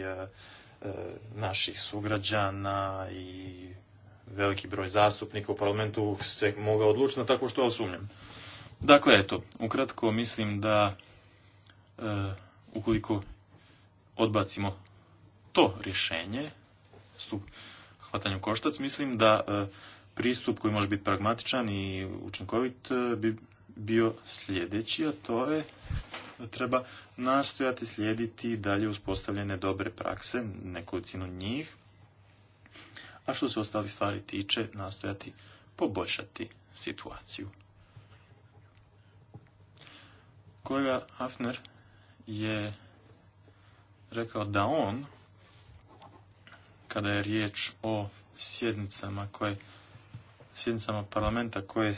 Speaker 6: naših sugrađana i veliki broj zastupnika u parlamentu se moga odlučiti na tako što osumnjam. Dakle, eto, ukratko mislim da e, ukoliko odbacimo to rješenje, stup hvatanju koštac, mislim da e, pristup koji može biti pragmatičan i učinkovit e, bi bio sljedeći, a to je da treba nastojati slijediti dalje uspostavljene dobre prakse, nekolicinu njih, a što se ostalih stvari tiče, nastojati poboljšati situaciju. Kolega Hafner je rekao da on, kada je riječ o sjednicama koje sjednicama parlamenta koje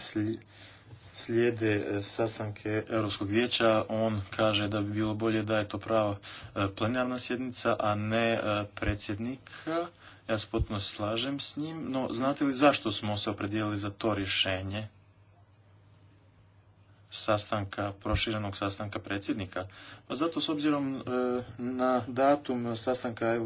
Speaker 6: slijede e, sastanke Europskog vijeća, on kaže da bi bilo bolje da je to prava e, plenarna sjednica, a ne e, predsjednik... Ja se potpuno slažem s njim, no znate li zašto smo se opredijelili za to rješenje sastanka, proširenog sastanka predsjednika? Pa zato s obzirom e, na datum sastanka e,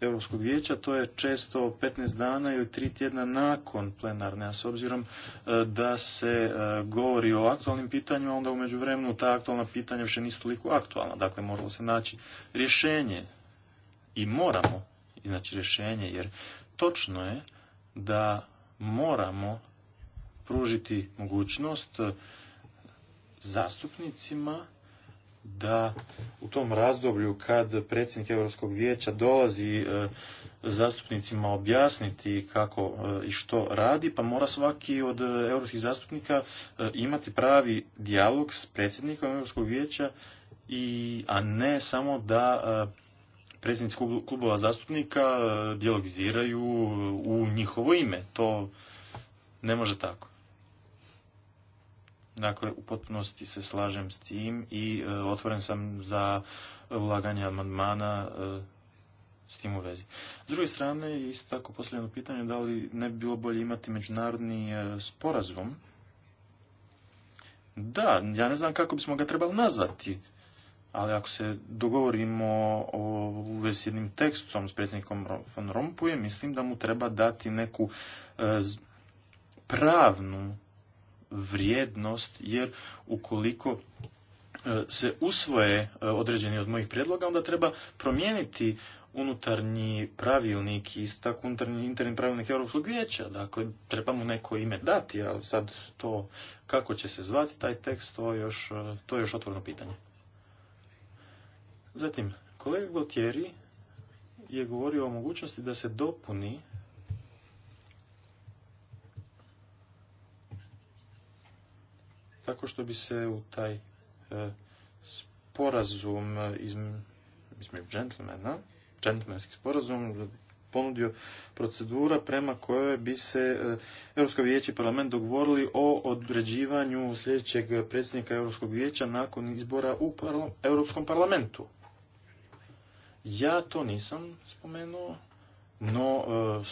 Speaker 6: Europskog vijeća, to je često 15 dana ili 3 tjedna nakon plenarne, a s obzirom e, da se e, govori o aktualnim pitanjima, onda umeđu vremenu ta aktualna pitanja više nisu toliko aktualna. Dakle, moralo se naći rješenje i moramo iznaći rješenje, jer točno je da moramo pružiti mogućnost zastupnicima da u tom razdoblju kad predsjednik Europskog vijeća dolazi e, zastupnicima objasniti kako e, i što radi, pa mora svaki od europskih zastupnika e, imati pravi dijalog s predsjednikom Europskog vijeća i a ne samo da predsjednici klubova zastupnika e, dijalogiziraju u njihovo ime. To ne može tako. Dakle, u potpunosti se slažem s tim i e, otvoren sam za ulaganje amandmana e, s tim u vezi. S druge strane, isto tako posljedno pitanje, da li ne bi bilo bolje imati međunarodni sporazum? Da, ja ne znam kako bismo ga trebali nazvati ali ako se dogovorimo o s jednim tekstom s predsjednikom von Rompuje, mislim da mu treba dati neku e, pravnu vrijednost, jer ukoliko e, se usvoje e, određeni od mojih predloga, onda treba promijeniti unutarnji pravilnik i tako unutarnji interni pravilnik Europskog vijeća. Dakle, treba mu neko ime dati, ali sad to kako će se zvati taj tekst, to, još, to je još otvoreno pitanje. Zatim, kolega Gautieri je govorio o mogućnosti da se dopuni tako što bi se u taj e, sporazum e, između džentlmena, džentlmenski sporazum, ponudio procedura prema kojoj bi se e, Europsko vijeće i parlament dogovorili o određivanju sljedećeg predsjednika Europskog vijeća nakon izbora u Europskom parlamentu. Ja to nisam spomenuo, no e,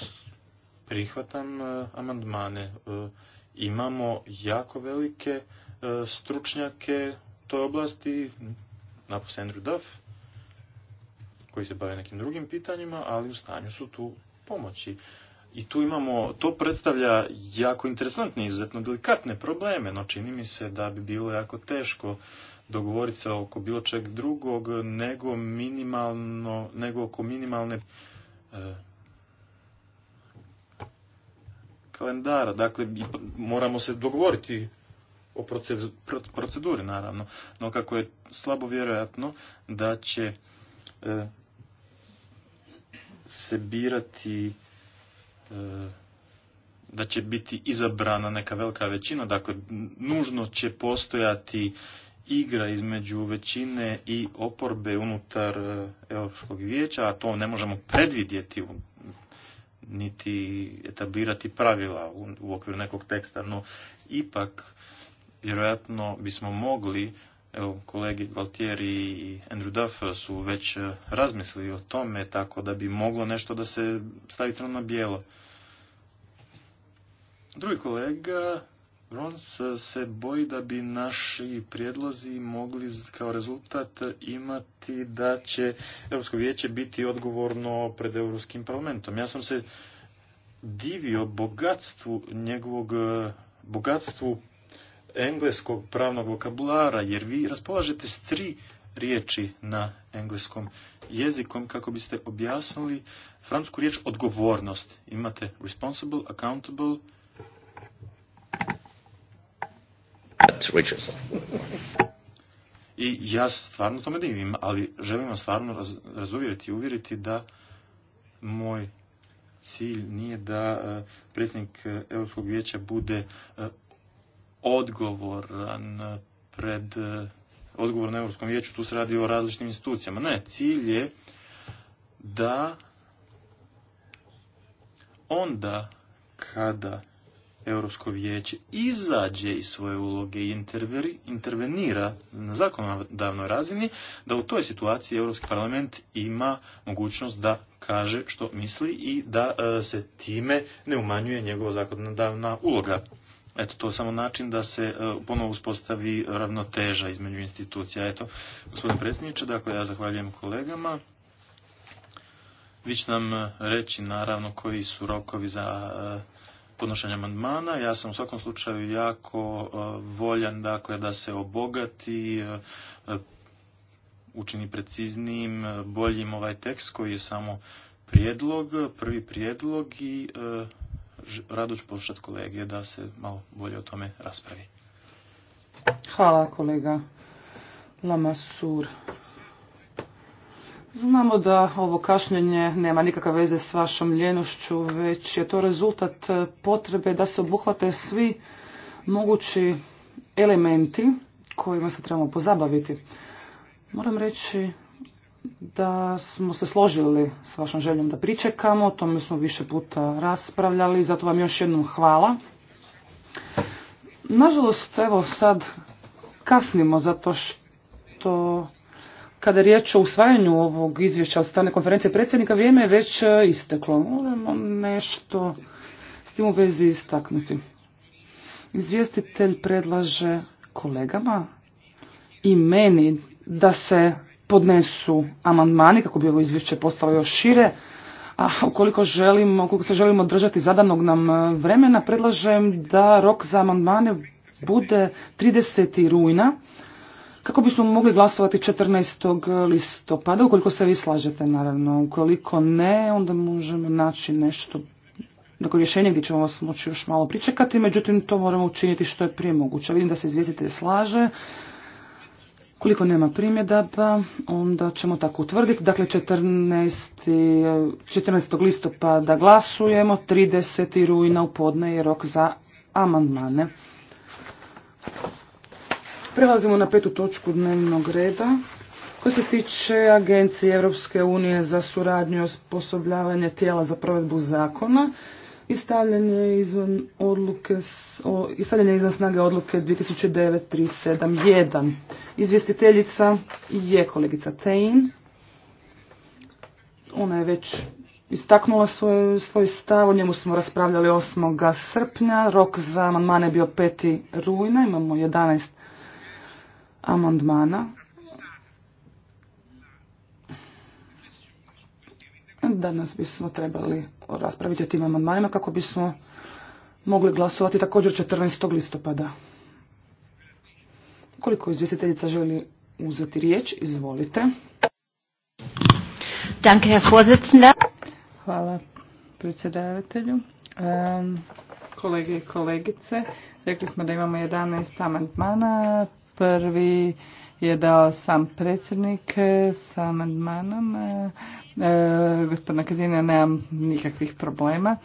Speaker 6: prihvatam e, amandmane. E, imamo jako velike stručnjake u toj oblasti, napos Andrew Duff, koji se bave nekim drugim pitanjima, ali u stanju su tu pomoći. I tu imamo, to predstavlja jako interesantne, izuzetno delikatne probleme, no čini mi se da bi bilo jako teško dogovoriti se oko bilo čeg drugog nego minimalno, nego oko minimalne e, kalendara. Dakle, moramo se dogovoriti o proceduri, naravno. No kako je slabo vjerojatno da će e, se birati e, da će biti izabrana neka velika većina, dakle nužno će postojati igra između većine i oporbe unutar e, Europskog vijeća, a to ne možemo predvidjeti niti etablirati pravila u, okviru nekog teksta, no ipak vjerojatno bismo mogli, evo kolegi Valtieri i Andrew Duff su već e, razmislili o tome, tako da bi moglo nešto da se stavi na bijelo. Drugi kolega Rons se boji da bi naši prijedlozi mogli kao rezultat imati da će Europsko vijeće biti odgovorno pred Europskim parlamentom. Ja sam se divio bogatstvu njegovog e, bogatstvu engleskog pravnog vokabulara, jer vi raspolažete s tri riječi na engleskom jezikom kako biste objasnili francusku riječ odgovornost. Imate responsible, accountable, I ja stvarno tome divim, ali želim vas stvarno razuvjeriti i uvjeriti da moj cilj nije da e, predsjednik e, Europskog vijeća bude e, odgovoran pred odgovor na Europskom vijeću, tu se radi o različitim institucijama. Ne, cilj je da onda kada Europsko vijeće izađe iz svoje uloge i intervenira na zakonodavnoj razini, da u toj situaciji Europski parlament ima mogućnost da kaže što misli i da e, se time ne umanjuje njegova zakonodavna uloga. Eto, to je samo način da se e, ponovo uspostavi ravnoteža između institucija. Eto, gospodine predsjedniče, dakle, ja zahvaljujem kolegama. Vi će nam e, reći, naravno, koji su rokovi za podnošenja amandmana. Ja sam u svakom slučaju jako e, voljan dakle, da se obogati, e, e, učini preciznijim, boljim ovaj tekst koji je samo prijedlog, prvi prijedlog i rado ću poslušati kolege da se malo bolje o tome raspravi.
Speaker 5: Hvala kolega Lamasur. Znamo da ovo kašnjenje nema nikakve veze s vašom ljenošću, već je to rezultat potrebe da se obuhvate svi mogući elementi kojima se trebamo pozabaviti. Moram reći da smo se složili s vašom željom da pričekamo, o tome smo više puta raspravljali, zato vam još jednom hvala. Nažalost, evo sad kasnimo zato što kada je riječ o usvajanju ovog izvješća od strane konferencije predsjednika, vrijeme je već e, isteklo. Moramo nešto s tim u vezi istaknuti. Izvjestitelj predlaže kolegama i meni da se podnesu amandmani kako bi ovo izvješće postalo još šire, a ukoliko, želimo, ukoliko se želimo držati zadanog nam e, vremena, predlažem da rok za amandmane bude 30. rujna kako bismo mogli glasovati 14. listopada, ukoliko se vi slažete naravno, ukoliko ne, onda možemo naći nešto neko rješenje gdje ćemo vas moći još malo pričekati, međutim to moramo učiniti što je prije moguće. Vidim da se izvjestitelj slaže. Koliko nema primjedaba, onda ćemo tako utvrditi. Dakle, 14. 14. listopada glasujemo, 30. rujna u podne je rok za amandmane. Prelazimo na petu točku dnevnog reda koja se tiče Agencije Europske unije za suradnju i osposobljavanje tijela za provedbu zakona i stavljanje izvan odluke o, i stavljanje izvan snage odluke 2009.37.1 Izvjestiteljica je kolegica Tein. Ona je već istaknula svoj, svoj stav, o njemu smo raspravljali 8. srpnja, rok za amandmane je bio 5. rujna, imamo 11 amandmana Danas bismo trebali raspraviti o tim amandmanima kako bismo mogli glasovati također 14. listopada. Koliko izvjestiteljica želi uzeti riječ, izvolite.
Speaker 4: Hvala predsjedavatelju.
Speaker 5: kolege i kolegice,
Speaker 4: rekli smo da imamo 11 amandmana, Prvi je dao sam predsjednik e, sa amandmanom. E, e, gospodina Kazina nemam nikakvih problema.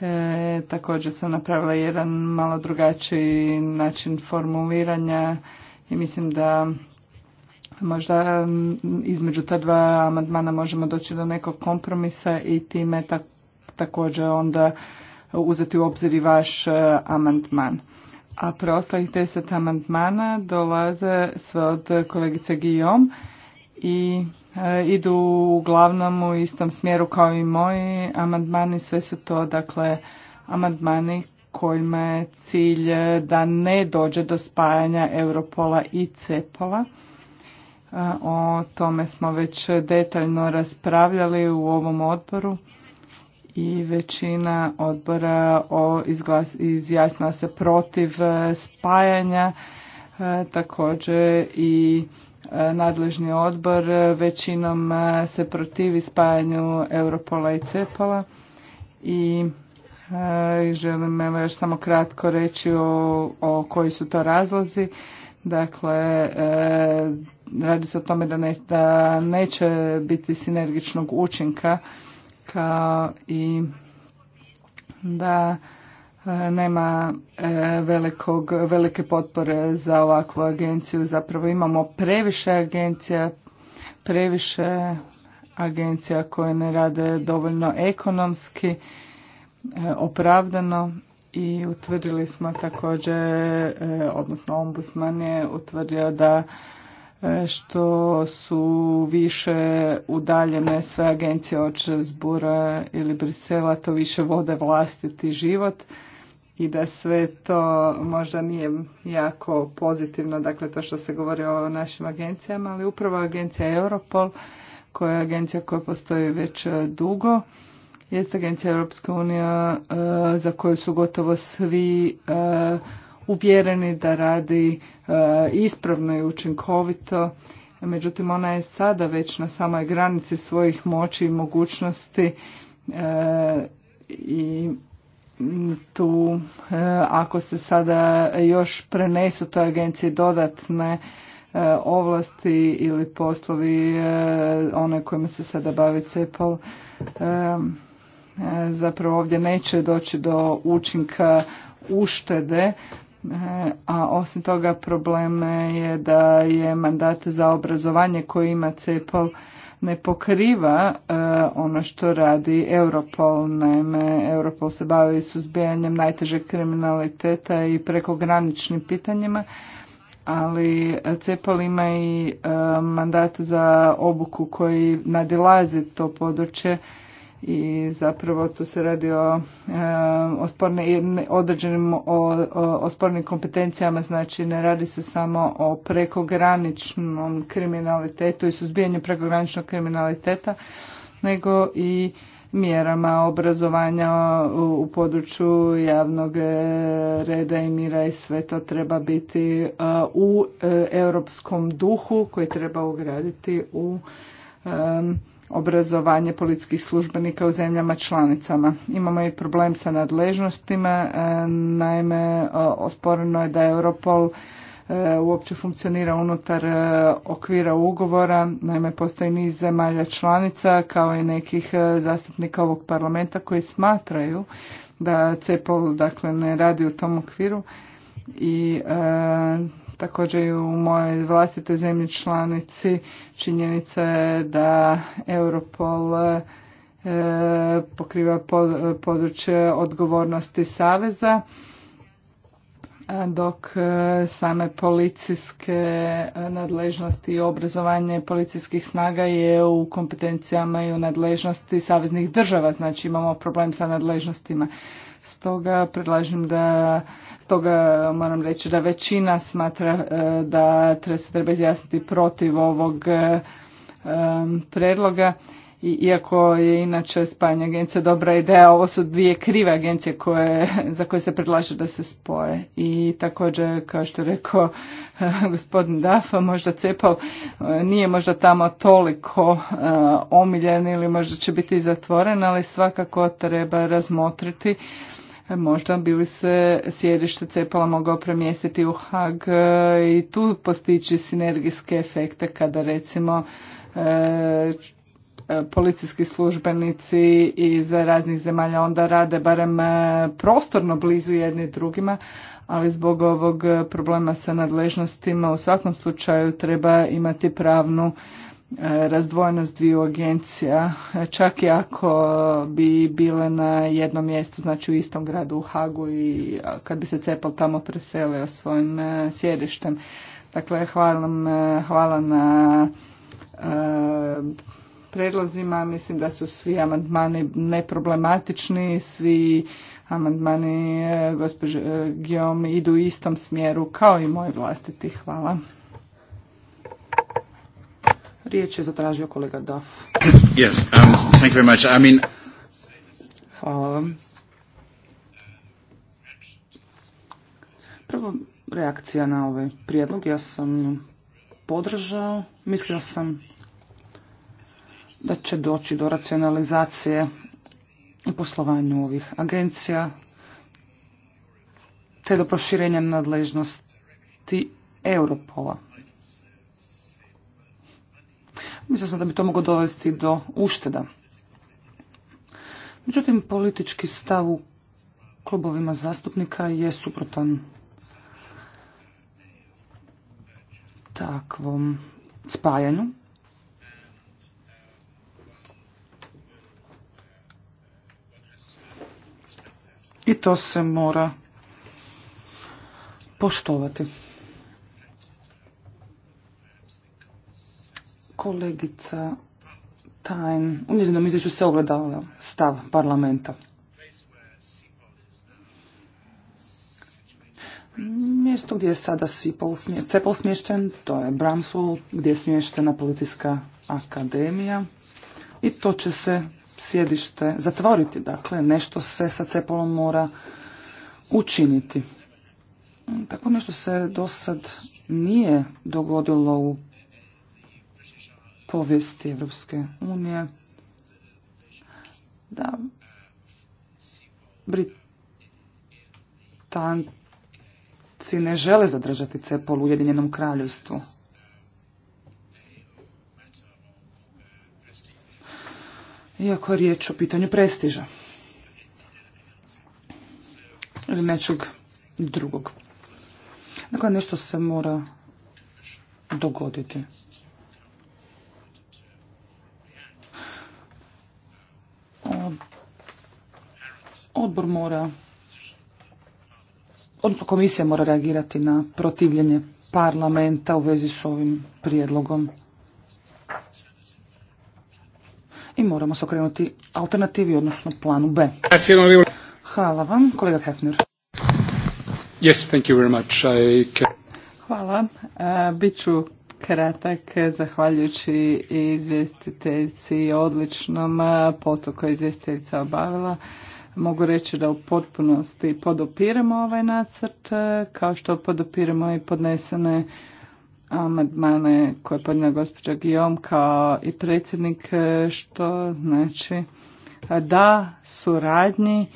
Speaker 4: E, također sam napravila jedan malo drugačiji način formuliranja i mislim da možda između ta dva amandmana možemo doći do nekog kompromisa i time također onda uzeti u obzir i vaš amandman a preostalih deset amandmana dolaze sve od kolegice Guillaume i e, idu uglavnom u istom smjeru kao i moji amandmani. Sve su to dakle amandmani kojima je cilj da ne dođe do spajanja Europola i Cepola. E, o tome smo već detaljno raspravljali u ovom odboru i većina odbora o izglas, izjasnila se protiv e, spajanja e, također i e, nadležni odbor većinom se protivi spajanju Europola i Cepola i želim evo još samo kratko reći o, o koji su to razlozi. Dakle, radi se o tome da, ne, da neće biti sinergičnog učinka kao i da e, nema e, velikog, velike potpore za ovakvu agenciju. Zapravo imamo previše agencija, previše agencija koje ne rade dovoljno ekonomski, e, opravdano i utvrdili smo također, odnosno ombudsman je utvrdio da E, što su više udaljene sve agencije od zbora ili Brisela, to više vode vlastiti život i da sve to možda nije jako pozitivno, dakle to što se govori o našim agencijama, ali upravo agencija Europol, koja je agencija koja postoji već e, dugo, jeste agencija Europske unije e, za koju su gotovo svi uvjereni da radi e, ispravno i učinkovito. Međutim, ona je sada već na samoj granici svojih moći i mogućnosti e, i tu e, ako se sada još prenesu toj agenciji dodatne ovlasti ili poslovi one kojima se sada bavi CEPOL zapravo ovdje neće doći do učinka uštede a osim toga probleme je da je mandat za obrazovanje koji ima CEPOL ne pokriva e, ono što radi Europol. Naime, Europol se bavi suzbijanjem najtežeg kriminaliteta i prekograničnim pitanjima, ali CEPOL ima i e, mandat za obuku koji nadilazi to područje i zapravo tu se radi o, e, određenim ospornim kompetencijama, znači ne radi se samo o prekograničnom kriminalitetu i suzbijanju prekograničnog kriminaliteta, nego i mjerama obrazovanja u području javnog e, reda i mira i sve to treba biti e, u europskom duhu koji treba ugraditi u obrazovanje policijskih službenika u zemljama članicama. Imamo i problem sa nadležnostima, e, naime osporeno je da Europol e, uopće funkcionira unutar e, okvira ugovora. Naime, postoji niz zemalja članica kao i nekih zastupnika ovog parlamenta koji smatraju da CEPOL dakle, ne radi u tom okviru i Također i u mojoj vlastitoj zemlji članici činjenica je da Europol e, pokriva područje odgovornosti Saveza, dok e, same policijske e, nadležnosti i obrazovanje policijskih snaga je u kompetencijama i u nadležnosti saveznih država, znači imamo problem sa nadležnostima. Stoga predlažem da, stoga moram reći da većina smatra e, da se treba izjasniti protiv ovog e, predloga. I, iako je inače spajanje agencija dobra ideja, ovo su dvije krive agencije koje, za koje se predlaže da se spoje. I također, kao što je rekao gospodin Dafa, možda Cepal e, nije možda tamo toliko omiljen ili možda će biti zatvoren, ali svakako treba razmotriti možda bi li se sjedište Cepala mogao premjestiti u Hag e, i tu postići sinergijske efekte kada recimo e, policijski službenici iz raznih zemalja onda rade barem e, prostorno blizu jedni drugima, ali zbog ovog problema sa nadležnostima u svakom slučaju treba imati pravnu razdvojenost dviju agencija, čak i ako bi bile na jednom mjestu, znači u istom gradu u Hagu i kad bi se Cepal tamo preselio svojim e, sjedištem. Dakle, hvala, hvala na e, predlozima. Mislim da su svi amandmani neproblematični, svi amandmani e, gospođe Gijom idu u istom smjeru kao i moj vlastiti. Hvala.
Speaker 5: Riječ je zatražio kolega Duff.
Speaker 2: Yes, um, thank you very much. I mean...
Speaker 5: Hvala vam. Prvo reakcija na ovaj prijedlog. Ja sam podržao. Mislio sam da će doći do racionalizacije u poslovanju ovih agencija te do proširenja nadležnosti Europola. Mislio sam da bi to moglo dovesti do ušteda. Međutim, politički stav u klubovima zastupnika je suprotan takvom spajanju. I to se mora poštovati. Kolegica Tajn, u njezinom izvješću se ogledala stav parlamenta. Mjesto gdje je sada Cepol smješten, to je Bramsul gdje je smještena policijska akademija i to će se sjedište zatvoriti. Dakle, nešto se sa Cepolom mora učiniti. Tako nešto se do sad nije dogodilo u povijesti Evropske unije da Britanci ne žele zadržati cepol u Ujedinjenom kraljevstvu. Iako je riječ o pitanju prestiža ili nečeg drugog. Dakle, nešto se mora dogoditi. odbor mora, odnosno komisija mora reagirati na protivljenje parlamenta u vezi s ovim prijedlogom. I moramo se okrenuti alternativi, odnosno planu B. Hvala vam, kolega Hefner.
Speaker 1: Yes, thank you very much. I can...
Speaker 5: Hvala. E, Biću kratak,
Speaker 4: zahvaljujući izvjestiteljci odličnom e, poslu je izvjestiteljica obavila. Mogu reći da u potpunosti podopiramo ovaj nacrt, e, kao što podopiramo i podnesene amandmane koje je podnijela gospođa Guillaume kao i predsjednik, e, što znači da suradnji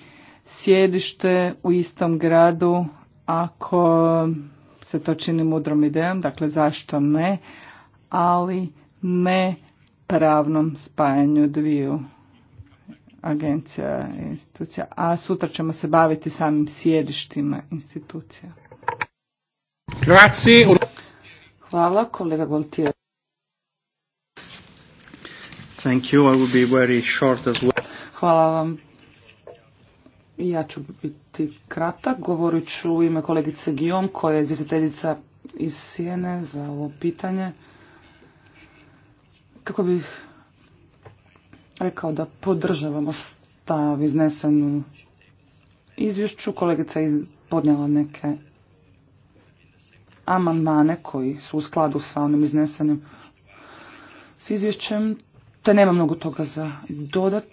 Speaker 4: sjedište u istom gradu ako se to čini mudrom idejom, dakle zašto ne, ali ne pravnom spajanju dviju agencija institucija, a sutra ćemo se baviti samim sjedištima institucija.
Speaker 6: Grazie.
Speaker 5: Hvala, kolega Goltier.
Speaker 6: Thank you. I will be very short as well.
Speaker 5: Hvala vam. Ja ću biti kratak. Govorit ću u ime kolegice Guillaume koja je izvjestiteljica iz Sijene za ovo pitanje. Kako bih rekao da podržavamo stav iznesenu izvješću. Kolegica je podnijela neke amandmane koji su u skladu sa onim iznesenim s izvješćem, te nema mnogo toga za dodati,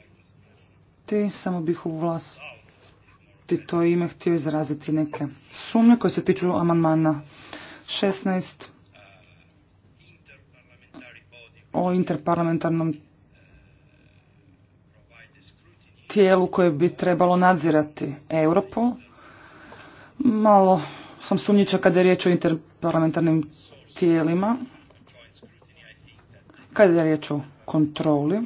Speaker 5: samo bih u vlasti to ime htio izraziti neke sumnje koje se tiču amandmana 16 o interparlamentarnom tijelu koje bi trebalo nadzirati Europu. Malo sam sumnjiča kada je riječ o interparlamentarnim tijelima, kada je riječ o kontroli.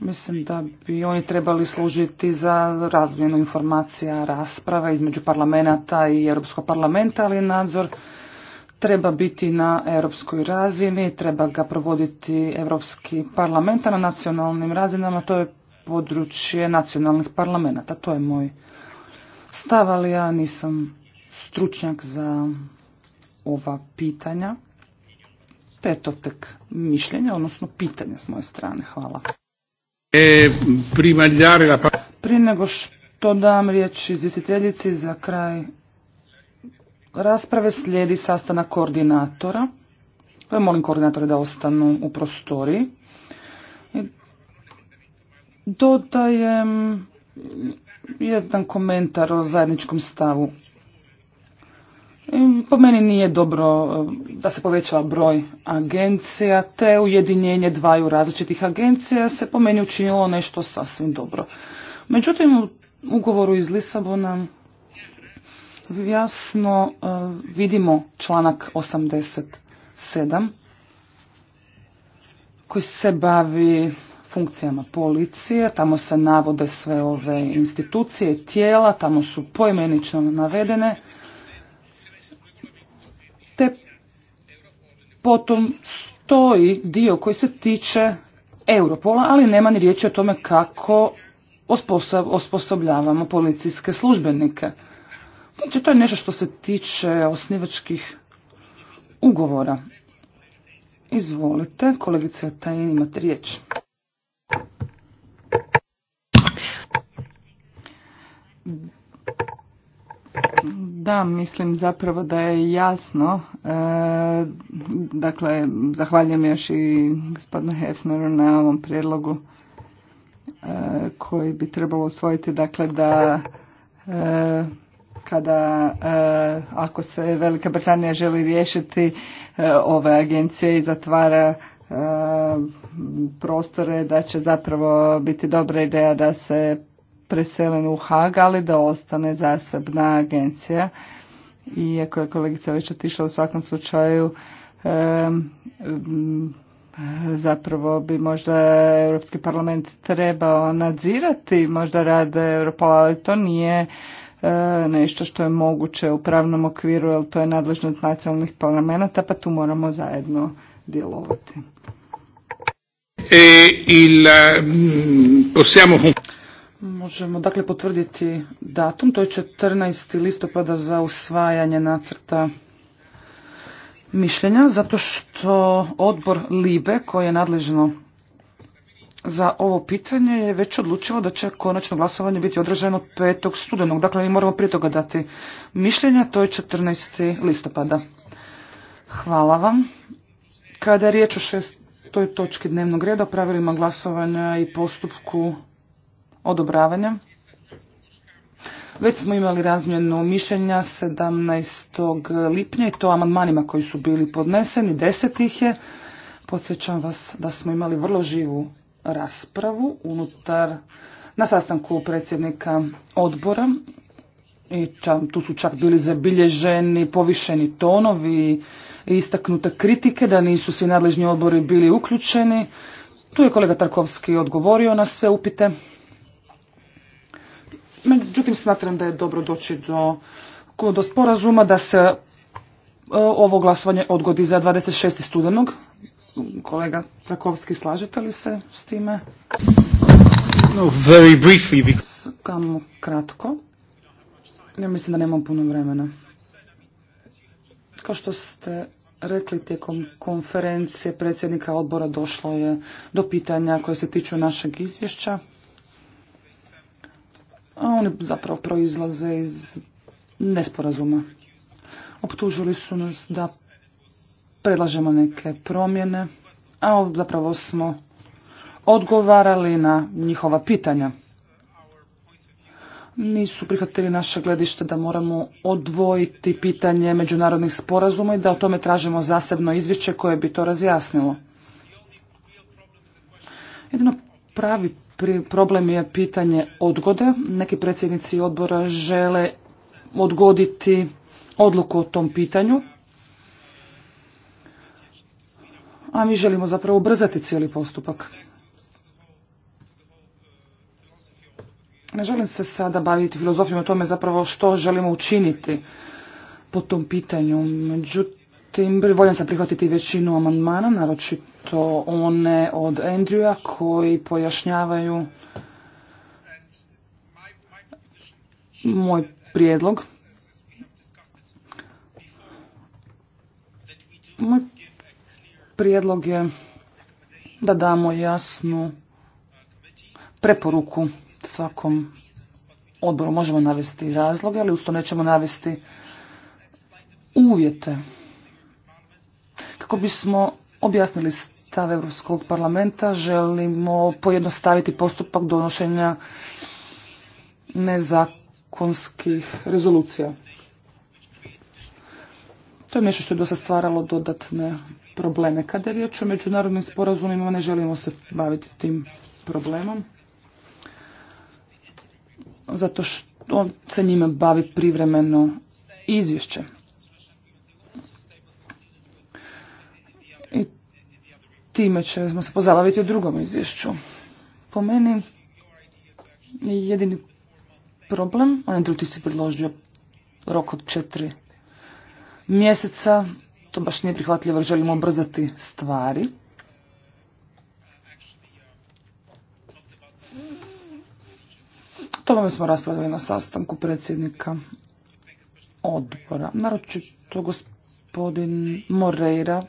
Speaker 5: Mislim da bi oni trebali služiti za razmjenu informacija, rasprava između parlamenta i Europskog parlamenta, ali nadzor treba biti na europskoj razini, treba ga provoditi Europski parlament, na nacionalnim razinama to je područje nacionalnih parlamenta. To je moj stav, ali ja nisam stručnjak za ova pitanja. Te to tek mišljenje, odnosno pitanje s moje strane. Hvala.
Speaker 1: E, pa-
Speaker 5: Prije nego što dam riječ izvjestiteljici za kraj rasprave slijedi sastanak koordinatora. Pa molim koordinatore da ostanu u prostoriji. Dodajem jedan komentar o zajedničkom stavu. Po meni nije dobro eh, da se povećava broj agencija, te ujedinjenje dvaju različitih agencija se po meni učinilo nešto sasvim dobro. Međutim, u ugovoru iz Lisabona jasno e, vidimo članak 87 koji se bavi funkcijama policije, tamo se navode sve ove institucije, tijela, tamo su pojmenično navedene, te potom stoji dio koji se tiče Europola, ali nema ni riječi o tome kako osposobljavamo policijske službenike. Znači, to je nešto što se tiče osnivačkih ugovora. Izvolite, kolegice Tajin, imate riječ.
Speaker 4: Da, mislim zapravo da je jasno. E, dakle, zahvaljujem još i gospodinu Hefneru na ovom prijedlogu e, koji bi trebalo usvojiti. Dakle, da e, kada eh, ako se Velika Britanija želi riješiti eh, ove agencije i zatvara eh, prostore da će zapravo biti dobra ideja da se preselen u Hag, ali da ostane zasebna agencija. Iako je kolegica već otišla u svakom slučaju, zapravo bi možda Europski parlament trebao nadzirati možda rade Europola, ali to nije E, nešto što je moguće u pravnom okviru, jer to je nadležnost nacionalnih parlamenta, pa
Speaker 5: tu moramo zajedno
Speaker 1: djelovati. E, il, e, possiamo...
Speaker 5: Možemo dakle potvrditi datum, to je 14. listopada za usvajanje nacrta mišljenja, zato što odbor LIBE koji je nadležno za ovo pitanje je već odlučilo da će konačno glasovanje biti održano 5. studenog. Dakle, mi moramo prije toga dati mišljenja, to je 14. listopada. Hvala vam. Kada je riječ o šestoj točki dnevnog reda, pravilima glasovanja i postupku odobravanja, već smo imali razmjenu mišljenja 17. lipnja i to amandmanima koji su bili podneseni, deset ih je. Podsjećam vas da smo imali vrlo živu raspravu unutar na sastanku predsjednika odbora i tu su čak bili zabilježeni povišeni tonovi i istaknute kritike da nisu svi nadležni odbori bili uključeni. Tu je kolega Tarkovski odgovorio na sve upite. Međutim, smatram da je dobro doći do, do sporazuma da se e, ovo glasovanje odgodi za 26. studenog kolega Trakovski, slažete li se s time?
Speaker 6: No, very briefly.
Speaker 5: kratko. Ja mislim da nemam puno vremena. Kao što ste rekli tijekom konferencije predsjednika odbora došlo je do pitanja koje se tiču našeg izvješća. A oni zapravo proizlaze iz nesporazuma. Optužili su nas da predlažemo neke promjene, a zapravo smo odgovarali na njihova pitanja. Nisu prihvatili naše gledište da moramo odvojiti pitanje međunarodnih sporazuma i da o tome tražimo zasebno izvješće koje bi to razjasnilo. Jedino pravi problem je pitanje odgode. Neki predsjednici odbora žele odgoditi odluku o tom pitanju a mi želimo zapravo ubrzati cijeli postupak. Ne želim se sada baviti filozofijom o tome zapravo što želimo učiniti po tom pitanju. Međutim, voljan sam prihvatiti većinu amandmana, naročito one od Andrewa koji pojašnjavaju moj prijedlog. Moj prijedlog je da damo jasnu preporuku svakom odboru. Možemo navesti razloge, ali usto nećemo navesti uvjete. Kako bismo objasnili stav Europskog parlamenta, želimo pojednostaviti postupak donošenja nezakonskih rezolucija. To je nešto što je dosta stvaralo dodatne probleme. Kada je riječ o međunarodnim sporazumima, ne želimo se baviti tim problemom, zato što se njime bavi privremeno izvješće. I time ćemo se pozabaviti u drugom izvješću. Po meni je jedini problem, onaj drugi si predložio rok od četiri mjeseca, to baš nije prihvatljivo želimo ubrzati stvari. tome smo raspravili na sastanku predsjednika odbora. Naročito gospodin Moreira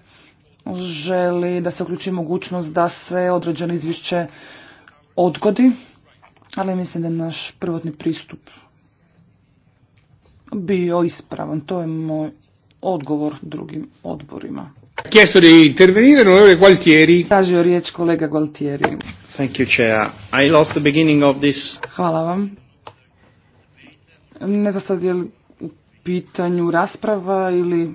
Speaker 5: želi da se uključi mogućnost da se određeno izvješće odgodi, ali mislim da je naš prvotni pristup bio ispravan. To je moj odgovor drugim odborima. Chiesto di intervenire l'onorevole Gualtieri. Tražio riječ kolega Gualtieri.
Speaker 6: Thank you, Chair. I lost the beginning of this. Hvala vam.
Speaker 5: Ne znam sad je li u pitanju rasprava ili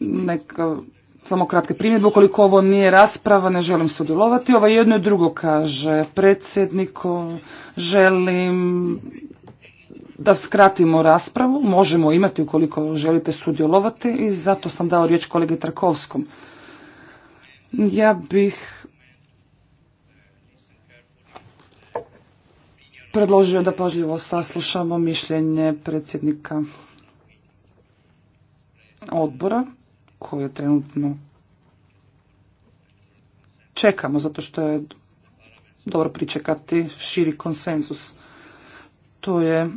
Speaker 5: neka samo kratke primjedbe, ukoliko ovo nije rasprava, ne želim sudjelovati. Ovo jedno i drugo kaže Predsjednikom želim da skratimo raspravu, možemo imati ukoliko želite sudjelovati i zato sam dao riječ kolegi Trakovskom. Ja bih predložio da pažljivo saslušamo mišljenje predsjednika odbora koje trenutno čekamo zato što je dobro pričekati širi konsenzus. To je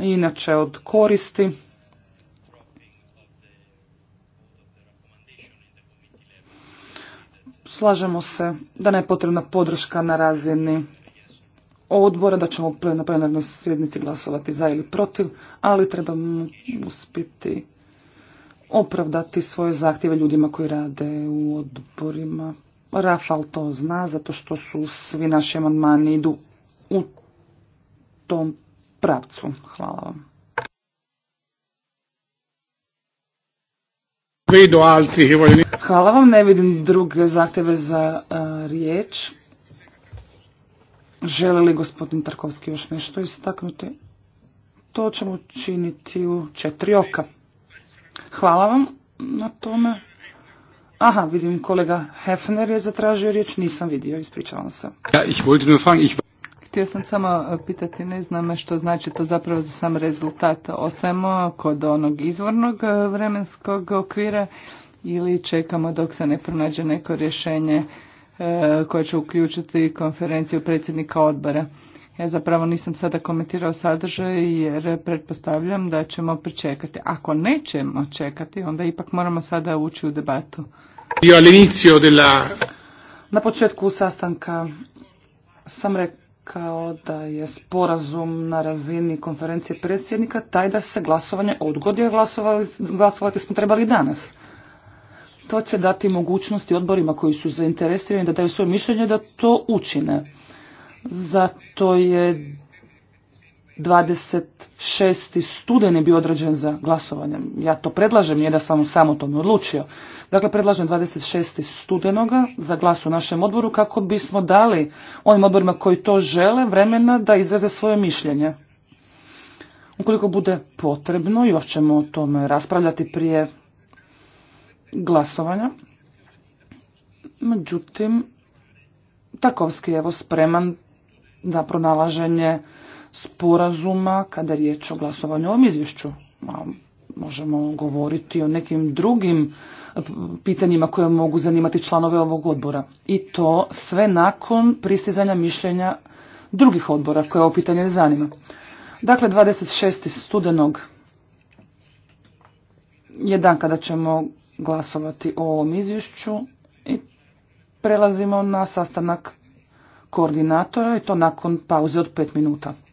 Speaker 5: inače od koristi. Slažemo se da ne je potrebna podrška na razini odbora, da ćemo na plenarnoj sjednici glasovati za ili protiv, ali trebamo uspjeti opravdati svoje zahtjeve ljudima koji rade u odborima. Rafal to zna, zato što su svi naši amandmani idu u tom pravcu. Hvala vam. Hvala vam, ne vidim druge zahteve za e, riječ. Želi li gospodin Tarkovski još nešto istaknuti? To ćemo učiniti u četiri oka. Hvala vam na tome. Aha, vidim kolega Hefner je zatražio riječ, nisam vidio, ispričavam se.
Speaker 1: Ja, fragen,
Speaker 5: Htio sam samo e, pitati, ne znam što znači to zapravo za sam
Speaker 4: rezultat. Ostajemo kod onog izvornog e, vremenskog okvira ili čekamo dok se ne pronađe neko rješenje e, koje će uključiti konferenciju predsjednika odbora. Ja zapravo nisam sada komentirao sadržaj jer pretpostavljam da ćemo pričekati. Ako nećemo čekati, onda ipak moramo sada ući u
Speaker 5: debatu. Na početku sastanka sam rekao kao da je sporazum na razini konferencije predsjednika taj da se glasovanje odgodio i glasovati smo trebali danas. To će dati mogućnosti odborima koji su zainteresirani da daju svoje mišljenje da to učine. Zato je 26. studeni bio određen za glasovanje. Ja to predlažem, nije da sam samo tome odlučio. Dakle, predlažem 26. studenoga za glas u našem odboru kako bismo dali onim odborima koji to žele vremena da izraze svoje mišljenje. Ukoliko bude potrebno, još ćemo o tome raspravljati prije glasovanja. Međutim, Tarkovski je evo spreman za pronalaženje sporazuma kada je riječ o glasovanju o ovom izvješću. Možemo govoriti o nekim drugim e, pitanjima koje mogu zanimati članove ovog odbora. I to sve nakon pristizanja mišljenja drugih odbora koje ovo pitanje zanima. Dakle, 26. studenog je dan kada ćemo glasovati o ovom izvješću i prelazimo na sastanak koordinatora i to nakon pauze od pet minuta.